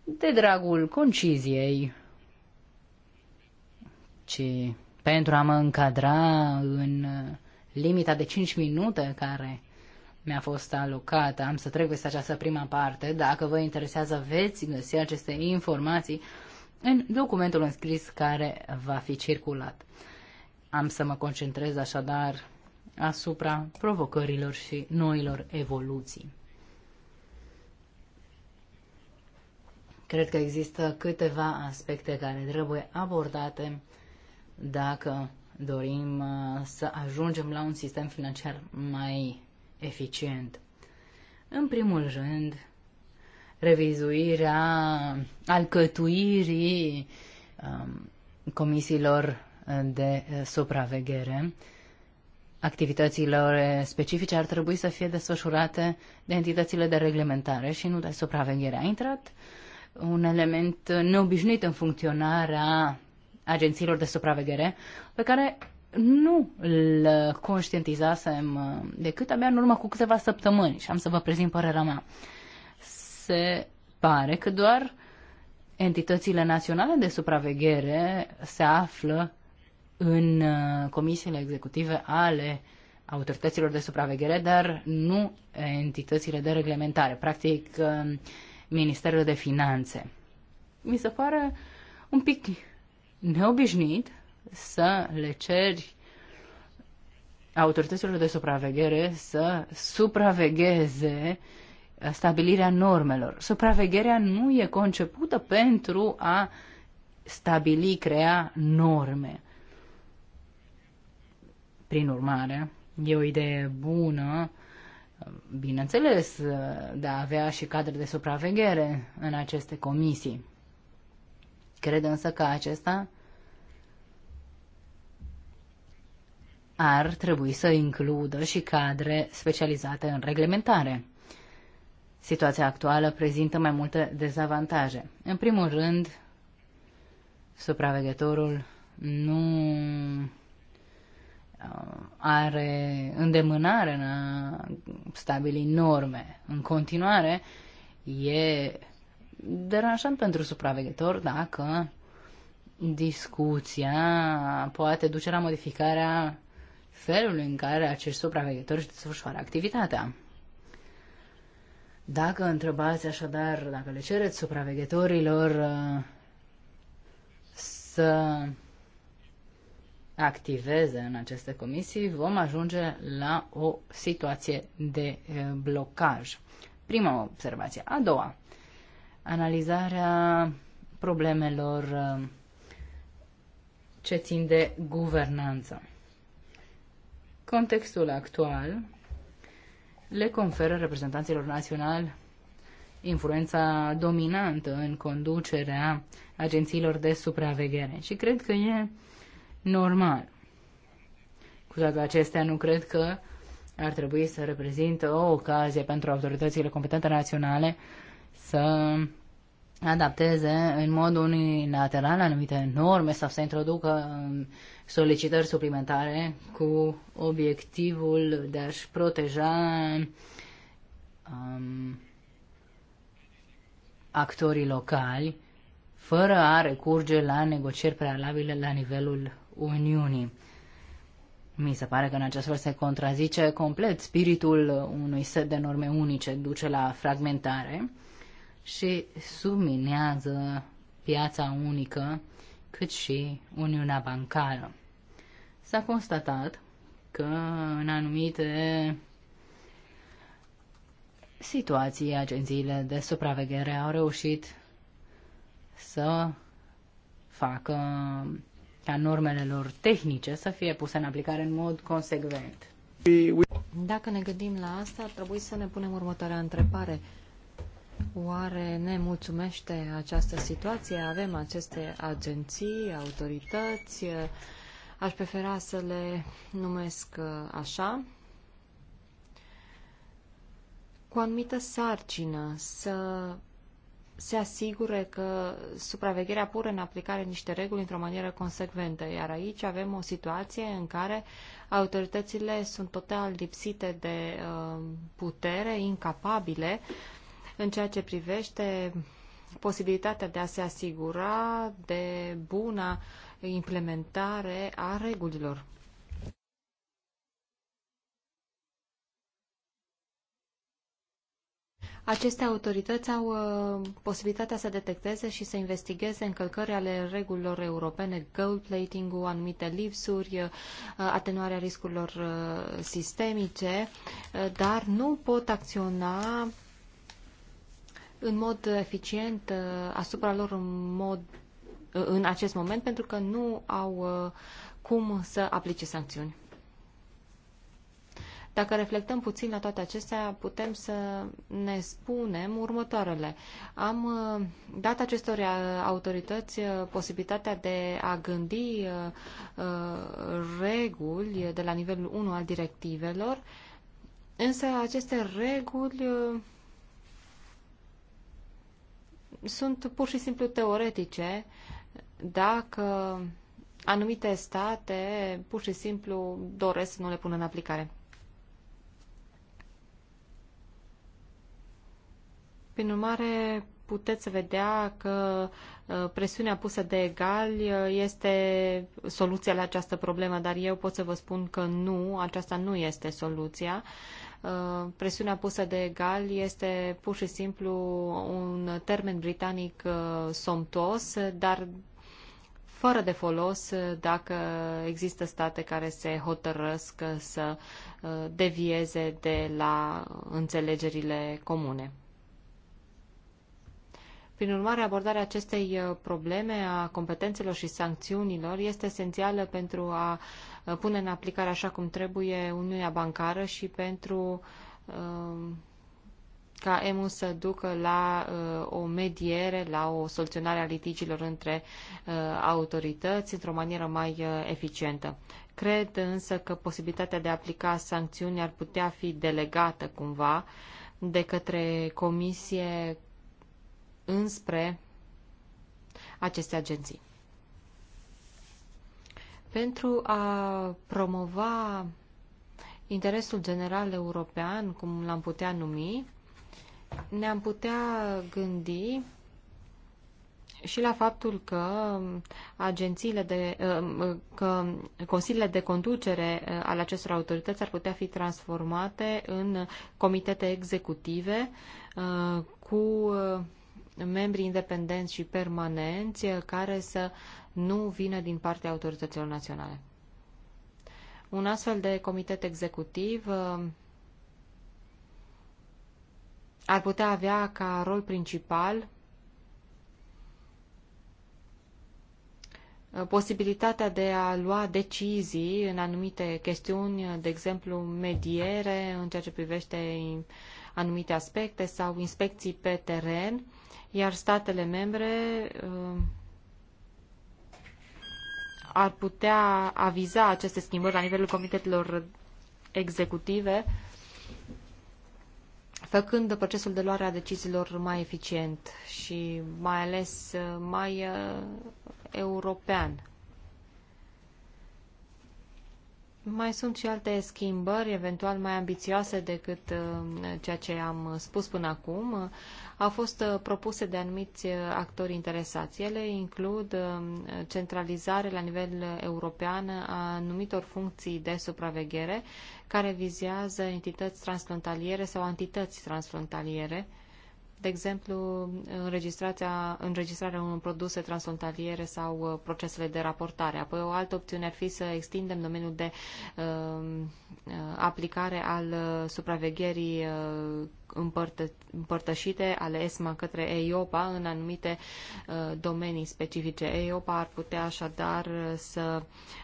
de dragul conciziei, ci pentru a mă încadra în limita de 5 minute care mi-a fost alocată, am să trec peste această prima parte. Dacă vă interesează, veți găsi aceste informații în documentul înscris care va fi circulat. Am să mă concentrez așadar asupra provocărilor și noilor evoluții. Cred că există câteva aspecte care trebuie abordate dacă dorim uh, să ajungem la un sistem financiar mai eficient. În primul rând, revizuirea alcătuirii um, comisiilor de supraveghere. Activitățile specifice ar trebui să fie desfășurate de entitățile de reglementare și nu de supraveghere. A intrat uh, un element neobișnuit în funcționarea agențiilor de supraveghere, pe care nu îl conștientizasem uh, decât abia în urmă cu câteva săptămâni și am să vă prezint părerea mea. Se pare că doar entitățile naționale de supraveghere se află în uh, comisiile executive ale autorităților de supraveghere, dar nu entitățile de reglementare. Practic, uh, Ministerul de Finanțe. Mi se pare un pic neobișnuit să le ceri autorităților de supraveghere să supravegheze stabilirea normelor. Supravegherea nu e concepută pentru a stabili, crea norme. Prin urmare, e o idee bună bineînțeles, de a avea și cadre de supraveghere în aceste comisii. Cred însă că acesta ar trebui să includă și cadre specializate în reglementare. Situația actuală prezintă mai multe dezavantaje. În primul rând, supraveghetorul nu Uh, are îndemânare în a stabili norme. În continuare, e deranjant pentru supraveghetor dacă discuția poate duce la modificarea felului în care acești supraveghetori își desfășoară activitatea. Dacă întrebați așadar, dacă le cereți supraveghetorilor uh, să activeze în aceste comisii, vom ajunge la o situație de eh, blocaj. Prima observație. A doua, analizarea problemelor eh, ce țin de guvernanță. Contextul actual le conferă reprezentanților naționali influența dominantă în conducerea agențiilor de supraveghere și cred că e normal. Cu toate acestea, nu cred că ar trebui să reprezintă o ocazie pentru autoritățile competente naționale să adapteze în mod unilateral anumite norme sau să introducă um, solicitări suplimentare cu obiectivul de a-și proteja um, actorii locali fără a recurge la negocieri prealabile la nivelul Uniunii. Mi se pare că în acest fel se contrazice complet spiritul unui set de norme unice, duce la fragmentare și subminează piața unică, cât și Uniunea Bancară. S-a constatat că în anumite situații agențiile de supraveghere au reușit să facă ca normele lor tehnice să fie puse în aplicare în mod consecvent. Dacă ne gândim la asta, ar trebui să ne punem următoarea întrebare. Oare ne mulțumește această situație? Avem aceste agenții, autorități, aș prefera să le numesc așa, cu anumită sarcină, să se asigure că supravegherea pură în aplicare niște reguli într-o manieră consecventă. Iar aici avem o situație în care autoritățile sunt total lipsite de uh, putere, incapabile în ceea ce privește posibilitatea de a se asigura de buna implementare a regulilor. aceste autorități au uh, posibilitatea să detecteze și să investigheze încălcări ale regulilor europene, gold plating-ul, anumite lipsuri, uh, atenuarea riscurilor uh, sistemice, uh, dar nu pot acționa în mod eficient uh, asupra lor în, mod, uh, în acest moment pentru că nu au cum să aplice sancțiuni. Dacă reflectăm puțin la toate acestea, putem să ne spunem următoarele. Am uh, dat acestor uh, autorități uh, posibilitatea de a gândi reguli de la nivelul 1 al directivelor, însă aceste reguli sunt pur și simplu teoretice dacă anumite state pur și simplu doresc să nu le pună în aplicare. Prin urmare, puteți vedea că uh, presiunea pusă de egali uh, este soluția la această problemă, dar eu pot să vă spun că nu, aceasta nu este soluția. Uh, presiunea pusă de egal este pur și simplu un termen britanic somtos, dar fără de folos dacă există state care se hotărăsc să devieze de la înțelegerile comune. Prin urmare, abordarea acestei uh, probleme a competențelor și sancțiunilor este esențială pentru a uh, pune în aplicare așa cum trebuie Uniunea Bancară și pentru uh, ca EMU să ducă la uh, o mediere, la o soluționare a litigilor între uh, autorități într-o manieră mai uh, eficientă. Cred însă că posibilitatea de a aplica sancțiuni ar putea fi delegată cumva de către comisie înspre aceste agenții. Pentru a promova interesul general european, cum l-am putea numi, ne-am putea gândi și la faptul că agențiile de, uh, că consiliile de conducere uh, ale acestor autorități ar putea fi transformate în comitete executive uh, cu membri independenți și permanenți eh, care să nu vină din partea autorităților naționale. Un astfel de comitet executiv eh, ar putea avea ca rol principal eh, posibilitatea de a lua decizii în anumite chestiuni, de exemplu mediere în ceea ce privește anumite aspecte sau inspecții pe teren iar statele membre uh, ar putea aviza aceste schimbări la nivelul comitetelor executive, făcând procesul de luare a deciziilor mai eficient și mai ales uh, mai uh, european. Mai sunt și alte schimbări, eventual mai ambițioase decât uh, ceea ce am spus până acum. Au fost uh, propuse de anumiți uh, actori interesați. Ele includ centralizare la nivel european a anumitor funcții de supraveghere care vizează entități transfrontaliere sau entități transfrontaliere de exemplu, înregistrarea, înregistrarea unor produse transfrontaliere sau uh, procesele de raportare. Apoi o altă opțiune ar fi să extindem domeniul de uh, uh aplicare al uh, supravegherii uh, împărtășite ale ESMA către EIOPA în anumite uh, domenii specifice. EIOPA ar putea așadar uh, să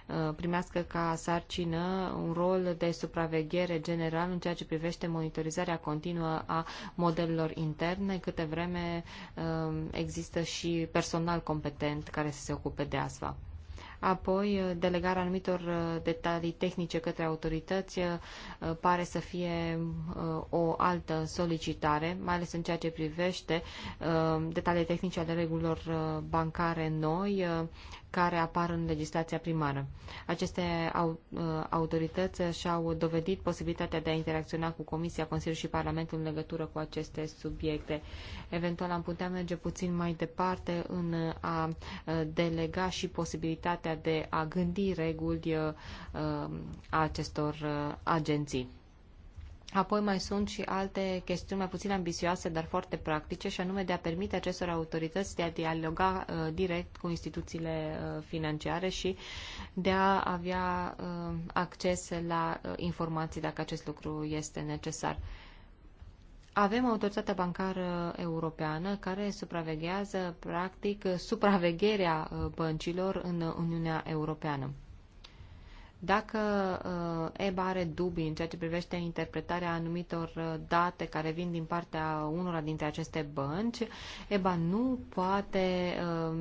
uh, primească ca sarcină un rol de supraveghere general în ceea ce privește monitorizarea continuă a modelelor interne, câte vreme există și personal competent care să se ocupe de asta. Apoi, uh, delegarea anumitor uh, detalii tehnice către autorități uh, pare să fie o altă solicitare, mai ales în ceea ce privește detalii tehnice ale regulilor bancare noi, care apar în legislația primară. Aceste uh, autorități și-au dovedit posibilitatea de a interacționa cu Comisia, Consiliul și Parlamentul în legătură cu aceste subiecte. Eventual am putea merge puțin mai departe în a uh, delega și posibilitatea de a gândi reguli uh, a acestor agenții. Apoi mai sunt și alte chestiuni mai puțin ambițioase, dar foarte practice, și anume de a permite acestor autorități de a dialoga uh, direct cu instituțiile uh, financiare și de a avea uh, acces la uh, informații dacă acest lucru este necesar. Avem Autoritatea Bancară Europeană care supraveghează, practic, supravegherea uh, băncilor în Uniunea Europeană. Dacă uh, EBA are dubii în ceea ce privește interpretarea anumitor uh, date care vin din partea unora dintre aceste bănci, EBA nu poate um,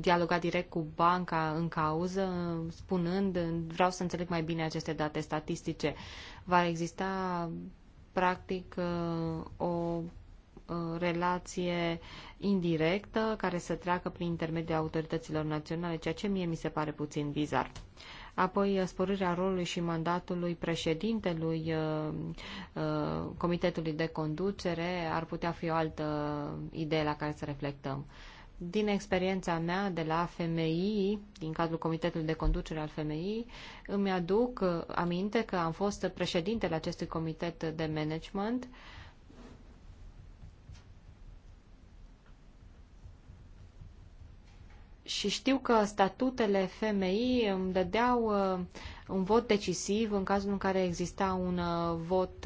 dialoga direct cu banca în cauză, spunând vreau să înțeleg mai bine aceste date statistice. Va exista practic uh, o relație indirectă care să treacă prin intermediul autorităților naționale, ceea ce mie mi se pare puțin bizar apoi uh, sporirea rolului și mandatului președintelui uh, uh, comitetului de conducere ar putea fi o altă idee la care să reflectăm. Din experiența mea de la FMI, din cadrul Comitetului de Conducere al FMI, îmi aduc aminte că am fost președintele acestui comitet de management uh, și știu că statutele FMI îmi dădeau uh, un vot decisiv în cazul în care exista un uh, vot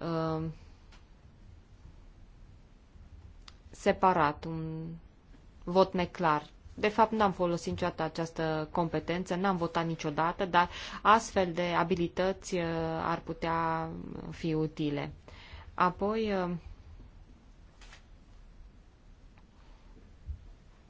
uh, separat, un vot neclar. De fapt, n-am folosit niciodată această competență, n-am votat niciodată, dar astfel de abilități ar putea fi utile. Apoi,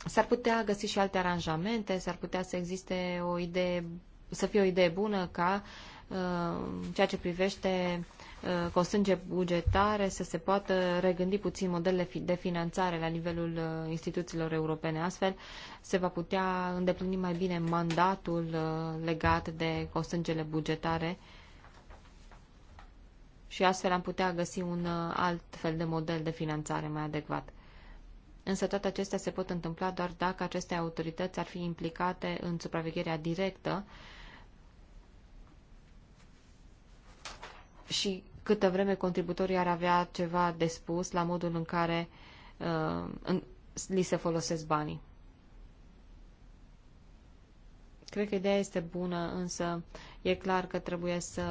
S-ar putea găsi și alte aranjamente, s-ar putea să existe o idee, să fie o idee bună ca uh, ceea ce privește uh, constrângeri bugetare să se poată regândi puțin modelele de finanțare la nivelul uh, instituțiilor europene. Astfel se va putea îndeplini mai bine mandatul legat de constrângele bugetare și astfel am putea găsi un alt fel de model de finanțare mai adecvat. Însă toate acestea se pot întâmpla doar dacă aceste autorități ar fi implicate în supravegherea directă și câtă vreme contributorii ar avea ceva de spus la modul în care uh, în, li se folosesc banii. Cred că ideea este bună, însă e clar că trebuie să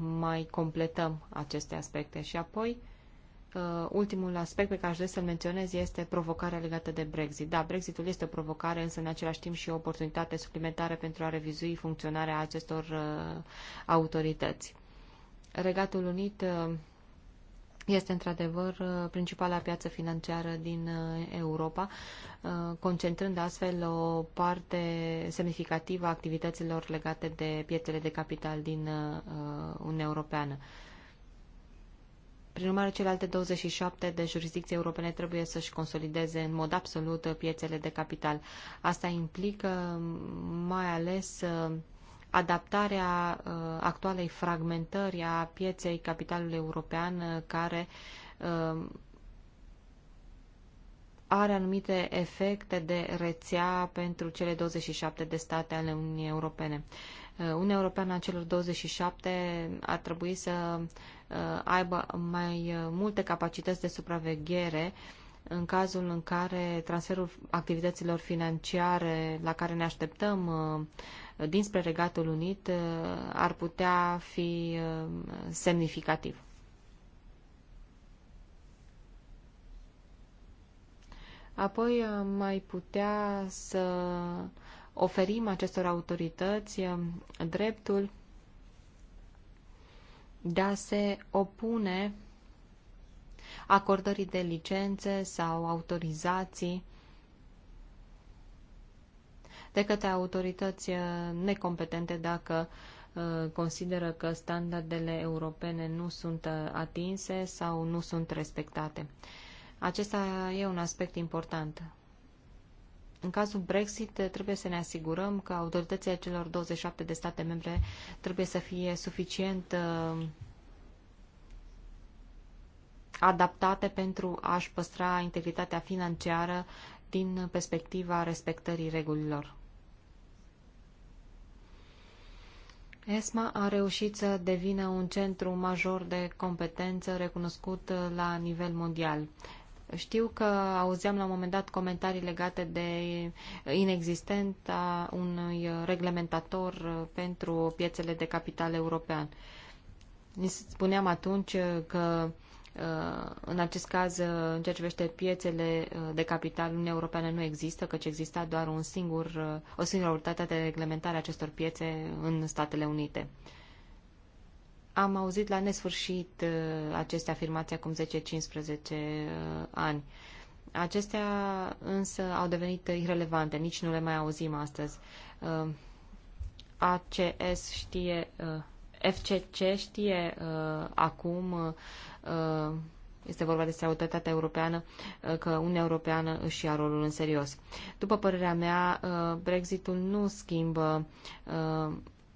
mai completăm aceste aspecte. Și apoi, uh, Uh, ultimul aspect pe care aș dori să-l menționez este provocarea legată de Brexit. Da, Brexitul este o provocare, însă în același timp și o oportunitate suplimentară pentru a revizui funcționarea acestor uh, autorități. Regatul Unit uh, este într-adevăr principala piață financiară din Europa, concentrând astfel o parte semnificativă a activităților legate de piețele de capital din Uniunea Europeană. Prin urmare, celelalte 27 de jurisdicții europene trebuie să-și consolideze în mod absolut piețele de capital. Asta implică mm, mai ales uh, adaptarea uh, actualei fragmentări a pieței capitalului european uh, care are anumite efecte de rețea pentru cele 27 de state ale Uniunii Europene. Uniunea Europeană a celor 27 ar trebui să uh, aibă mai uh, multe capacități de supraveghere în cazul în care transferul activităților financiare la care ne așteptăm uh, dinspre Regatul Unit ar putea fi semnificativ. Apoi am mai putea să oferim acestor autorități um, dreptul de a se opune acordării de licențe sau autorizații de către autorități uh, necompetente dacă uh, consideră că standardele europene nu sunt uh, atinse sau nu sunt respectate. Acesta e un aspect important. În cazul Brexit trebuie să ne asigurăm că autoritățile celor 27 de state membre trebuie să fie suficient uh, adaptate pentru a-și păstra integritatea financiară din perspectiva respectării regulilor. ESMA a reușit să devină un centru major de competență recunoscut la nivel mondial. Știu că auzeam la un moment dat comentarii legate de inexistența unui reglementator pentru piețele de capital european. Ni spuneam atunci că uh, în acest caz, uh, în ceea ce privește piețele uh, de capital, Uniunea Europeană nu există, căci exista doar un singur, o singură autoritate de reglementare a acestor piețe în Statele Unite. Am auzit la nesfârșit uh, aceste afirmații acum 10-15 uh, ani. Acestea însă au devenit irrelevante, nici nu le mai auzim astăzi. Uh, ACS știe, FCC știe acum, este vorba despre autoritatea europeană, că Uniunea Europeană își ia rolul în serios. După părerea mea, Brexitul nu schimbă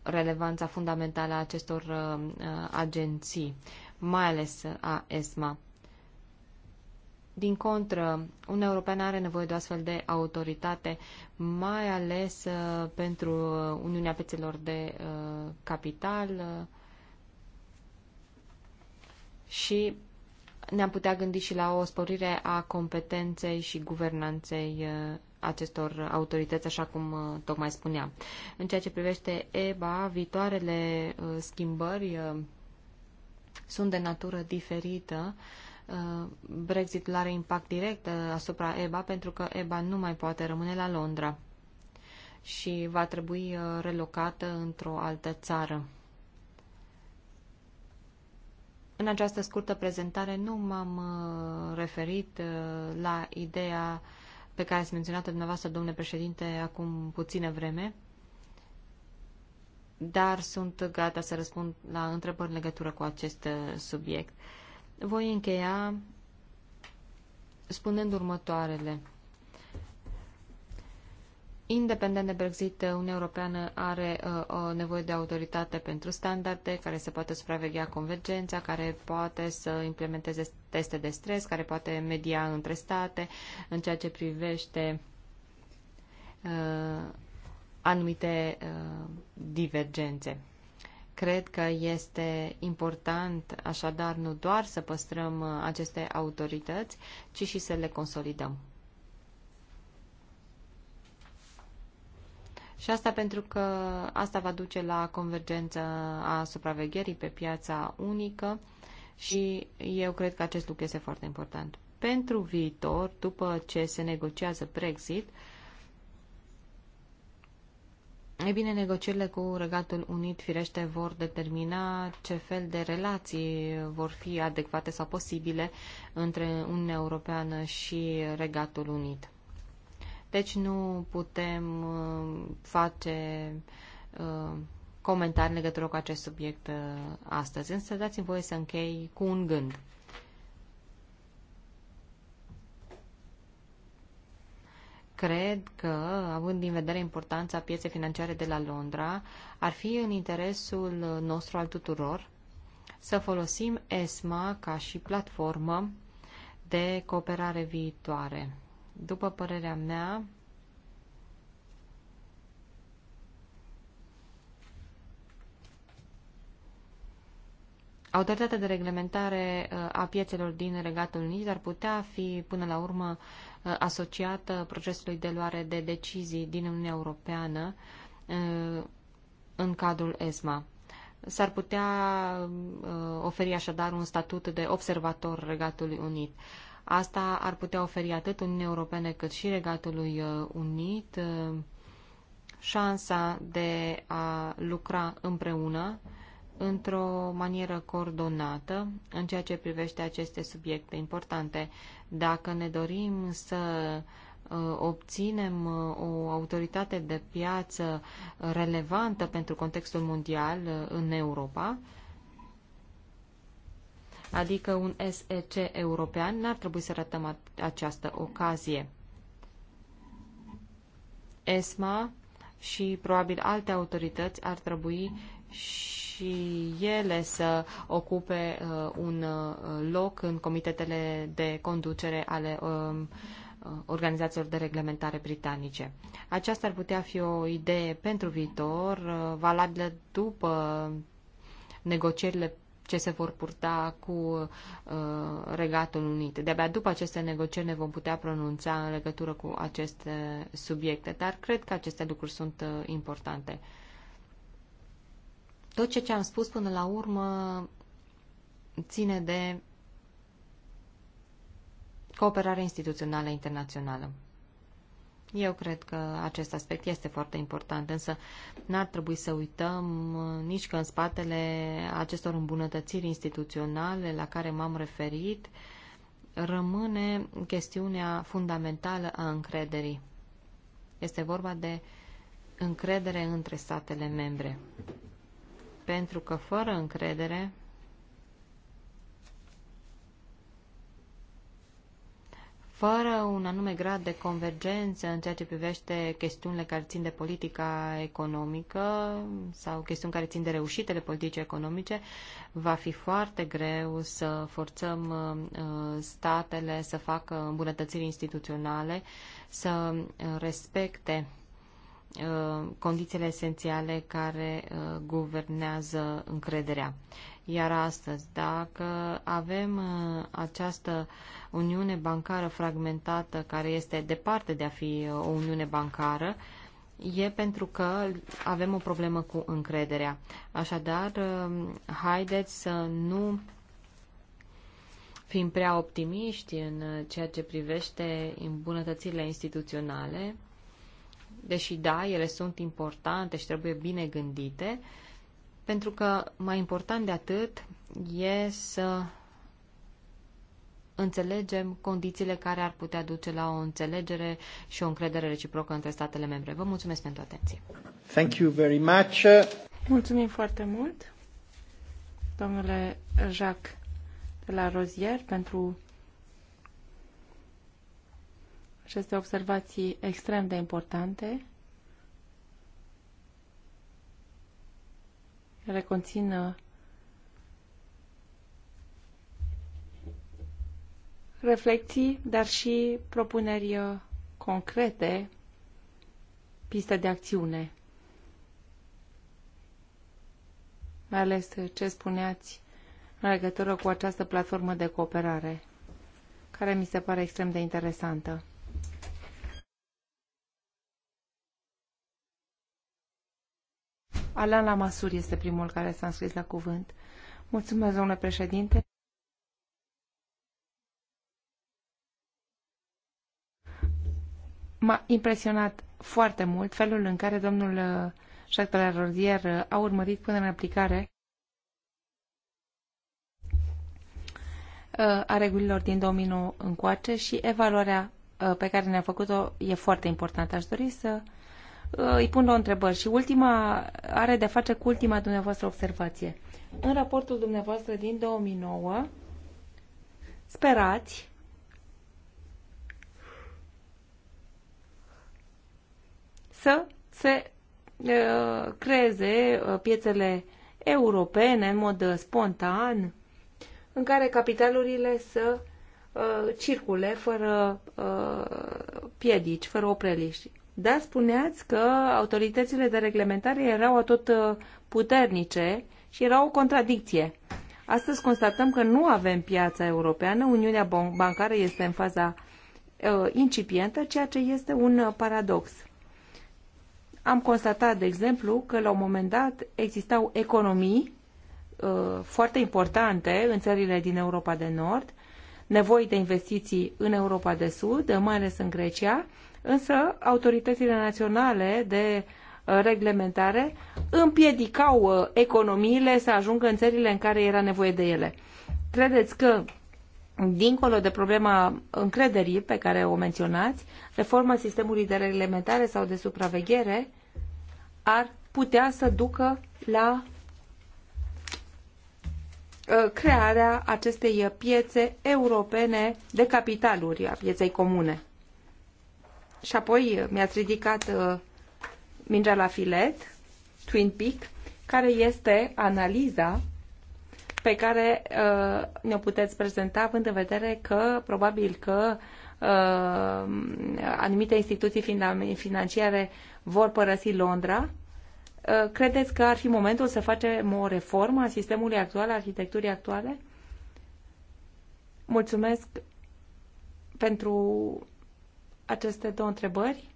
relevanța fundamentală a acestor uh, uh, agenții, mai ales a ESMA. Din contră, un european are nevoie de o astfel de autoritate, mai ales uh, pentru Uniunea Pețelor de Capital și ne-am putea gândi și la o sporire a competenței și guvernanței acestor autorități, așa cum uh, tocmai spuneam. În ceea ce privește EBA, viitoarele uh, schimbări uh, sunt de natură diferită. Brexitul are impact direct asupra EBA pentru că EBA nu mai poate rămâne la Londra și va trebui relocată într-o altă țară. În această scurtă prezentare nu m-am referit la ideea pe care ați menționat dumneavoastră, domnule președinte, acum puțină vreme, dar sunt gata să răspund la întrebări în legătură cu acest uh, subiect. Voi încheia spunând următoarele. Independent de Brexit, Uniunea Europeană are uh, o nevoie de autoritate pentru standarde care să poată supraveghea convergența, care poate să implementeze teste de stres, care poate media între state în ceea ce privește uh, anumite uh, divergențe. Cred că este important, așadar, nu doar să păstrăm uh, aceste autorități, ci și să le consolidăm. Și asta pentru că asta va duce la convergență a supravegherii pe piața unică și eu cred că acest lucru este foarte important. Pentru viitor, după ce se negociază Brexit, e bine, negocierile cu Regatul Unit, firește, vor determina ce fel de relații vor fi adecvate sau posibile între Uniunea Europeană și Regatul Unit. Deci nu putem uh, face uh, comentarii în legătură cu acest subiect uh, astăzi. Însă dați-mi voie să închei cu un gând. cred că, având în vedere importanța pieței financiare de la Londra, ar fi în interesul nostru al tuturor să folosim ESMA ca și platformă de cooperare viitoare. După părerea mea, Autoritatea de reglementare uh, a piețelor din Regatul Unit ar putea fi, până la urmă, uh, asociată procesului de luare de decizii din Uniunea Europeană uh, în cadrul ESMA. S-ar putea oferi așadar un statut de observator Regatului Unit. Asta ar putea oferi atât Uniunii Europene cât și Regatului uh, Unit uh, șansa de a lucra împreună într-o manieră coordonată în ceea ce privește aceste subiecte importante. Dacă ne dorim să uh, obținem o autoritate de piață relevantă pentru contextul mondial în Europa, adică un SEC european, n-ar trebui să ratăm această ocazie. ESMA și probabil alte autorități ar trebui și ele să ocupe uh, un uh, loc în comitetele de conducere ale um, uh, organizațiilor de reglementare britanice. Aceasta ar putea fi o idee pentru viitor, uh, valabilă după negocierile ce se vor purta cu uh, Regatul Unit. De-abia după aceste negocieri ne vom putea pronunța în legătură cu aceste subiecte, dar cred că aceste lucruri sunt uh, importante. Tot ce, ce am spus până la urmă ține de cooperare instituțională internațională. Eu cred că acest aspect este foarte important, însă n-ar trebui să uităm nici că în spatele acestor îmbunătățiri instituționale la care m-am referit rămâne chestiunea fundamentală a încrederii. Este vorba de încredere între statele membre. Pentru că fără încredere fără un anume grad de convergență în ceea ce privește chestiunile care țin de politica economică sau chestiuni care țin de reușitele politice economice, va fi foarte greu să forțăm uh, statele să facă îmbunătățiri instituționale, să respecte uh, condițiile esențiale care uh, guvernează încrederea. Iar astăzi, dacă avem uh, această uniune bancară fragmentată, care este departe de a fi uh, o uniune bancară, e pentru că avem o problemă cu încrederea. Așadar, uh, haideți să nu fim prea optimiști în ceea ce privește îmbunătățirile instituționale, deși da, ele sunt importante și trebuie bine gândite, pentru că mai important de atât e să înțelegem condițiile care ar putea duce la o înțelegere și o încredere reciprocă între statele membre. Vă mulțumesc pentru atenție. Thank you very much. Mulțumim foarte mult, domnule Jacques de la Rozier, pentru aceste observații extrem de importante care conțin uh, reflexii, dar și propuneri uh, concrete, piste de acțiune. Mai ales uh, ce spuneați în legătură cu această platformă de cooperare, care mi se pare extrem de interesantă. Alan Lamasur este primul care s-a înscris la cuvânt. Mulțumesc, domnule președinte. M-a impresionat foarte mult felul în care domnul uh, Jacques de la Rodier uh, a urmărit până în aplicare uh, a regulilor din 2009 încoace și evaluarea pe care ne-a făcut-o e foarte importantă. Aș dori să îi pun o întrebări și ultima are de face cu ultima dumneavoastră observație. În raportul dumneavoastră din 2009, sperați să se creeze piețele europene în mod spontan, în care capitalurile să circule fără piedici, fără opreliști. Dar spuneați că autoritățile de reglementare erau atot uh, puternice și era o contradicție. Astăzi constatăm că nu avem piața europeană, Uniunea Bancară este în faza uh, incipientă, ceea ce este un uh, paradox. Am constatat, de exemplu, că la un moment dat existau economii uh, foarte importante în țările din Europa de Nord, nevoi de investiții în Europa de Sud, mai ales în Grecia, însă autoritățile naționale de uh, reglementare împiedicau uh, economiile să ajungă în țările în care era nevoie de ele. Credeți că, dincolo de problema încrederii pe care o menționați, reforma sistemului de reglementare sau de supraveghere ar putea să ducă la uh, crearea acestei piețe europene de capitaluri, a pieței comune și apoi uh, mi-ați ridicat uh, mingea la filet, Twin Peak, care este analiza pe care uh, ne-o puteți prezenta, având în vedere că probabil că uh, anumite instituții financiare vor părăsi Londra. Uh, credeți că ar fi momentul să facem o reformă a sistemului actual, a arhitecturii actuale? Mulțumesc pentru aceste două întrebări.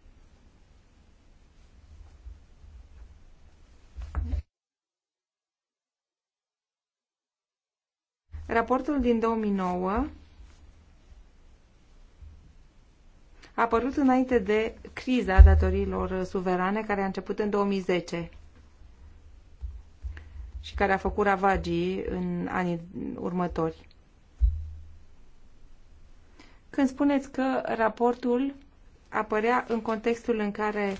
Raportul din 2009 a apărut înainte de criza datoriilor suverane care a început în 2010 și care a făcut ravagii în anii următori. Când spuneți că raportul apărea în contextul în care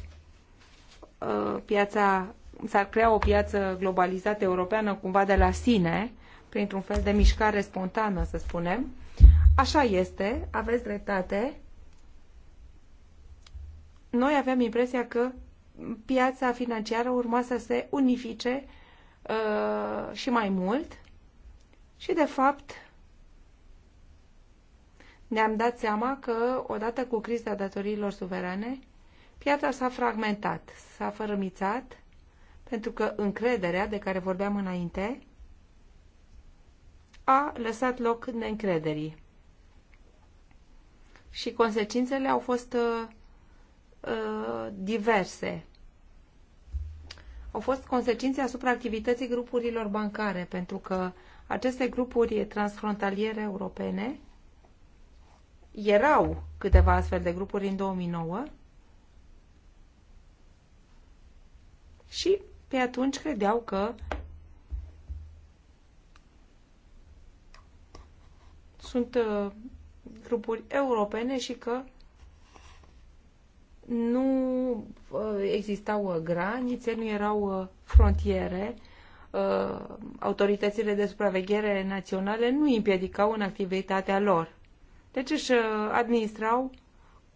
uh, piața s-ar crea o piață globalizată europeană cumva de la sine, printr-un fel de mișcare spontană, să spunem. Așa este, aveți dreptate. Noi aveam impresia că piața financiară urma să se unifice uh, și mai mult și, de fapt, ne-am dat seama că, odată cu criza datoriilor suverane, piața s-a fragmentat, s-a fărămițat, pentru că încrederea de care vorbeam înainte a lăsat loc neîncrederii. Și consecințele au fost uh, uh, diverse. Au fost consecințe asupra activității grupurilor bancare, pentru că aceste grupuri transfrontaliere europene erau câteva astfel de grupuri în 2009 și pe atunci credeau că sunt uh, grupuri europene și că nu uh, existau uh, granițe, nu erau frontiere. Autoritățile de supraveghere naționale nu împiedicau în activitatea lor. Deci își uh, administrau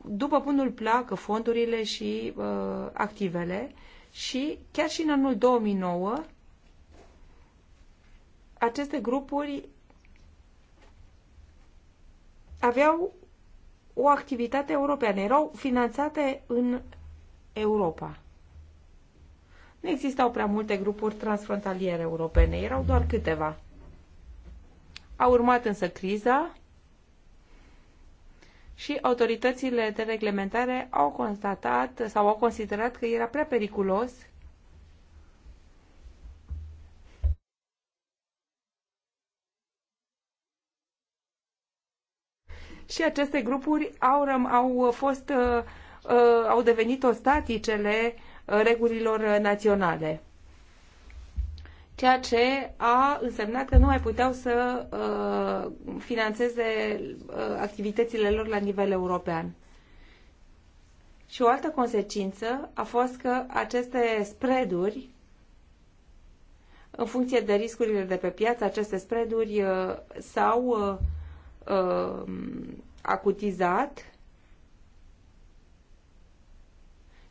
după punul placă fondurile și uh, activele și chiar și în anul 2009 aceste grupuri aveau o activitate europeană, erau finanțate în Europa. Nu existau prea multe grupuri transfrontaliere europene, erau doar câteva. A urmat însă criza și autoritățile de reglementare au constatat sau au considerat că era prea periculos și aceste grupuri au, au fost uh, uh, au devenit ostaticele uh, regulilor naționale ceea ce a însemnat că nu mai puteau să uh, financeze uh, activitățile lor la nivel european. Și o altă consecință a fost că aceste spreaduri, în funcție de riscurile de pe piață, aceste spreaduri uh, s-au uh, uh, acutizat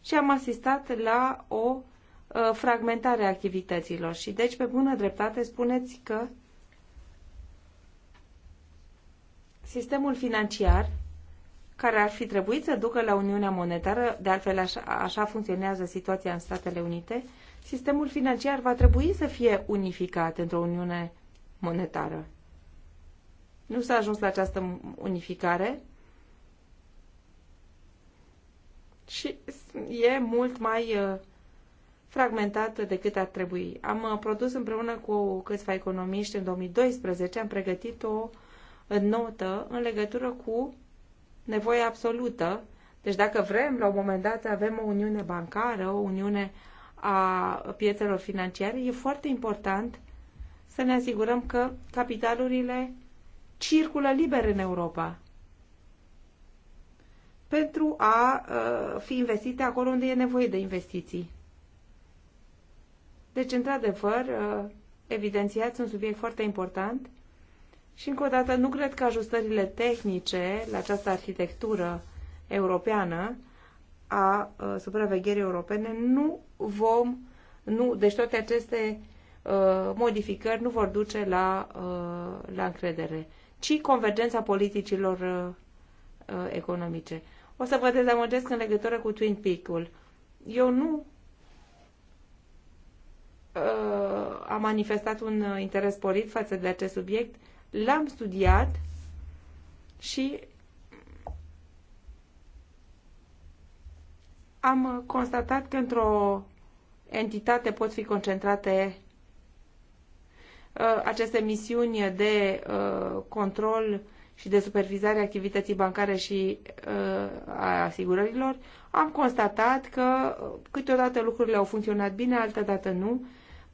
și am asistat la o Uh, fragmentare activităților și deci pe bună dreptate spuneți că sistemul financiar care ar fi trebuit să ducă la Uniunea Monetară, de altfel așa, așa funcționează situația în Statele Unite, sistemul financiar va trebui să fie unificat într-o Uniune Monetară. Nu s-a ajuns la această unificare și e mult mai uh, fragmentat decât ar trebui. Am uh, produs împreună cu câțiva economiști în 2012, am pregătit o uh, notă în legătură cu nevoia absolută. Deci dacă vrem, la un moment dat, avem o uniune bancară, o uniune a piețelor financiare, e foarte important să ne asigurăm că capitalurile circulă liber în Europa pentru a uh, fi investite acolo unde e nevoie de investiții. Deci, într-adevăr, uh, evidențiați un subiect foarte important și, încă o dată, nu cred că ajustările tehnice la această arhitectură europeană a uh, supravegherii europene nu vom, nu, deci toate aceste uh, modificări nu vor duce la, la încredere, ci convergența politicilor economice. O să vă dezamăgesc în legătură cu Twin Peak-ul. Eu nu Uh, a manifestat un uh, interes sporit față de acest subiect. L-am studiat și am constatat că într-o entitate pot fi concentrate uh, aceste misiuni de control și de supervizare a activității bancare și a asigurărilor, am constatat că câteodată lucrurile au funcționat bine, altădată nu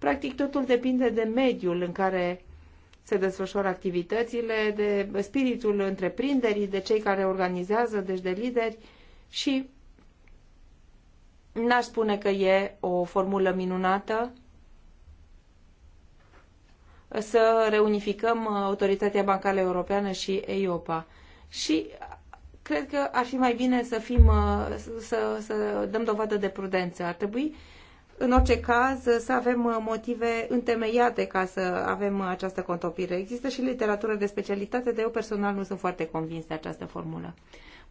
Practic, totul depinde de mediul în care se desfășoară activitățile, de spiritul întreprinderii, de cei care organizează, deci de lideri și n-aș spune că e o formulă minunată să reunificăm Autoritatea Bancală Europeană și EIOPA. Și cred că ar fi mai bine să, fim, să, să dăm dovadă de prudență. Ar trebui în orice caz, să avem uh, motive întemeiate ca să avem uh, această contopire. Există și literatură de specialitate, dar eu personal nu sunt foarte convins de această formulă.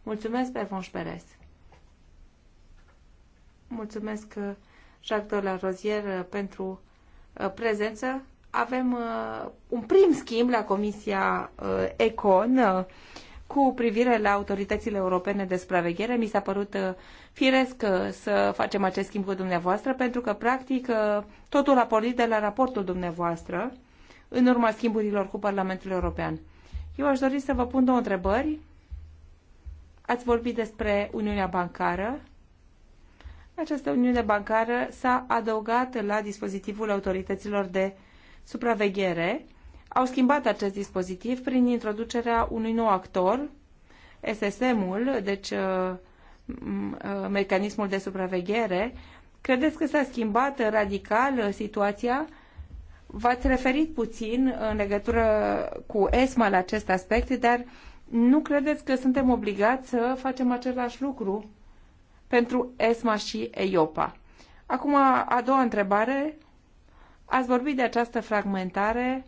Mulțumesc, Pervon Șperes. Mulțumesc, uh, Jacques de la Rozier, pentru prezență. Avem un prim schimb la Comisia Econ cu privire la autoritățile europene de supraveghere. Mi s-a părut uh, firesc uh, să facem acest schimb cu dumneavoastră, pentru că, practic, uh, totul a pornit de la raportul dumneavoastră în urma schimburilor cu Parlamentul European. Eu aș dori să vă pun două întrebări. Ați vorbit despre Uniunea Bancară. Această Uniune Bancară s-a adăugat la dispozitivul autorităților de supraveghere au schimbat acest dispozitiv prin introducerea unui nou actor, SSM-ul, deci uh, uh, mecanismul de supraveghere. Credeți că s-a schimbat radical uh, situația? V-ați referit puțin în legătură cu ESMA la acest aspect, dar nu credeți că suntem obligați să facem același lucru pentru ESMA și EIOPA? Acum, a doua întrebare. Ați vorbit de această fragmentare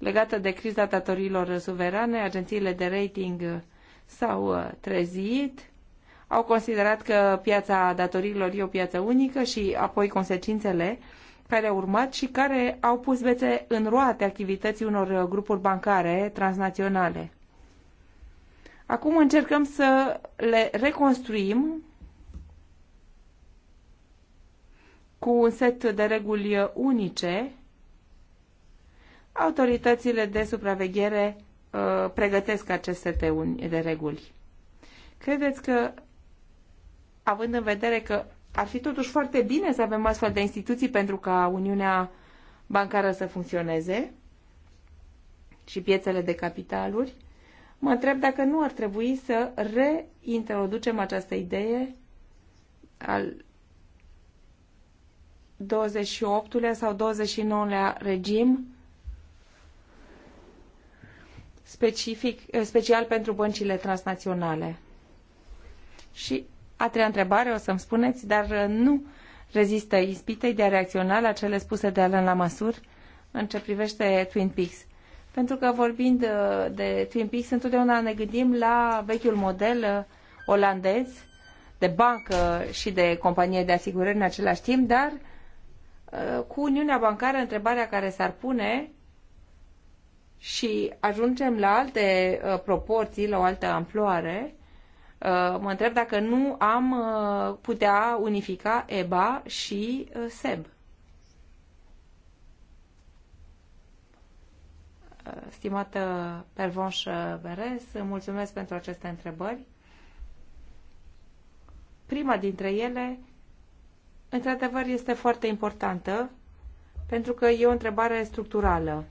legată de criza datoriilor suverane, agențiile de rating s-au uh, trezit, au considerat că piața datoriilor e o piață unică și apoi consecințele care au urmat și care au pus bețe în roate activității unor uh, grupuri bancare transnaționale. Acum încercăm să le reconstruim cu un set de reguli uh, unice autoritățile de supraveghere uh, pregătesc acest set de reguli. Credeți că, având în vedere că ar fi totuși foarte bine să avem astfel de instituții pentru ca Uniunea Bancară să funcționeze și piețele de capitaluri, mă întreb dacă nu ar trebui să reintroducem această idee al 28-lea sau 29-lea regim specific, eh, special pentru băncile transnaționale? Și a treia întrebare, o să-mi spuneți, dar eh, nu rezistă ispitei de a reacționa la cele spuse de Alan Lamasur în ce privește Twin Peaks. Pentru că vorbind eh, de Twin Peaks, întotdeauna ne gândim la vechiul model olandez de bancă și de companie de asigurări în același timp, dar cu Uniunea Bancară întrebarea care s-ar pune și ajungem la alte uh, proporții, la o altă amploare, uh, mă întreb dacă nu am uh, putea unifica EBA și SEB. Stimată Pervonș Beres, mulțumesc pentru aceste întrebări. Prima dintre ele, într-adevăr, este foarte importantă, pentru că e o întrebare structurală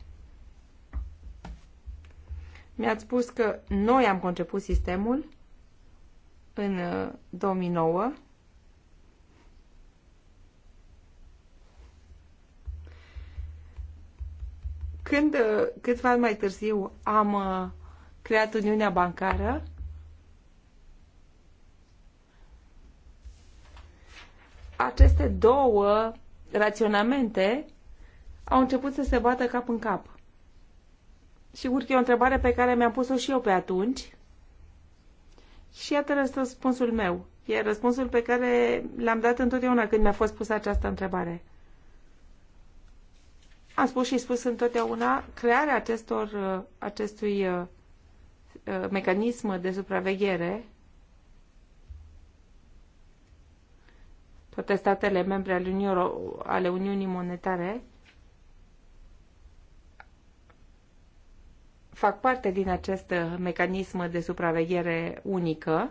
mi-ați spus că noi am conceput sistemul în 2009. Uh, Când, uh, câțiva ani mai târziu, am uh, creat Uniunea Bancară, aceste două raționamente au început să se bată cap în cap. Sigur că e o întrebare pe care mi-am pus-o și eu pe atunci. Și iată răspunsul meu. E răspunsul pe care l-am dat întotdeauna când mi-a fost pusă această întrebare. Am spus și spus întotdeauna, crearea acestor, uh, acestui uh, uh, mecanism de supraveghere toate statele membre ale Uniunii, ale Uniunii Monetare fac parte din acest mecanism de supraveghere unică.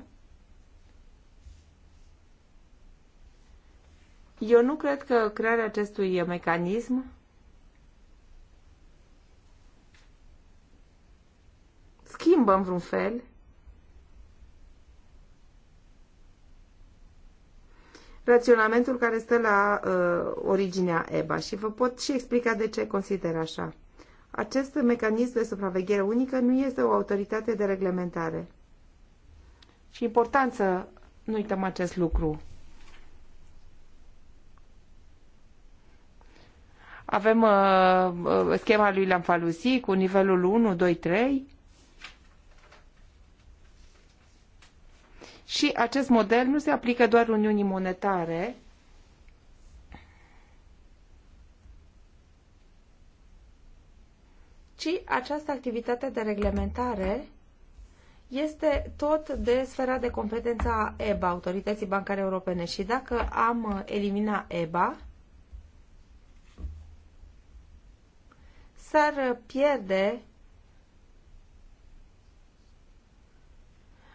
Eu nu cred că crearea acestui mecanism schimbă în vreun fel raționamentul care stă la uh, originea EBA și vă pot și explica de ce consider așa. Acest mecanism de supraveghere unică nu este o autoritate de reglementare. Și important să nu uităm acest lucru. Avem uh, uh schema lui Lamfalusi cu nivelul 1, 2, 3. Și acest model nu se aplică doar Uniunii Monetare, ci această activitate de reglementare este tot de sfera de competență a EBA, Autorității Bancare Europene. Și dacă am elimina EBA, s-ar pierde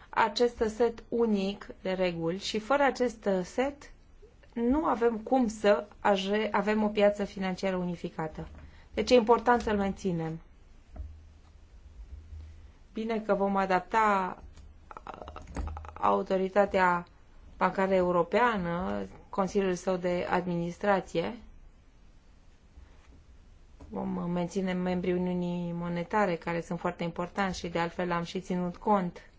acest set unic de reguli și fără acest set nu avem cum să avem o piață financiară unificată. Deci e important să-l menținem bine că vom adapta uh, autoritatea bancară europeană, Consiliul său de administrație. Vom menține membrii Uniunii Monetare, care sunt foarte importanti și de altfel am și ținut cont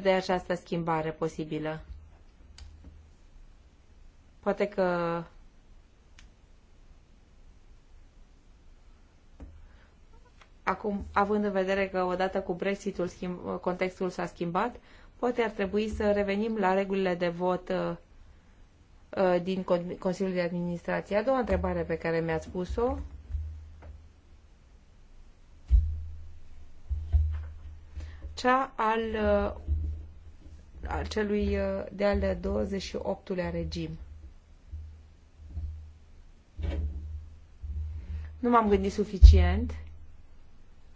de această schimbare posibilă. Poate că Acum, având în vedere că odată cu Brexitul schimb, contextul s-a schimbat, poate ar trebui să revenim la regulile de vot uh, uh, din Consiliul de Administrație. A doua întrebare pe care mi-ați pus-o cea al, uh, al celui de-al 28-lea regim. Nu m-am gândit suficient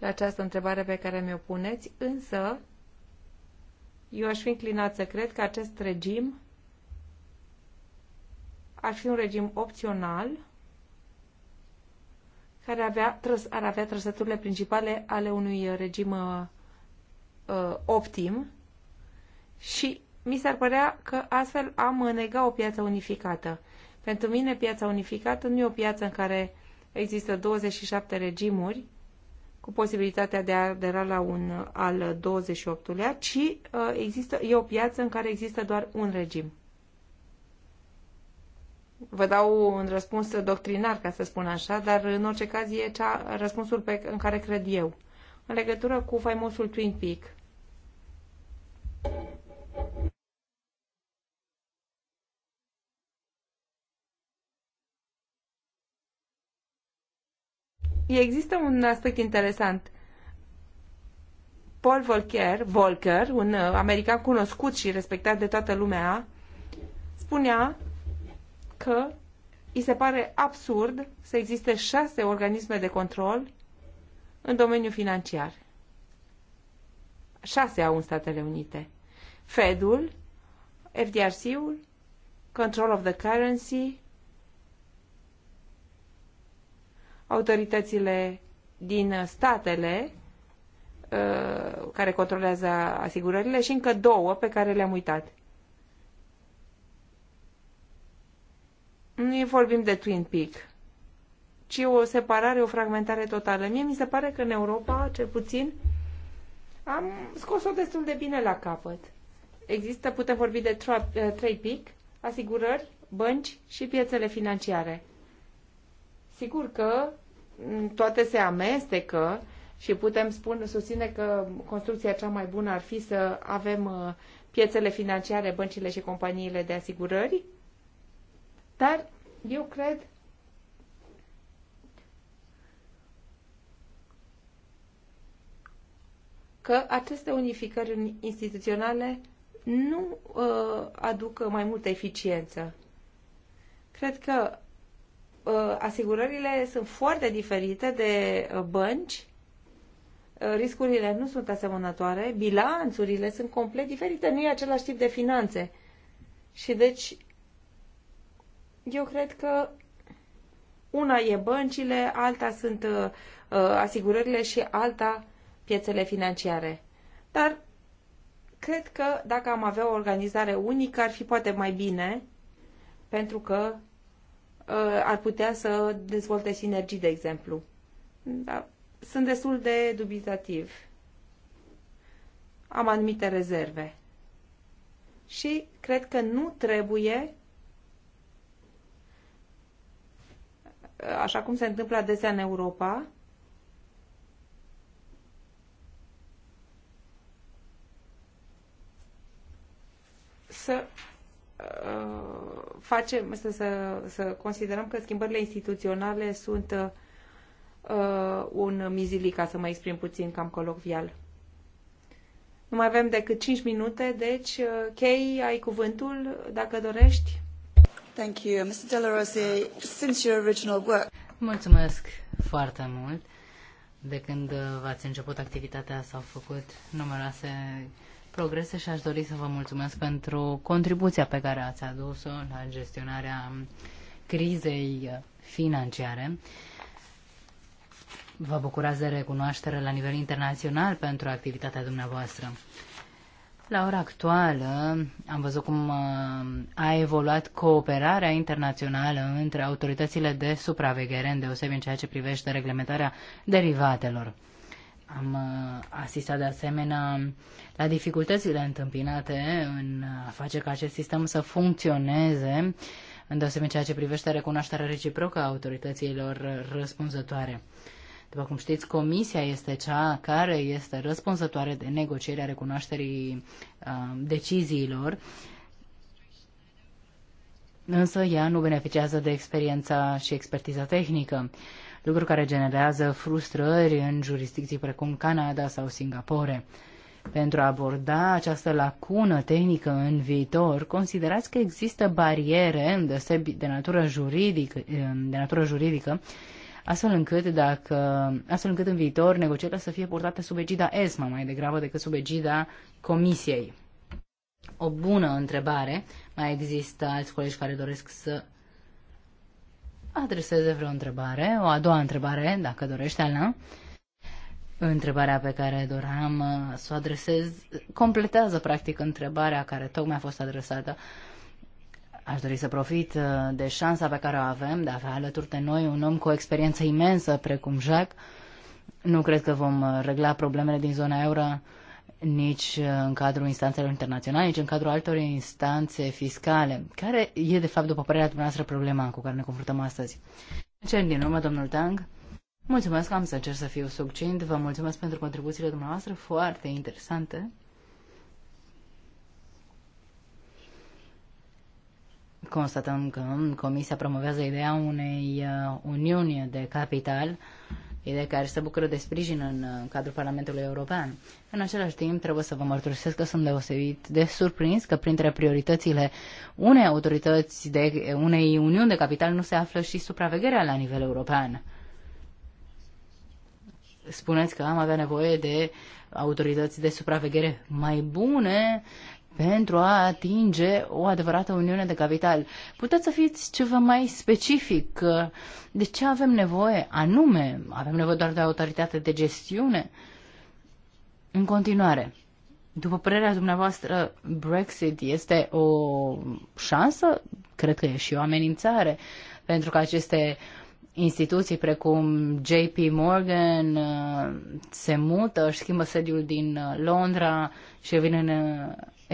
la această întrebare pe care mi-o puneți, însă eu aș fi înclinat să cred că acest regim ar fi un regim opțional care avea, ar avea trăsăturile principale ale unui regim uh, uh, optim și mi s-ar părea că astfel am nega o piață unificată. Pentru mine piața unificată nu e o piață în care există 27 regimuri, cu posibilitatea de a adera la un al 28-lea, ci uh, există, e o piață în care există doar un regim. Vă dau un răspuns doctrinar, ca să spun așa, dar în orice caz e cea, răspunsul pe, în care cred eu. În legătură cu faimosul Twin Peak. există un aspect interesant. Paul Volcker, Volcker, un uh, american cunoscut și respectat de toată lumea, spunea că îi se pare absurd să existe șase organisme de control în domeniul financiar. Șase au în Statele Unite. Fedul, FDRC-ul, Control of the Currency, autoritățile din statele uh, care controlează asigurările și încă două pe care le-am uitat. Nu vorbim de Twin Peak, ci o separare, o fragmentare totală. Mie mi se pare că în Europa, cel puțin, am scos-o destul de bine la capăt. Există, putem vorbi de eh, trei Peak, asigurări, bănci și piețele financiare. Sigur că toate se amestecă și putem spune, susține că construcția cea mai bună ar fi să avem uh, piețele financiare, băncile și companiile de asigurări, dar eu cred că aceste unificări instituționale nu uh, aduc mai multă eficiență. Cred că Uh, asigurările sunt foarte diferite de uh, bănci, uh, riscurile nu sunt asemănătoare, bilanțurile sunt complet diferite, nu e același tip de finanțe. Și deci, eu cred că una e băncile, alta sunt asigurările și alta piețele financiare. Dar cred că dacă am avea o organizare unică ar fi poate mai bine, pentru că Uh, ar putea să dezvolte sinergii, de exemplu. Dar sunt destul de dubitativ. Am anumite rezerve. Și cred că nu trebuie, uh, așa cum se întâmplă adesea în Europa, să uh, facem, să, să, să considerăm că schimbările instituționale sunt uh, un mizilic, ca să mă exprim puțin cam colocvial. Nu mai avem decât 5 minute, deci, uh, Kay, ai cuvântul, dacă dorești. Thank you, Mr. De La Rose, since your original work. Mulțumesc foarte mult. De când uh, v-ați început activitatea s-au făcut numeroase progrese și aș dori să vă mulțumesc pentru contribuția pe care ați adus-o la gestionarea crizei financiare. Vă bucurați de recunoaștere la nivel internațional pentru activitatea dumneavoastră. La ora actuală am văzut cum uh, a evoluat cooperarea internațională între autoritățile de supraveghere, îndeosebi în ceea ce privește reglementarea derivatelor. Am uh, asistat de asemenea la dificultățile întâmpinate în a face ca acest sistem să funcționeze, îndeosebit ceea ce privește recunoașterea reciprocă a autorităților răspunzătoare. După cum știți, comisia este cea care este răspunzătoare de negocierea recunoașterii uh, deciziilor, însă ea nu beneficiază de experiența și expertiza tehnică. Uh, lucru care generează frustrări în jurisdicții precum Canada sau Singapore. Pentru a aborda această lacună tehnică în viitor, considerați că există bariere de natură juridică, de natură juridică astfel încât, dacă, astfel încât în viitor negocierile să fie purtate sub egida ESMA mai degrabă decât sub egida Comisiei. O bună întrebare. Mai există alți colegi care doresc să adreseze vreo întrebare, o a doua întrebare, dacă dorește, Alain. Întrebarea pe care doream uh, să o adresez completează, practic, întrebarea care tocmai a fost adresată. Aș dori să profit uh, de șansa pe care o avem de a avea alături de noi un om cu o experiență imensă, precum Jacques. Nu cred că vom uh, regla problemele din zona euro nici în cadrul instanțelor internaționale, nici în cadrul altor instanțe fiscale. Care e, de fapt, după părerea dumneavoastră, problema cu care ne confruntăm astăzi? În din urmă, domnul Tang, mulțumesc, că am să încerc să fiu succint, vă mulțumesc pentru contribuțiile dumneavoastră foarte interesante. Constatăm că Comisia promovează ideea unei uh, uniuni de capital idee care se bucură de sprijin în cadrul Parlamentului European. În același timp, trebuie să vă mărturisesc că sunt deosebit de surprins că printre prioritățile unei autorități, de, unei uniuni de capital, nu se află și supravegherea la nivel european. Spuneți că am avea nevoie de autorități de supraveghere mai bune pentru a atinge o adevărată uniune de capital. Puteți să fiți ceva mai specific? Uh, de ce avem nevoie anume? Avem nevoie doar de autoritate de gestiune? În continuare, după părerea dumneavoastră, Brexit este o șansă? Cred că e și o amenințare, pentru că aceste instituții precum JP Morgan uh, se mută, își schimbă sediul din uh, Londra și vin în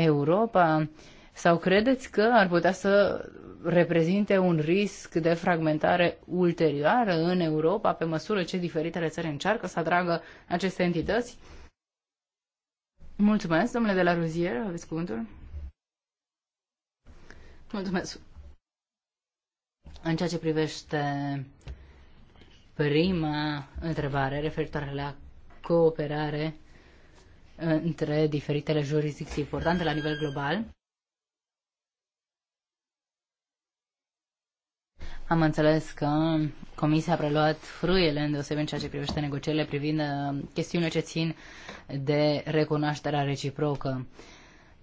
Europa? Sau credeți că ar putea să reprezinte un risc de fragmentare ulterioară în Europa pe măsură ce diferitele țări încearcă să atragă aceste entități? Mulțumesc, domnule de la Ruzier, aveți cuvântul? Mulțumesc. În ceea ce privește prima întrebare referitoare la cooperare între diferitele jurisdicții importante la nivel global. Am înțeles că Comisia a preluat frâiele în deosebire în ceea ce privește negocierile privind uh, chestiunile ce țin de recunoașterea reciprocă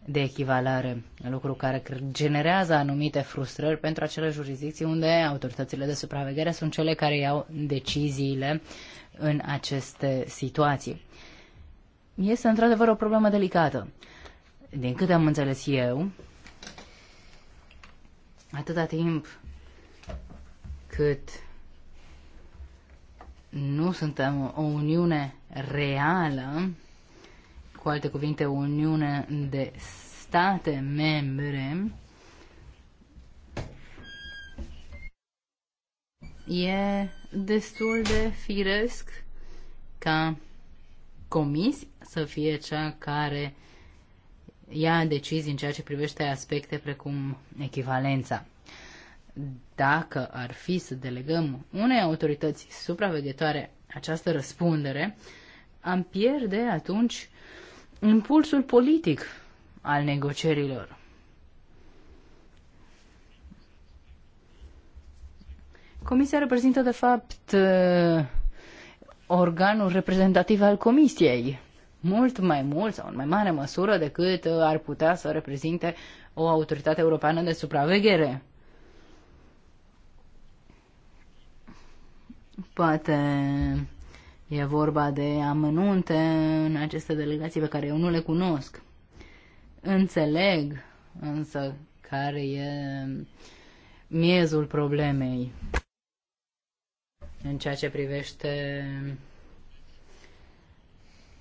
de echivalare, lucru care generează anumite frustrări pentru acele jurisdicții unde autoritățile de supraveghere sunt cele care iau deciziile în aceste situații este într-adevăr o problemă delicată. Din câte am înțeles eu, atâta timp cât nu suntem o uniune reală, cu alte cuvinte, o uniune de state membre, e destul de firesc ca comis să fie cea care ia decizii în ceea ce privește aspecte precum echivalența. Dacă ar fi să delegăm unei autorități supraveghetoare această răspundere, am pierde atunci impulsul politic al negocierilor. Comisia reprezintă, de fapt, organul reprezentativ al comisiei, mult mai mult sau în mai mare măsură decât uh, ar putea să reprezinte o autoritate europeană de supraveghere. Poate e vorba de amănunte în aceste delegații pe care eu nu le cunosc. Înțeleg însă care e miezul problemei. În ceea ce privește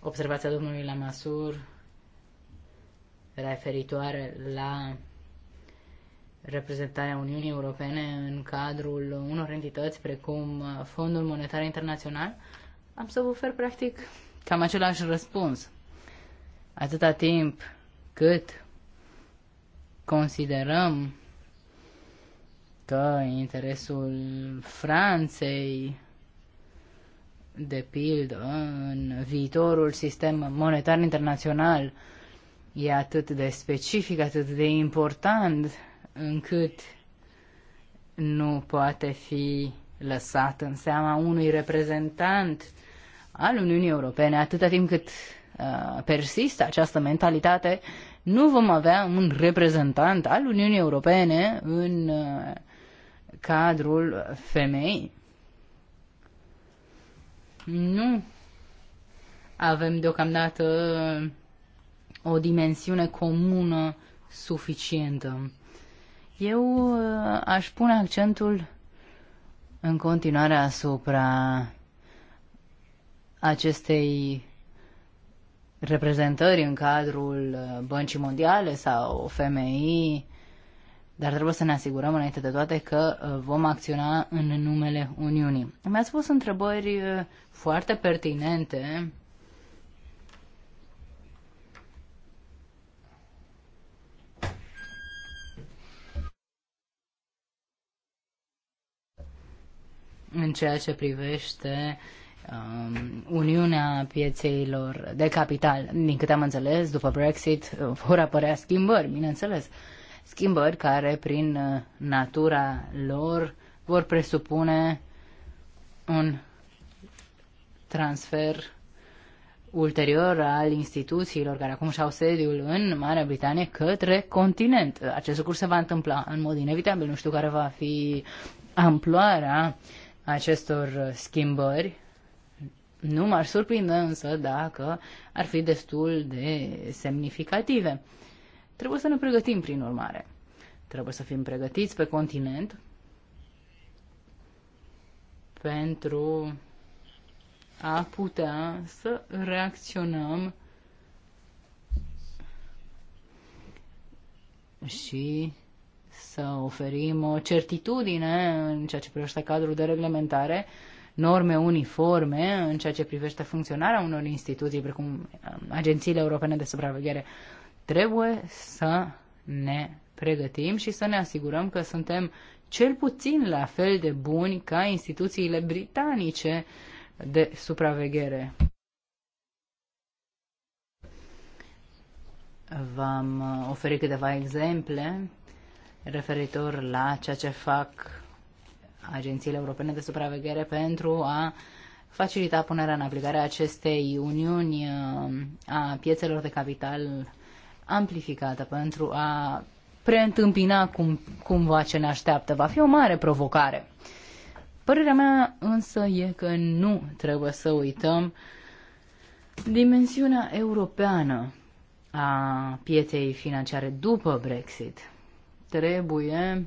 observația domnului Lamasur referitoare la reprezentarea Uniunii Europene în cadrul unor entități precum Fondul Monetar Internațional, am să vă ofer practic cam același răspuns. Atâta timp cât considerăm că interesul Franței, de pildă, în viitorul sistem monetar internațional e atât de specific, atât de important, încât nu poate fi lăsat în seama unui reprezentant al Uniunii Europene, atâta timp cât uh, persistă această mentalitate, nu vom avea un reprezentant al Uniunii Europene în uh, cadrul femei. Nu avem deocamdată o dimensiune comună suficientă. Eu uh, aș pune accentul în continuare asupra acestei reprezentări în cadrul uh, Băncii Mondiale sau femeii. Dar trebuie să ne asigurăm înainte de toate că uh, vom acționa în numele Uniunii. Mi-ați pus întrebări uh, foarte pertinente în ceea ce privește um, Uniunea Piețeilor de Capital. Din câte am înțeles, după Brexit uh, vor apărea schimbări, bineînțeles. Uh, schimbări care, prin uh, natura lor, vor presupune un transfer ulterior al instituțiilor care acum și-au sediul în Marea Britanie către continent. Acest lucru se va întâmpla în mod inevitabil. Nu știu care va fi amploarea acestor schimbări. Nu m-ar surprinde însă dacă ar fi destul de semnificative. Trebuie să ne pregătim, prin urmare. Trebuie să fim pregătiți pe continent pentru a putea să reacționăm și să oferim o certitudine în ceea ce privește cadrul de reglementare, norme uniforme în ceea ce privește funcționarea unor instituții, precum um, agențiile europene de supraveghere. Trebuie să ne pregătim și să ne asigurăm că suntem cel puțin la fel de buni ca instituțiile britanice de supraveghere. V-am uh, oferit câteva exemple referitor la ceea ce fac agențiile europene de supraveghere pentru a facilita punerea în aplicare a acestei uniuni uh, a piețelor de capital amplificată pentru a preîntâmpina cum, cumva ce ne așteaptă. Va fi o mare provocare. Părerea mea însă e că nu trebuie să uităm dimensiunea europeană a pieței financiare după Brexit. Trebuie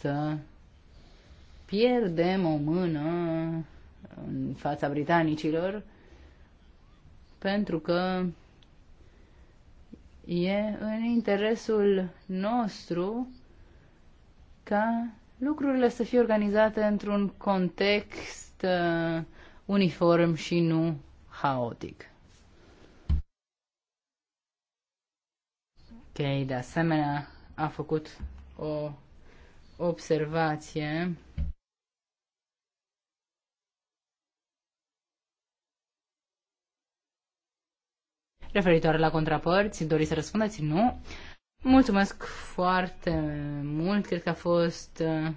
să pierdem o mână în fața britanicilor pentru că E în interesul nostru ca lucrurile să fie organizate într-un context uh, uniform și nu haotic. Ok, de asemenea a făcut o observație referitoare la contrapărți. Doriți să răspundeți? Nu. Mulțumesc foarte mult. Cred că a fost uh,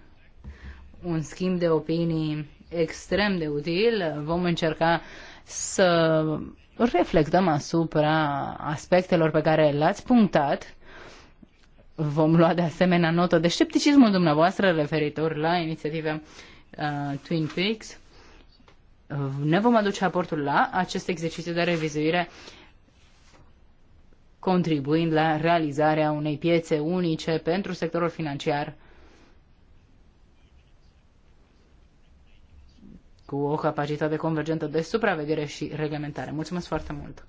un schimb de opinii extrem de util. Vom încerca să reflectăm asupra aspectelor pe care le-ați punctat. Vom lua de asemenea notă de scepticismul dumneavoastră referitor la inițiativa uh, Twin Peaks. Ne vom aduce aportul la acest exercițiu de revizuire uh, contribuind la realizarea unei piețe unice pentru sectorul financiar cu o capacitate convergentă de supraveghere și reglementare. Mulțumesc foarte mult!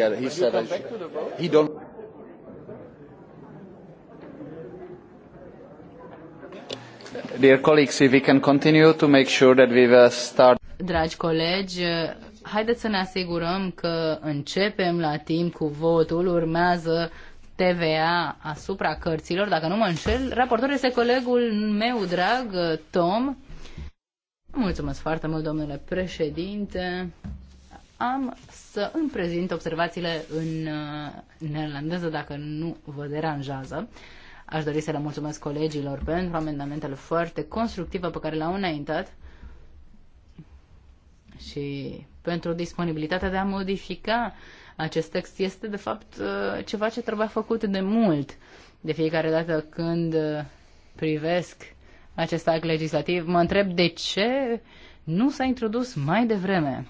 Yeah, he said I should. He don't. Dear colleagues, if we can continue to make sure that we will start. Dragi colegi, haideți să ne asigurăm că începem la timp cu votul. Urmează TVA asupra cărților. Dacă nu mă înșel, raportor este colegul meu drag, Tom. Mulțumesc foarte mult, domnule președinte am să îmi prezint observațiile uh, în neerlandeză, dacă nu vă deranjează. Aș dori să le mulțumesc colegilor pentru amendamentele foarte constructive pe care le-au înaintat și pentru disponibilitatea de a modifica acest text. Este, de fapt, uh, ceva ce trebuia făcut de mult. De fiecare dată când uh, privesc acest act legislativ, mă întreb de ce nu s-a introdus mai devreme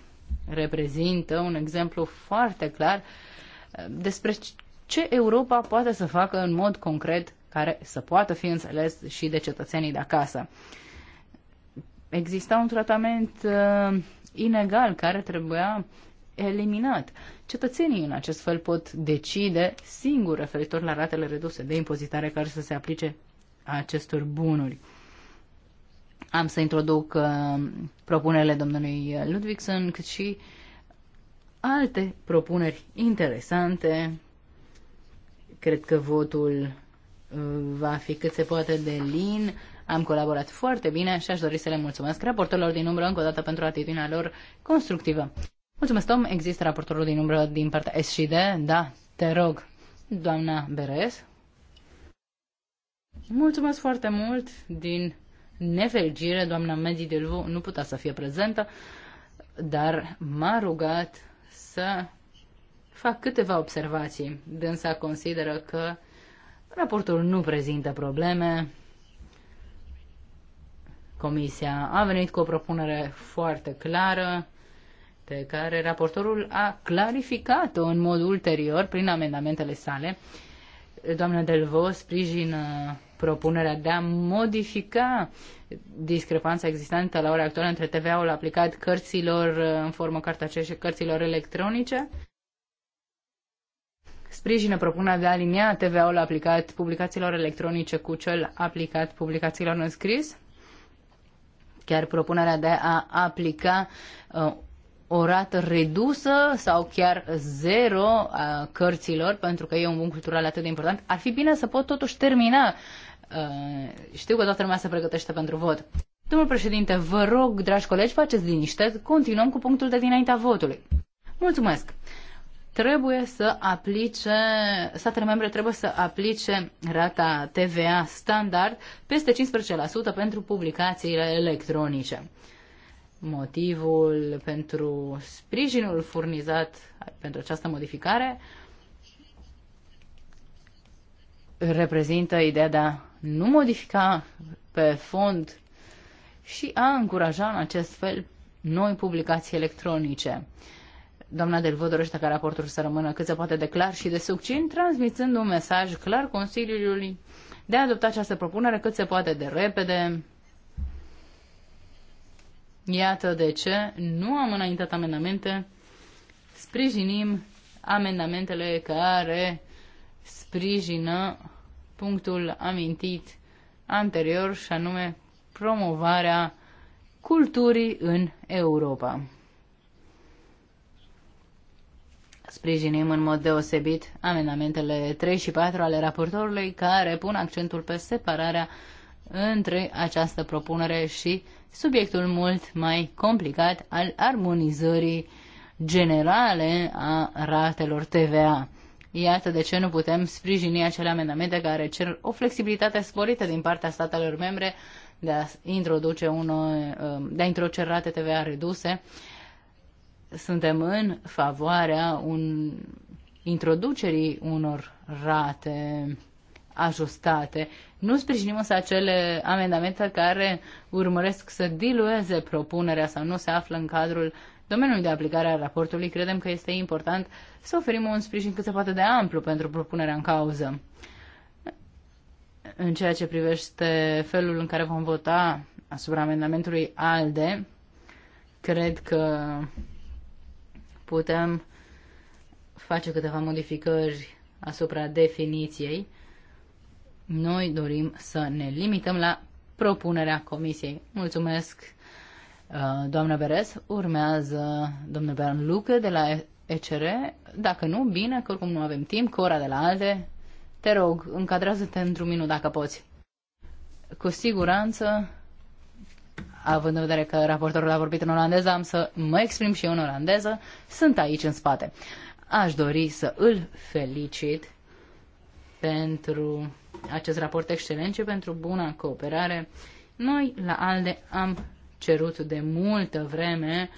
reprezintă un exemplu foarte clar uh, despre ce Europa poate să facă în mod concret care să poată fi înțeles și de cetățenii de acasă. Exista un tratament uh, inegal care trebuia eliminat. Cetățenii în acest fel pot decide singur referitor la ratele reduse de impozitare care să se aplice acestor bunuri. Am să introduc uh, propunerile domnului Ludvigson, cât și alte propuneri interesante. Cred că votul uh, va fi cât se poate de lin. Am colaborat foarte bine și aș dori să le mulțumesc raportorilor din umbră încă o dată pentru atitudinea lor constructivă. Mulțumesc, Tom. Există raportorul din umbră din partea S și D? Da, te rog, doamna Beres. Mulțumesc foarte mult din nefericire, doamna Medi Lvo nu putea să fie prezentă, dar m-a rugat să fac câteva observații. Dânsa consideră că raportul nu prezintă probleme. Comisia a venit cu o propunere foarte clară pe care raportorul a clarificat-o în mod ulterior prin amendamentele sale doamna Delvo sprijină propunerea de a modifica discrepanța existentă la ora actuală între TVA-ul aplicat cărților uh, în formă cartacee și cărților electronice. Sprijină propunerea de a alinia TVA-ul aplicat publicațiilor electronice cu cel aplicat publicațiilor înscris. Chiar propunerea de a aplica uh, o rată redusă sau chiar zero a cărților, pentru că e un bun cultural atât de important, ar fi bine să pot totuși termina. Uh, știu că toată lumea se pregătește pentru vot. Domnul președinte, vă rog, dragi colegi, faceți liniște, continuăm cu punctul de dinaintea votului. Mulțumesc! Trebuie să aplice, statele membre trebuie să aplice rata TVA standard peste 15% pentru publicațiile electronice motivul pentru sprijinul furnizat pentru această modificare reprezintă ideea de a nu modifica pe fond și a încuraja în acest fel noi publicații electronice. Doamna Delvă dorește ca raportul să rămână cât se poate de clar și de succint, transmițând un mesaj clar Consiliului de a adopta această propunere cât se poate de repede, Iată de ce nu am înaintat amendamente, sprijinim amendamentele care sprijină punctul amintit anterior și anume promovarea culturii în Europa. Sprijinim în mod deosebit amendamentele 3 și 4 ale raportorului care pun accentul pe separarea între această propunere și subiectul mult mai complicat al armonizării generale a ratelor TVA. Iată de ce nu putem sprijini acele amendamente care cer o flexibilitate sporită din partea statelor membre de a introduce, uno, um, de a introduce rate TVA reduse. Suntem în favoarea un, introducerii unor rate ajustate. Nu sprijinim însă acele amendamente care urmăresc să dilueze propunerea sau nu se află în cadrul domeniului de aplicare a raportului. Credem că este important să oferim un sprijin cât se poate de amplu pentru propunerea în cauză. În ceea ce privește felul în care vom vota asupra amendamentului ALDE, cred că putem face câteva modificări asupra definiției noi dorim să ne limităm la propunerea comisiei. Mulțumesc, uh, doamnă Beres. Urmează domnul Bern Lucă de la ECR. Dacă nu, bine, că oricum nu avem timp, Cora de la alte. Te rog, încadrează-te într-un minut dacă poți. Cu siguranță, având în vedere că raportorul a vorbit în olandeză, am să mă exprim și eu în olandeză. Sunt aici în spate. Aș dori să îl felicit pentru acest raport excelent și pentru buna cooperare. Noi, la ALDE, am cerut de multă vreme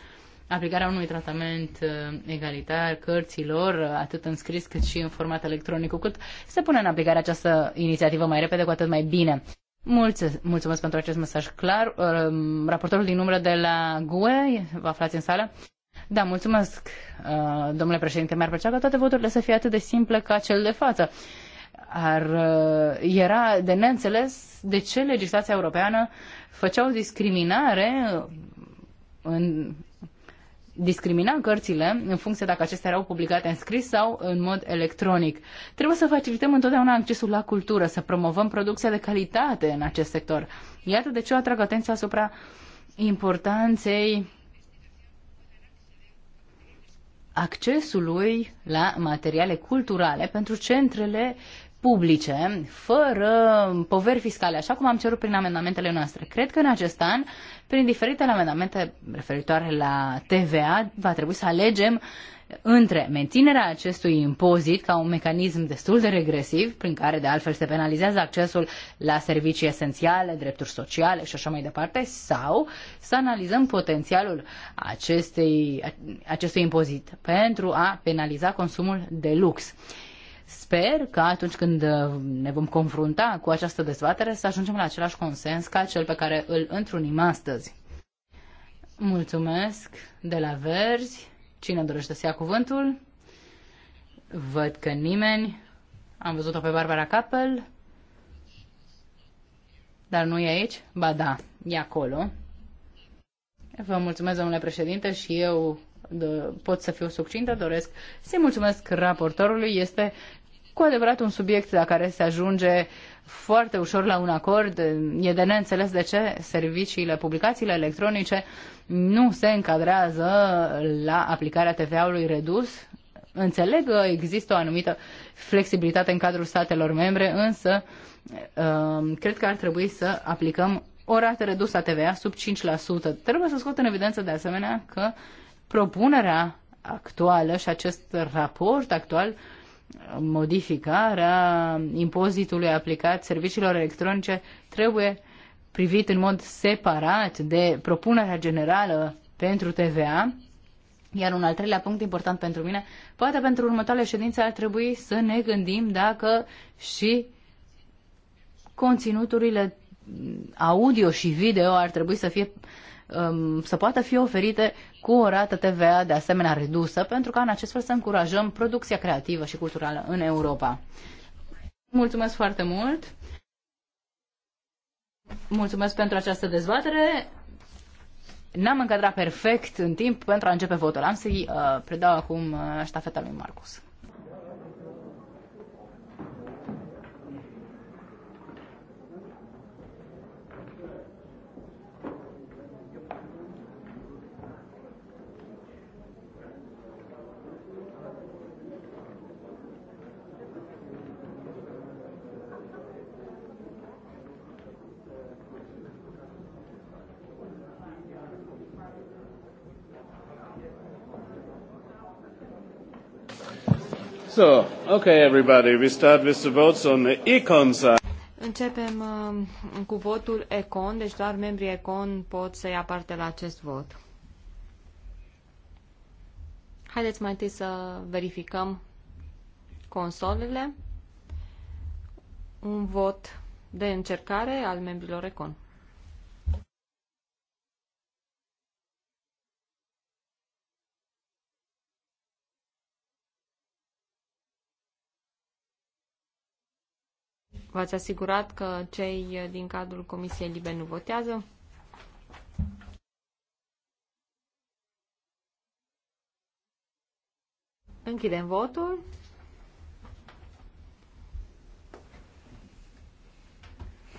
aplicarea unui tratament uh, egalitar cărților, uh, atât în scris cât și în format electronic, cu cât se pune în aplicare această inițiativă mai repede, cu atât mai bine. Mulțumesc, mulțumesc pentru acest mesaj clar. Uh, raportorul din umbră de la GUE, vă aflați în sală. Da, mulțumesc, domnule președinte. Mi-ar plăcea ca toate voturile să fie atât de simple ca cel de față ar, uh, era de neînțeles de ce legislația europeană făcea o discriminare uh, în, discrimina cărțile în funcție dacă acestea erau publicate în scris sau în mod electronic. Trebuie să facilităm întotdeauna accesul la cultură, să promovăm producția de calitate în acest sector. Iată de ce eu atrag atenția asupra importanței accesului la materiale culturale pentru centrele publice, fără poveri fiscale, așa cum am cerut prin amendamentele noastre. Cred că în acest an, prin diferitele amendamente referitoare la TVA, va trebui să alegem între menținerea acestui impozit ca un mecanism destul de regresiv, prin care de altfel se penalizează accesul la servicii esențiale, drepturi sociale și așa mai departe, sau să analizăm potențialul acestei, acestui impozit pentru a penaliza consumul de lux. Sper că atunci când uh, ne vom confrunta cu această dezbatere să ajungem la același consens ca cel pe care îl întrunim astăzi. Mulțumesc de la Verzi. Cine dorește să ia cuvântul? Văd că nimeni. Am văzut-o pe Barbara Capel. Dar nu e aici? Ba da, e acolo. Vă mulțumesc, domnule președinte, și eu pot să fiu succintă, doresc să-i mulțumesc raportorului. Este cu adevărat un subiect la care se ajunge foarte ușor la un acord. E de neînțeles de ce serviciile, publicațiile electronice nu se încadrează la aplicarea TVA-ului redus. Înțeleg că există o anumită flexibilitate în cadrul statelor membre, însă um, cred că ar trebui să aplicăm o rată redusă a TVA sub 5%. Trebuie să scot în evidență de asemenea că propunerea actuală și acest raport actual uh, modificarea impozitului aplicat serviciilor electronice trebuie privit în mod separat de propunerea generală pentru TVA. Iar un al treilea punct important pentru mine, poate pentru următoarele ședințe ar trebui să ne gândim dacă și conținuturile audio și video ar trebui să fie um, să poată fi oferite cu o rată TVA de asemenea redusă, pentru ca în acest fel să încurajăm producția creativă și culturală în Europa. Mulțumesc foarte mult! Mulțumesc pentru această dezbatere. N-am încadrat perfect în timp pentru a începe votul. Am să-i uh, predau acum uh, ștafeta lui Marcus. So, okay everybody, we start with the votes on the econ side. Începem uh, cu votul Econ, deci doar membrii Econ pot să ia parte la acest vot. Haideți mai întâi să verificăm consolele. Un vot de încercare al membrilor Econ. V-ați asigurat că cei din cadrul Comisiei Libe nu votează? Închidem votul.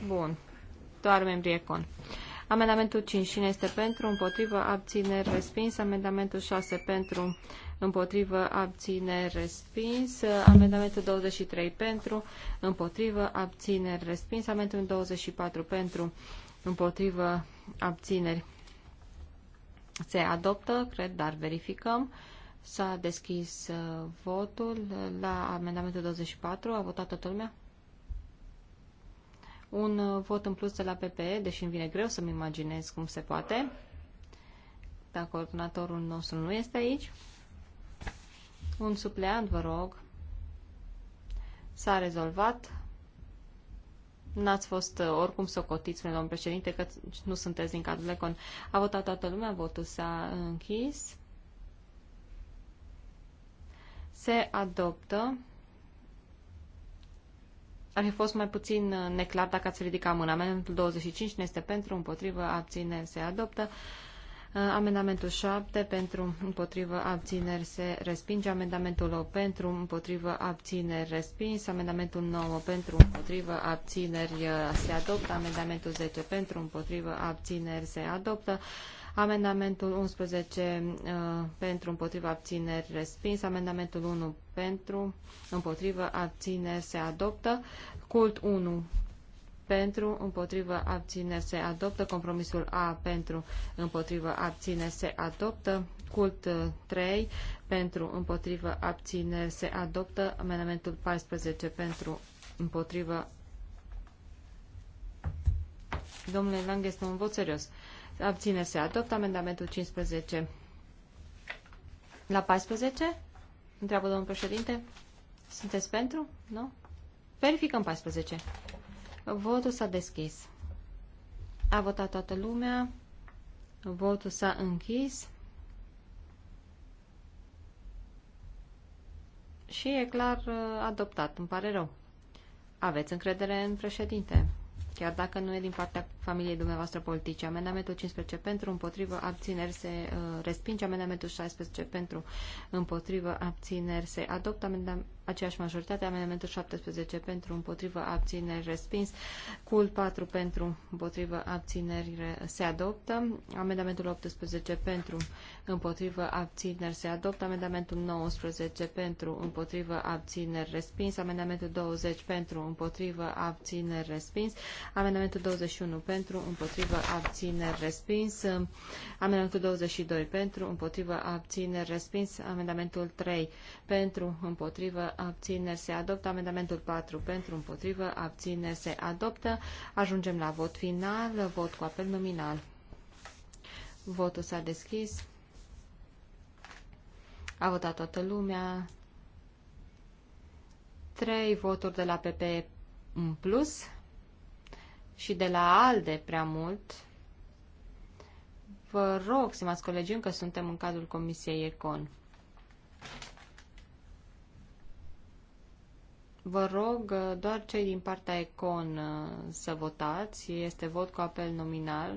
Bun. Doar membrii Econ. Amendamentul 5. Cine este pentru? Împotrivă? Abțineri? Respins. Amendamentul 6. Pentru? Împotrivă? Abțineri? Respins. Amendamentul 23. Pentru? Împotrivă? Abțineri? Respins. Amendamentul 24. Pentru? Împotrivă? Abțineri? Se adoptă, cred, dar verificăm. S-a deschis uh, votul la amendamentul 24. A votat toată lumea? un uh, vot în plus de la PPE, deși îmi vine greu să-mi imaginez cum se poate. Dacă coordonatorul nostru nu este aici. Un supleant, vă rog. S-a rezolvat. N-ați fost uh, oricum socotiți, spune domnul președinte, că nu sunteți din cadrul Econ. A votat toată lumea, votul s-a închis. Se adoptă ar fi fost mai puțin uh, neclar dacă ați ridica mâna. Amendamentul 25 nu este pentru, împotrivă, abțineri se adoptă. Uh, amendamentul 7 pentru, împotrivă, abțineri se respinge. Amendamentul 8 pentru, împotrivă, abțineri respins. Amendamentul 9 uh, pentru, împotrivă, abțineri se adoptă. Amendamentul 10 pentru, împotrivă, abțineri se adoptă. Amendamentul 11 uh, pentru împotriva abțineri respins. Amendamentul 1 pentru împotriva abțineri se adoptă. Cult 1 pentru, împotriva abțineri se adoptă. Compromisul A pentru, împotriva abțineri se adoptă. Cult 3 uh, pentru, împotriva abțineri se adoptă. Amendamentul 14 pentru, împotriva. Domnule Lang, este un vot serios. Uh, abține, se adopt Amendamentul 15 la 14? Întreabă domnul președinte. Sunteți pentru? Nu? Verificăm 14. Votul s-a deschis. A votat toată lumea. Votul s-a închis. Și e clar uh, adoptat. Îmi pare rău. Aveți încredere în președinte chiar dacă nu e din partea familiei dumneavoastră politice. Amendamentul 15 pentru, împotrivă, abțineri se uh, respinge. Amendamentul 16 pentru, împotrivă, abțineri se adoptă. Amendamentul aceeași majoritate, amendamentul 17 pentru împotrivă abțineri respins, cul 4 pentru împotrivă abțineri se adoptă, amendamentul 18 pentru împotrivă abțineri se adoptă, amendamentul 19 pentru împotrivă abțineri respins, amendamentul 20 pentru împotrivă abțineri respins, amendamentul 21 pentru împotrivă abțineri respins, amendamentul 22 pentru împotrivă abțineri respins, amendamentul 3 pentru împotrivă abțineri se adoptă. Amendamentul 4 pentru, împotrivă, abțineri se adoptă. Ajungem la vot final, vot cu apel nominal. Votul s-a deschis. A votat toată lumea. Trei voturi de la PP în plus și de la ALDE prea mult. Vă rog, stimați colegi, că suntem în cadrul Comisiei ECON. Vă rog uh, doar cei din partea Econ uh, să votați. Este vot cu apel nominal.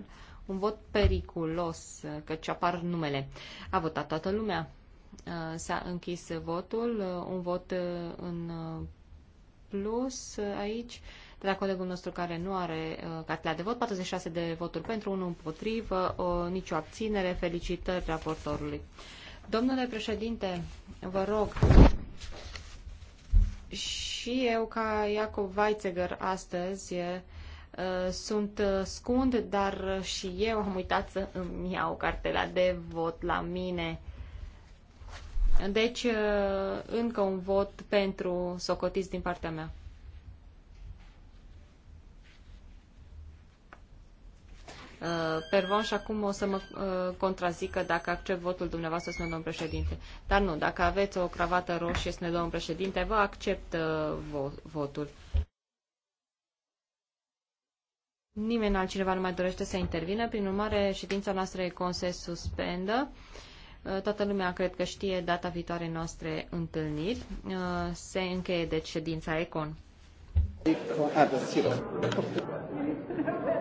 Un vot periculos, uh, căci apar numele. A votat toată lumea. S-a închis votul. Un vot în plus aici de la colegul nostru care nu are cartela de vot, 46 de voturi pentru, unul împotrivă, o, nicio abținere. Felicitări raportorului. Domnule președinte, vă rog și eu, ca Iacov Weizsäcker, astăzi uh, sunt uh, scund, dar și eu am uitat să îmi iau cartela de vot la mine. Deci, uh, încă un vot pentru socotiți din partea mea. Uh, Pervon și acum o să mă uh, contrazică dacă accept votul dumneavoastră, spune domn președinte. Dar nu, dacă aveți o cravată roșie, spune domn președinte, vă accept uh, votul. Nimeni altcineva nu mai dorește să intervină, prin urmare ședința noastră e se suspendă. Toată lumea cred că știe data viitoare noastre întâlniri. Se încheie deci ședința Econ. Econ.